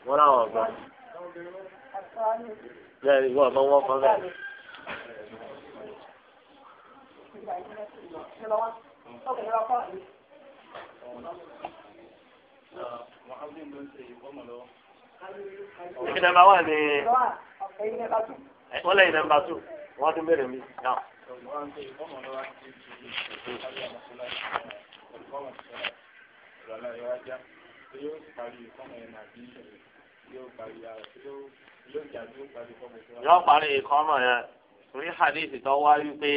wọ́n láwọn ọ̀gbọ́n bẹ́ẹ̀ ìwọ ọ̀gbọ́n wọ́n kọ́ bẹ́ẹ̀. Okay, I'll call you. Ìfi nàmbà wà ní. Wọ́n lẹ́yìn nàmbà tù. Wọ́n tún bẹ̀rẹ̀ mi. Yọ parí ìkọ́mọ̀ yẹn. Torí hadith tó wáyé pé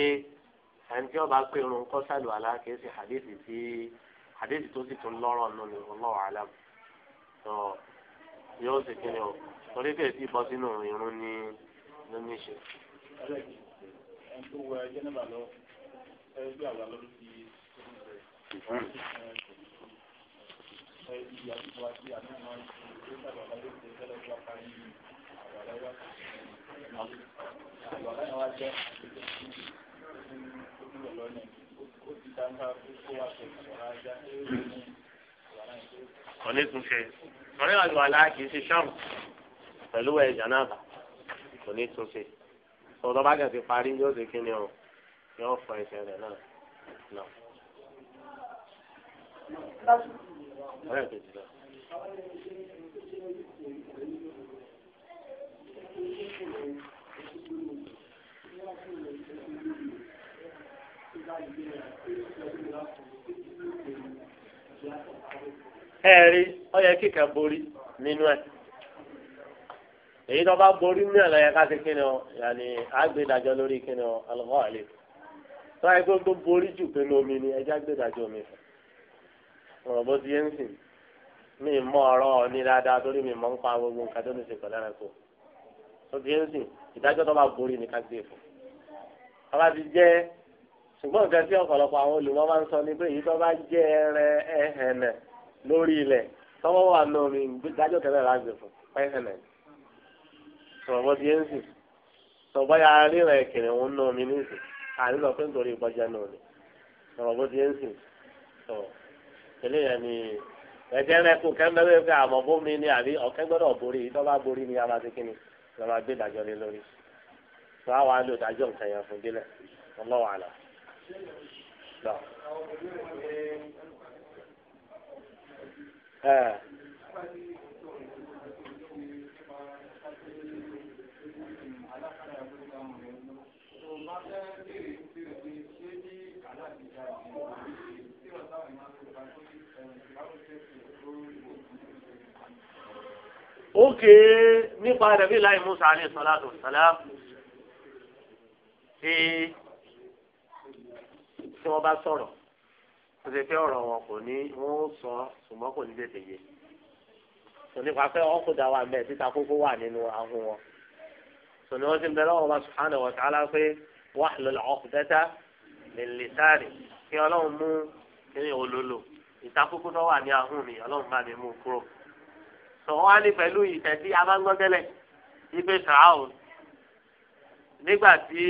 ẹni tí ó bá pè ń kọ́ sálùwàlá kìí ṣe hadith àdéhùn tó sì tún lọ́rọ̀ nù ni ọlọ́wọ́ alam tó yóò sì kí ni o torí kẹ́ ẹ̀ sì bọ́ sínú irun ní ló ní ṣe. Thank onítúnṣe wọn yóò lu aláàkì sí sọm pẹ̀lú ẹjà náà bá onítúnṣe ọ̀dọ̀ bá gẹ̀ ti parí yóò ṣe kí ni o yóò fọ ẹsẹ̀ rẹ̀ náà lọ. ọ̀rẹ́ kejì ẹ̀rí ọyẹ kíkà borí nínú èyí tó bá borí nínú ẹ̀ lọ́yẹ káṣí ọ yàní àgbèdájọ́ lórí kíni ọ alùpùpù tó ayé tó ni mi ọ̀rọ̀ bó ti yé ń sìn mi mọ ọ̀rọ̀ na dáadáa torí mi mọ̀ ń pa gbogbo nǹkan tó ní ṣe ẹranko tó ti yé ń sìn tó bá borí ni ṣùgbọ́n nǹkan tí ọ̀pọ̀lọpọ̀ àwọn olùmọ̀ máa ń sọ ni pé èyí tó bá jẹ́ ẹrẹ ẹhẹnẹ lórí ilẹ̀ tọ́wọ́ wà ní omi ìdájọ́ kẹlẹ́ rà gbè fún ẹhẹnẹ sọ̀rọ̀ bó ti yé ń sìn sọ̀rọ̀ bóyá rírẹ̀ kìnìún òun ní omi ní ìsìn àní lọ pé nítorí ìbọjá náà ni sọ̀rọ̀ bó ti yé ń sìn sọ̀rọ̀ eléyàn ni ẹ̀jẹ̀ rẹ̀ kù kẹ́mẹ́rẹ́ pé àmọ́ bómi ni àbí ọ̀kẹ́ gbọ́dọ̀ ókè nípa rẹ̀ láì Musa alayhi salatu wa salam tí wọ́n bá sọ̀rọ̀ kó ṣe pé ọ̀rọ̀ wọn kò ní wọ́n sọ ṣùgbọ́n kò ní tètè yé nípa pé wọn kò dá wa mẹ títa kókó wà nínú ahun wọn sọni wọn ti bẹ̀rẹ̀ ọba subhanahu wa ta'ala pé wà lọlọ ọkùdẹta lẹlẹsàrì kí Ọlọ́run mú kíni olólò ìtakókó tó wà ní ahun mi Ọlọ́run bá mi mú kúrò sọ wọn á ní pẹ̀lú ìtẹsí abáńgọtẹlẹ ipe sàáwò nígbà tí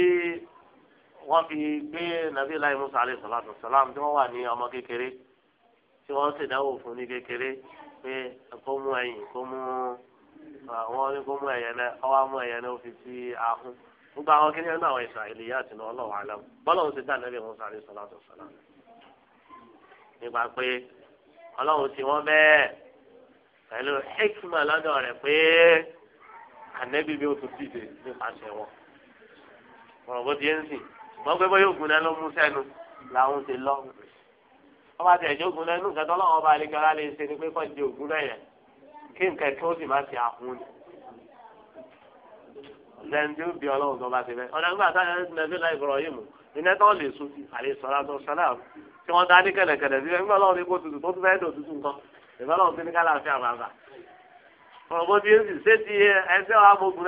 wọ́n fi gbé nàbí láì musa alayhi salatu salam tí wọ́n wà ní ọmọ kékeré tí wọ́n sì dáwò fún ní kékeré pé kó mú ẹyin kó mú wọ́n ní kó mú ẹyẹ náà ọwọ́ mú ẹyẹ náà ó fi sí ahun gbogbo àwọn kí ni àwọn ìsàlẹ̀ yìí àti náà ọlọ́wọ́ àlọ́ bọ́lọ́hún ti dá nàbí musa alayhi salatu salam nípa pé ọlọ́run ti wọ́n bẹ́ẹ̀ pẹ̀lú hikma lọ́dọ̀ rẹ̀ pé ànẹ́bí mi ò tún dìde nípasẹ̀ wọn. ọ̀rọ̀ bó ti ń sìn ṣùgbọ́n pé bóyá ògùn náà ló mú sẹ́nu làwọn ti lọ. wọ́n bá tẹ̀ ẹ̀jẹ̀ ògùn náà inú ìkẹtọ́ lọ́wọ́ ọba àlekara lè ṣe ni pé kọ́ di ògùn náà yẹn kí nǹkan kí ó sì má ti àhún ni. lẹ́nu tí ó bí ọlọ́run tó bá ti bẹ́ ọ̀nà nígbà táyà nàbí láì bọ̀rọ̀ yìí mú iná tó lè sùn àlè sọ̀rọ̀ àtọ̀ sọ̀rọ̀ tí wọ́n dá ní sí ẹgbẹ́ ọlọ́run ní kó tutù tó tún fẹ́ dò tutù nǹkan ìfẹ́ ọlọ́run ti ní ká láàfin àbàbà. ọ̀rọ̀ bó ti sì ṣé ti ẹsẹ̀ wa mo gùn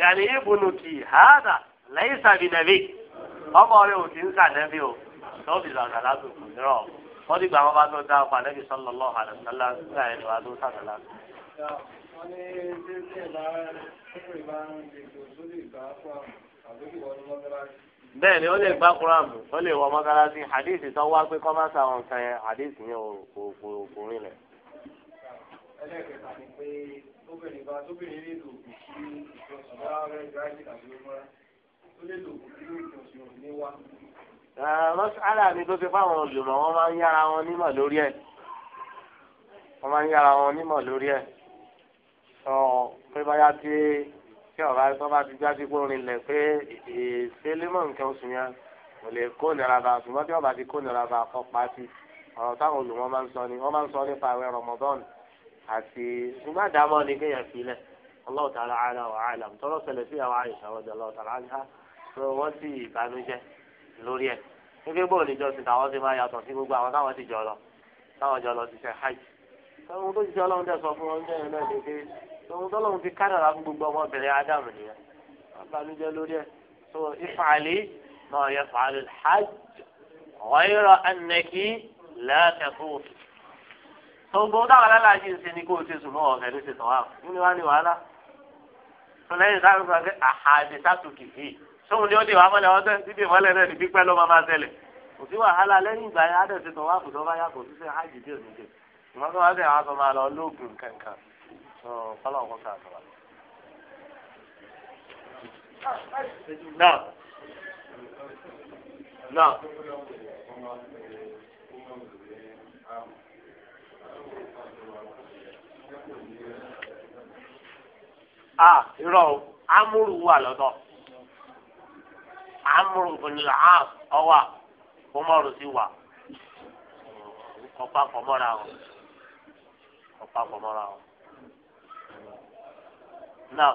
yàní ìbùnùkì hàdà lẹ́yìn sàbìnàbí ọmọ rẹ ò kì í sànẹ́bí o lọ́ọ̀bì làgàlà tó kù nírọ̀ wọ́n dìgbà wọn bá tó dá ọkọ̀ àlẹ́bí sọ́lọ́ lọ́ọ̀ àdàlá nígbà tó bẹ́ẹ̀ ni ó lè gbá ó lè wọ hadith wá pé hadith yẹn ẹlẹ́ẹ̀kẹta ni pé obìnrin bá tóbìnrin lè lò kù sí ìjọsìn bá rẹ̀ gáàjì tàbí ọmọra tó lè lò kù sí ìjọsìn òní ní wá. mọ́sálà ni tó ti fáwọn olùmọ̀ wọ́n máa ń yára wọn nímọ̀ lórí ẹ̀ wọ́n máa ń yára wọn nímọ̀ lórí ẹ̀ sọ pé báyà tí tí ọ̀rá tó bá ti jáde pé orin lẹ̀ pé ìṣẹ́lẹ́mọ̀ nǹkan oṣù yẹn kò lè kó nira bá ṣùgbọ́n tí ọba ti kó nira bá kọ́ pa sí ọ̀rọ̀ táwọn olùmọ̀ máa ń sọ ni wọ́n máa ń sọ nípa àwẹ̀ rọmọdọ́nù àti nígbà dàmọ́ ni kéèyàn filẹ̀ Allahu ta'ala a'la wa a'lam tọ́lọ́ ṣẹlẹ̀ sí àwọn àyùsà ọ̀dọ̀ Allahu ta'ala anha tó wọ́n sì ìbànújẹ́ lórí ẹ̀ gẹ́gẹ́ bó ní jọ́sìn táwọn ti máa yàtọ̀ sí gbogbo àwọn táwọn ti jọ lọ táwọn jọ lọ ṣiṣẹ́ hajj tọ́wọ́n tó ṣiṣẹ́ ọlọ́run dẹ̀ sọ fún wọn jẹ́ ẹ̀rọ ẹ̀dẹ́ pé tọ́lọ́run ti kádàrà fún gbogbo ọmọbìnrin ádámù nìyẹn ìbànújẹ́ lórí ẹ̀ tọ́gbọ́n dáwà lálàájì ń ṣe ni kó o ti sùn mọ́ ọ̀fẹ́ ló ti sàn wá nínú wa ni wàhálà tọ́lẹ́yìn sáré sọ pé àhàdì sátòkì yìí sóhun ni ó dé wàá mọ́lẹ̀ ọ́ tẹ́ dídé mọ́lẹ̀ náà ní pípẹ́ ló máa máa tẹ̀lẹ̀ kò sí wàhálà lẹ́yìn ìgbà yẹn adẹ̀ ti sàn wá kùtọ́ báyà kò sí sẹ́ hajj dé òní dé ìmọ̀ tó Ah, irọ́ o amúrù wà lọ́dọ̀ amúrù bùnìlà á ọwà kọmọrù sí wà kọpa kọmọra o kọpa kọmọra o náà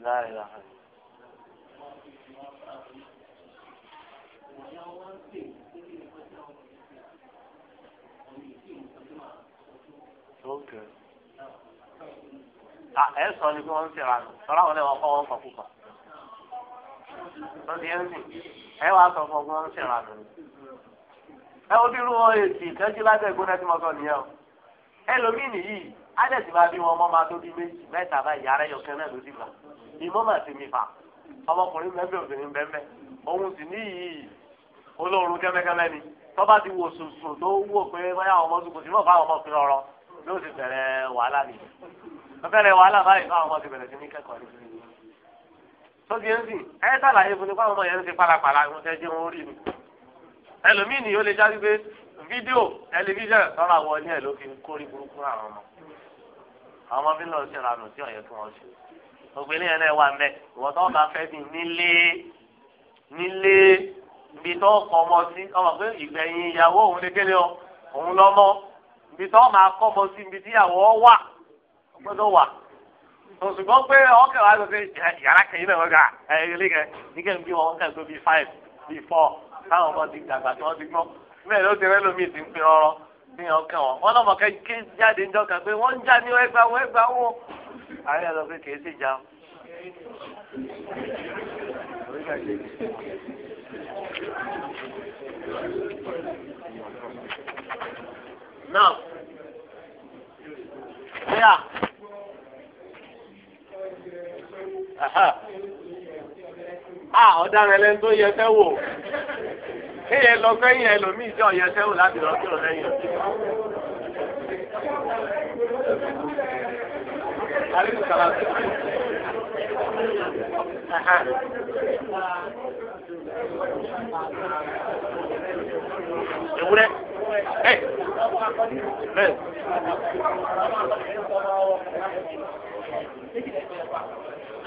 láìláìlá. Okay. À ẹ sọ ni pé wọ́n ń ṣèrànù sọ́ra wọn lẹ́wọ̀n wọn pàkúpà. Wọ́n ti ẹ́ Ẹ wàá sọ fún ọgbọ́n ń ṣèrànù. Ẹ wo bí irú wọn èsì ìtẹ́jú lábẹ́ ìgbóná tí mo sọ nìyẹn o. Ẹlòmíì nìyí ádẹ́sì máa bí wọn mọ́ máa tó bí méjì mẹ́ta báyìí ara yọ kẹ́rẹ́ ló dìgbà ìmọ̀ máa ti mi fà ọmọkùnrin bẹ́ẹ̀ obìnrin bẹ́ẹ̀ òun sì ní yìí olóorun kẹ́mẹ́kẹ́mẹ́ ni tọ́ba ti wò sòsò tó wò pé báyà ọmọ tó kò sí mọ̀ fáwọn ọmọkùnrin ọ̀rọ̀ ló sì bẹ̀rẹ̀ wàhálà ni bẹ̀rẹ̀ wàhálà báyìí fáwọn ọmọ ti bẹ̀rẹ̀ sí ní kẹ́kọ̀ọ́ ní kíni sọ́dí ẹ̀ ń sìn ẹ̀ sàlàyé fún mi fáwọn ọmọ yẹn ń ṣe pàlàpàlà ń fẹ́ jẹ́ wọn mi ẹlòmíì nìyó lè já pé fídíò tẹlifíṣàn sọ́ra wọ àwọn ọmọ bí lọ́ọ́ ṣèrànà tí ọ̀yẹ́ fún wọn ṣe gbogbo eléyẹn náà wà mẹ́ ìwọ tó bá fẹ́ bí nílé nílé ibi tó kọ́ ọmọ sí ọmọ pé ìgbẹ̀yìn ìyàwó òun lé kéde ọ òun lọ́mọ ibi tó máa kọ́ ọmọ sí ibi tíyàwó wà gbọ́dọ̀ wà òṣùgbọ́n pé ọkẹ́ wa lọ sí yàrá kẹyìn náà wọ́gà ẹ̀ẹ́dẹ́gẹ́ nígbà bí wọn kẹ́ tó bí five bí four táwọn ọmọ ti dàgbà tí wọ́n ní ọkàn wọn wọn lọmọ kẹ ké jáde ńdọkàn pé wọn ń já ní ẹgbà wọn ẹgbà wọn àárẹ lọ pé kìí sì já o. náà bóyá ah tó yẹ fẹ́ wò kéèyàn lọ fẹ́yìn ẹlòmíì tí ọ̀yẹ́ sẹ́wọ̀n láti lọ kí ọ̀lẹ́yìn ọ̀sìn. Ewúrẹ́ ẹ bẹ́ẹ̀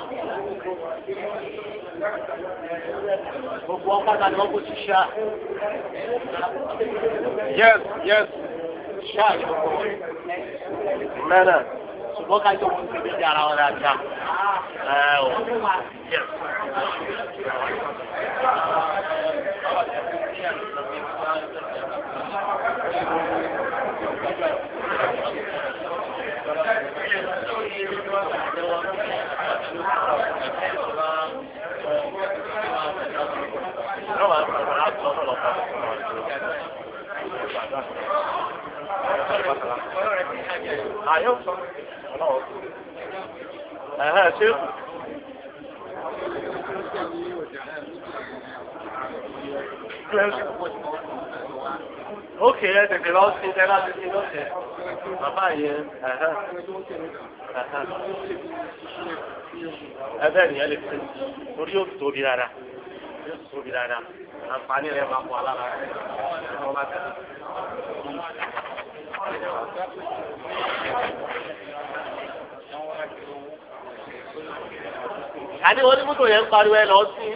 gbogbo wọn ni wọn kò sí ṣá. yes yes ṣá ni gbogbo ṣùgbọ́n ká jọ wọn ti di wọn dáadáa. Ah. ẹ Thank you. àyọ̀ ẹ̀hẹ́ ṣé kú ókè ẹ tètè lọ sí ẹ láti fi lọ́sẹ̀ bàbá yẹn ẹbẹ nìyẹn lè fi orí yóò tóbi rárá yóò tóbi rárá àǹfààní rẹ máa kọ alára rẹ ọmọ bá tẹ. àní wọn ní mọ́tò yẹn ń pariwo ẹ lọ sí.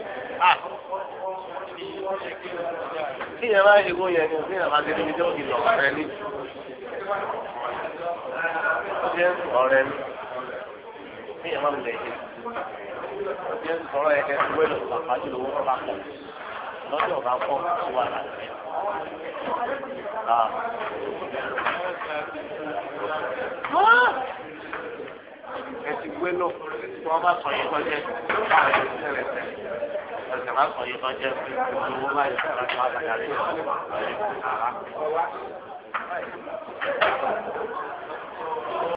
Ah tí yẹn bá ṣe kó yẹn ni òfin àbá ti níbi tí ó lọ ọ̀rẹ́ ní. ó jẹ́ ọ̀rẹ́ ní. tí yẹn máa ń lẹ̀ ṣe. ó jẹ́ sọ̀rọ̀ ẹ̀kẹ́ tó wẹ́lẹ̀ pàpà jùlọ owó bá pọ̀ lọ́jọ́ bá pọ̀ tó wà láti. ẹ ti gbé lò wọ́n bá sọ yẹn kọjá ẹ̀ ọ̀sẹ̀ máa sọ yìí tọ́jú owó báyìí sọ̀rọ̀ ní wàhálà rẹ̀ ọ̀sẹ̀ máa sọ yìí tọ́jú owó báyìí sọ̀rọ̀ ní wàhálà rẹ̀.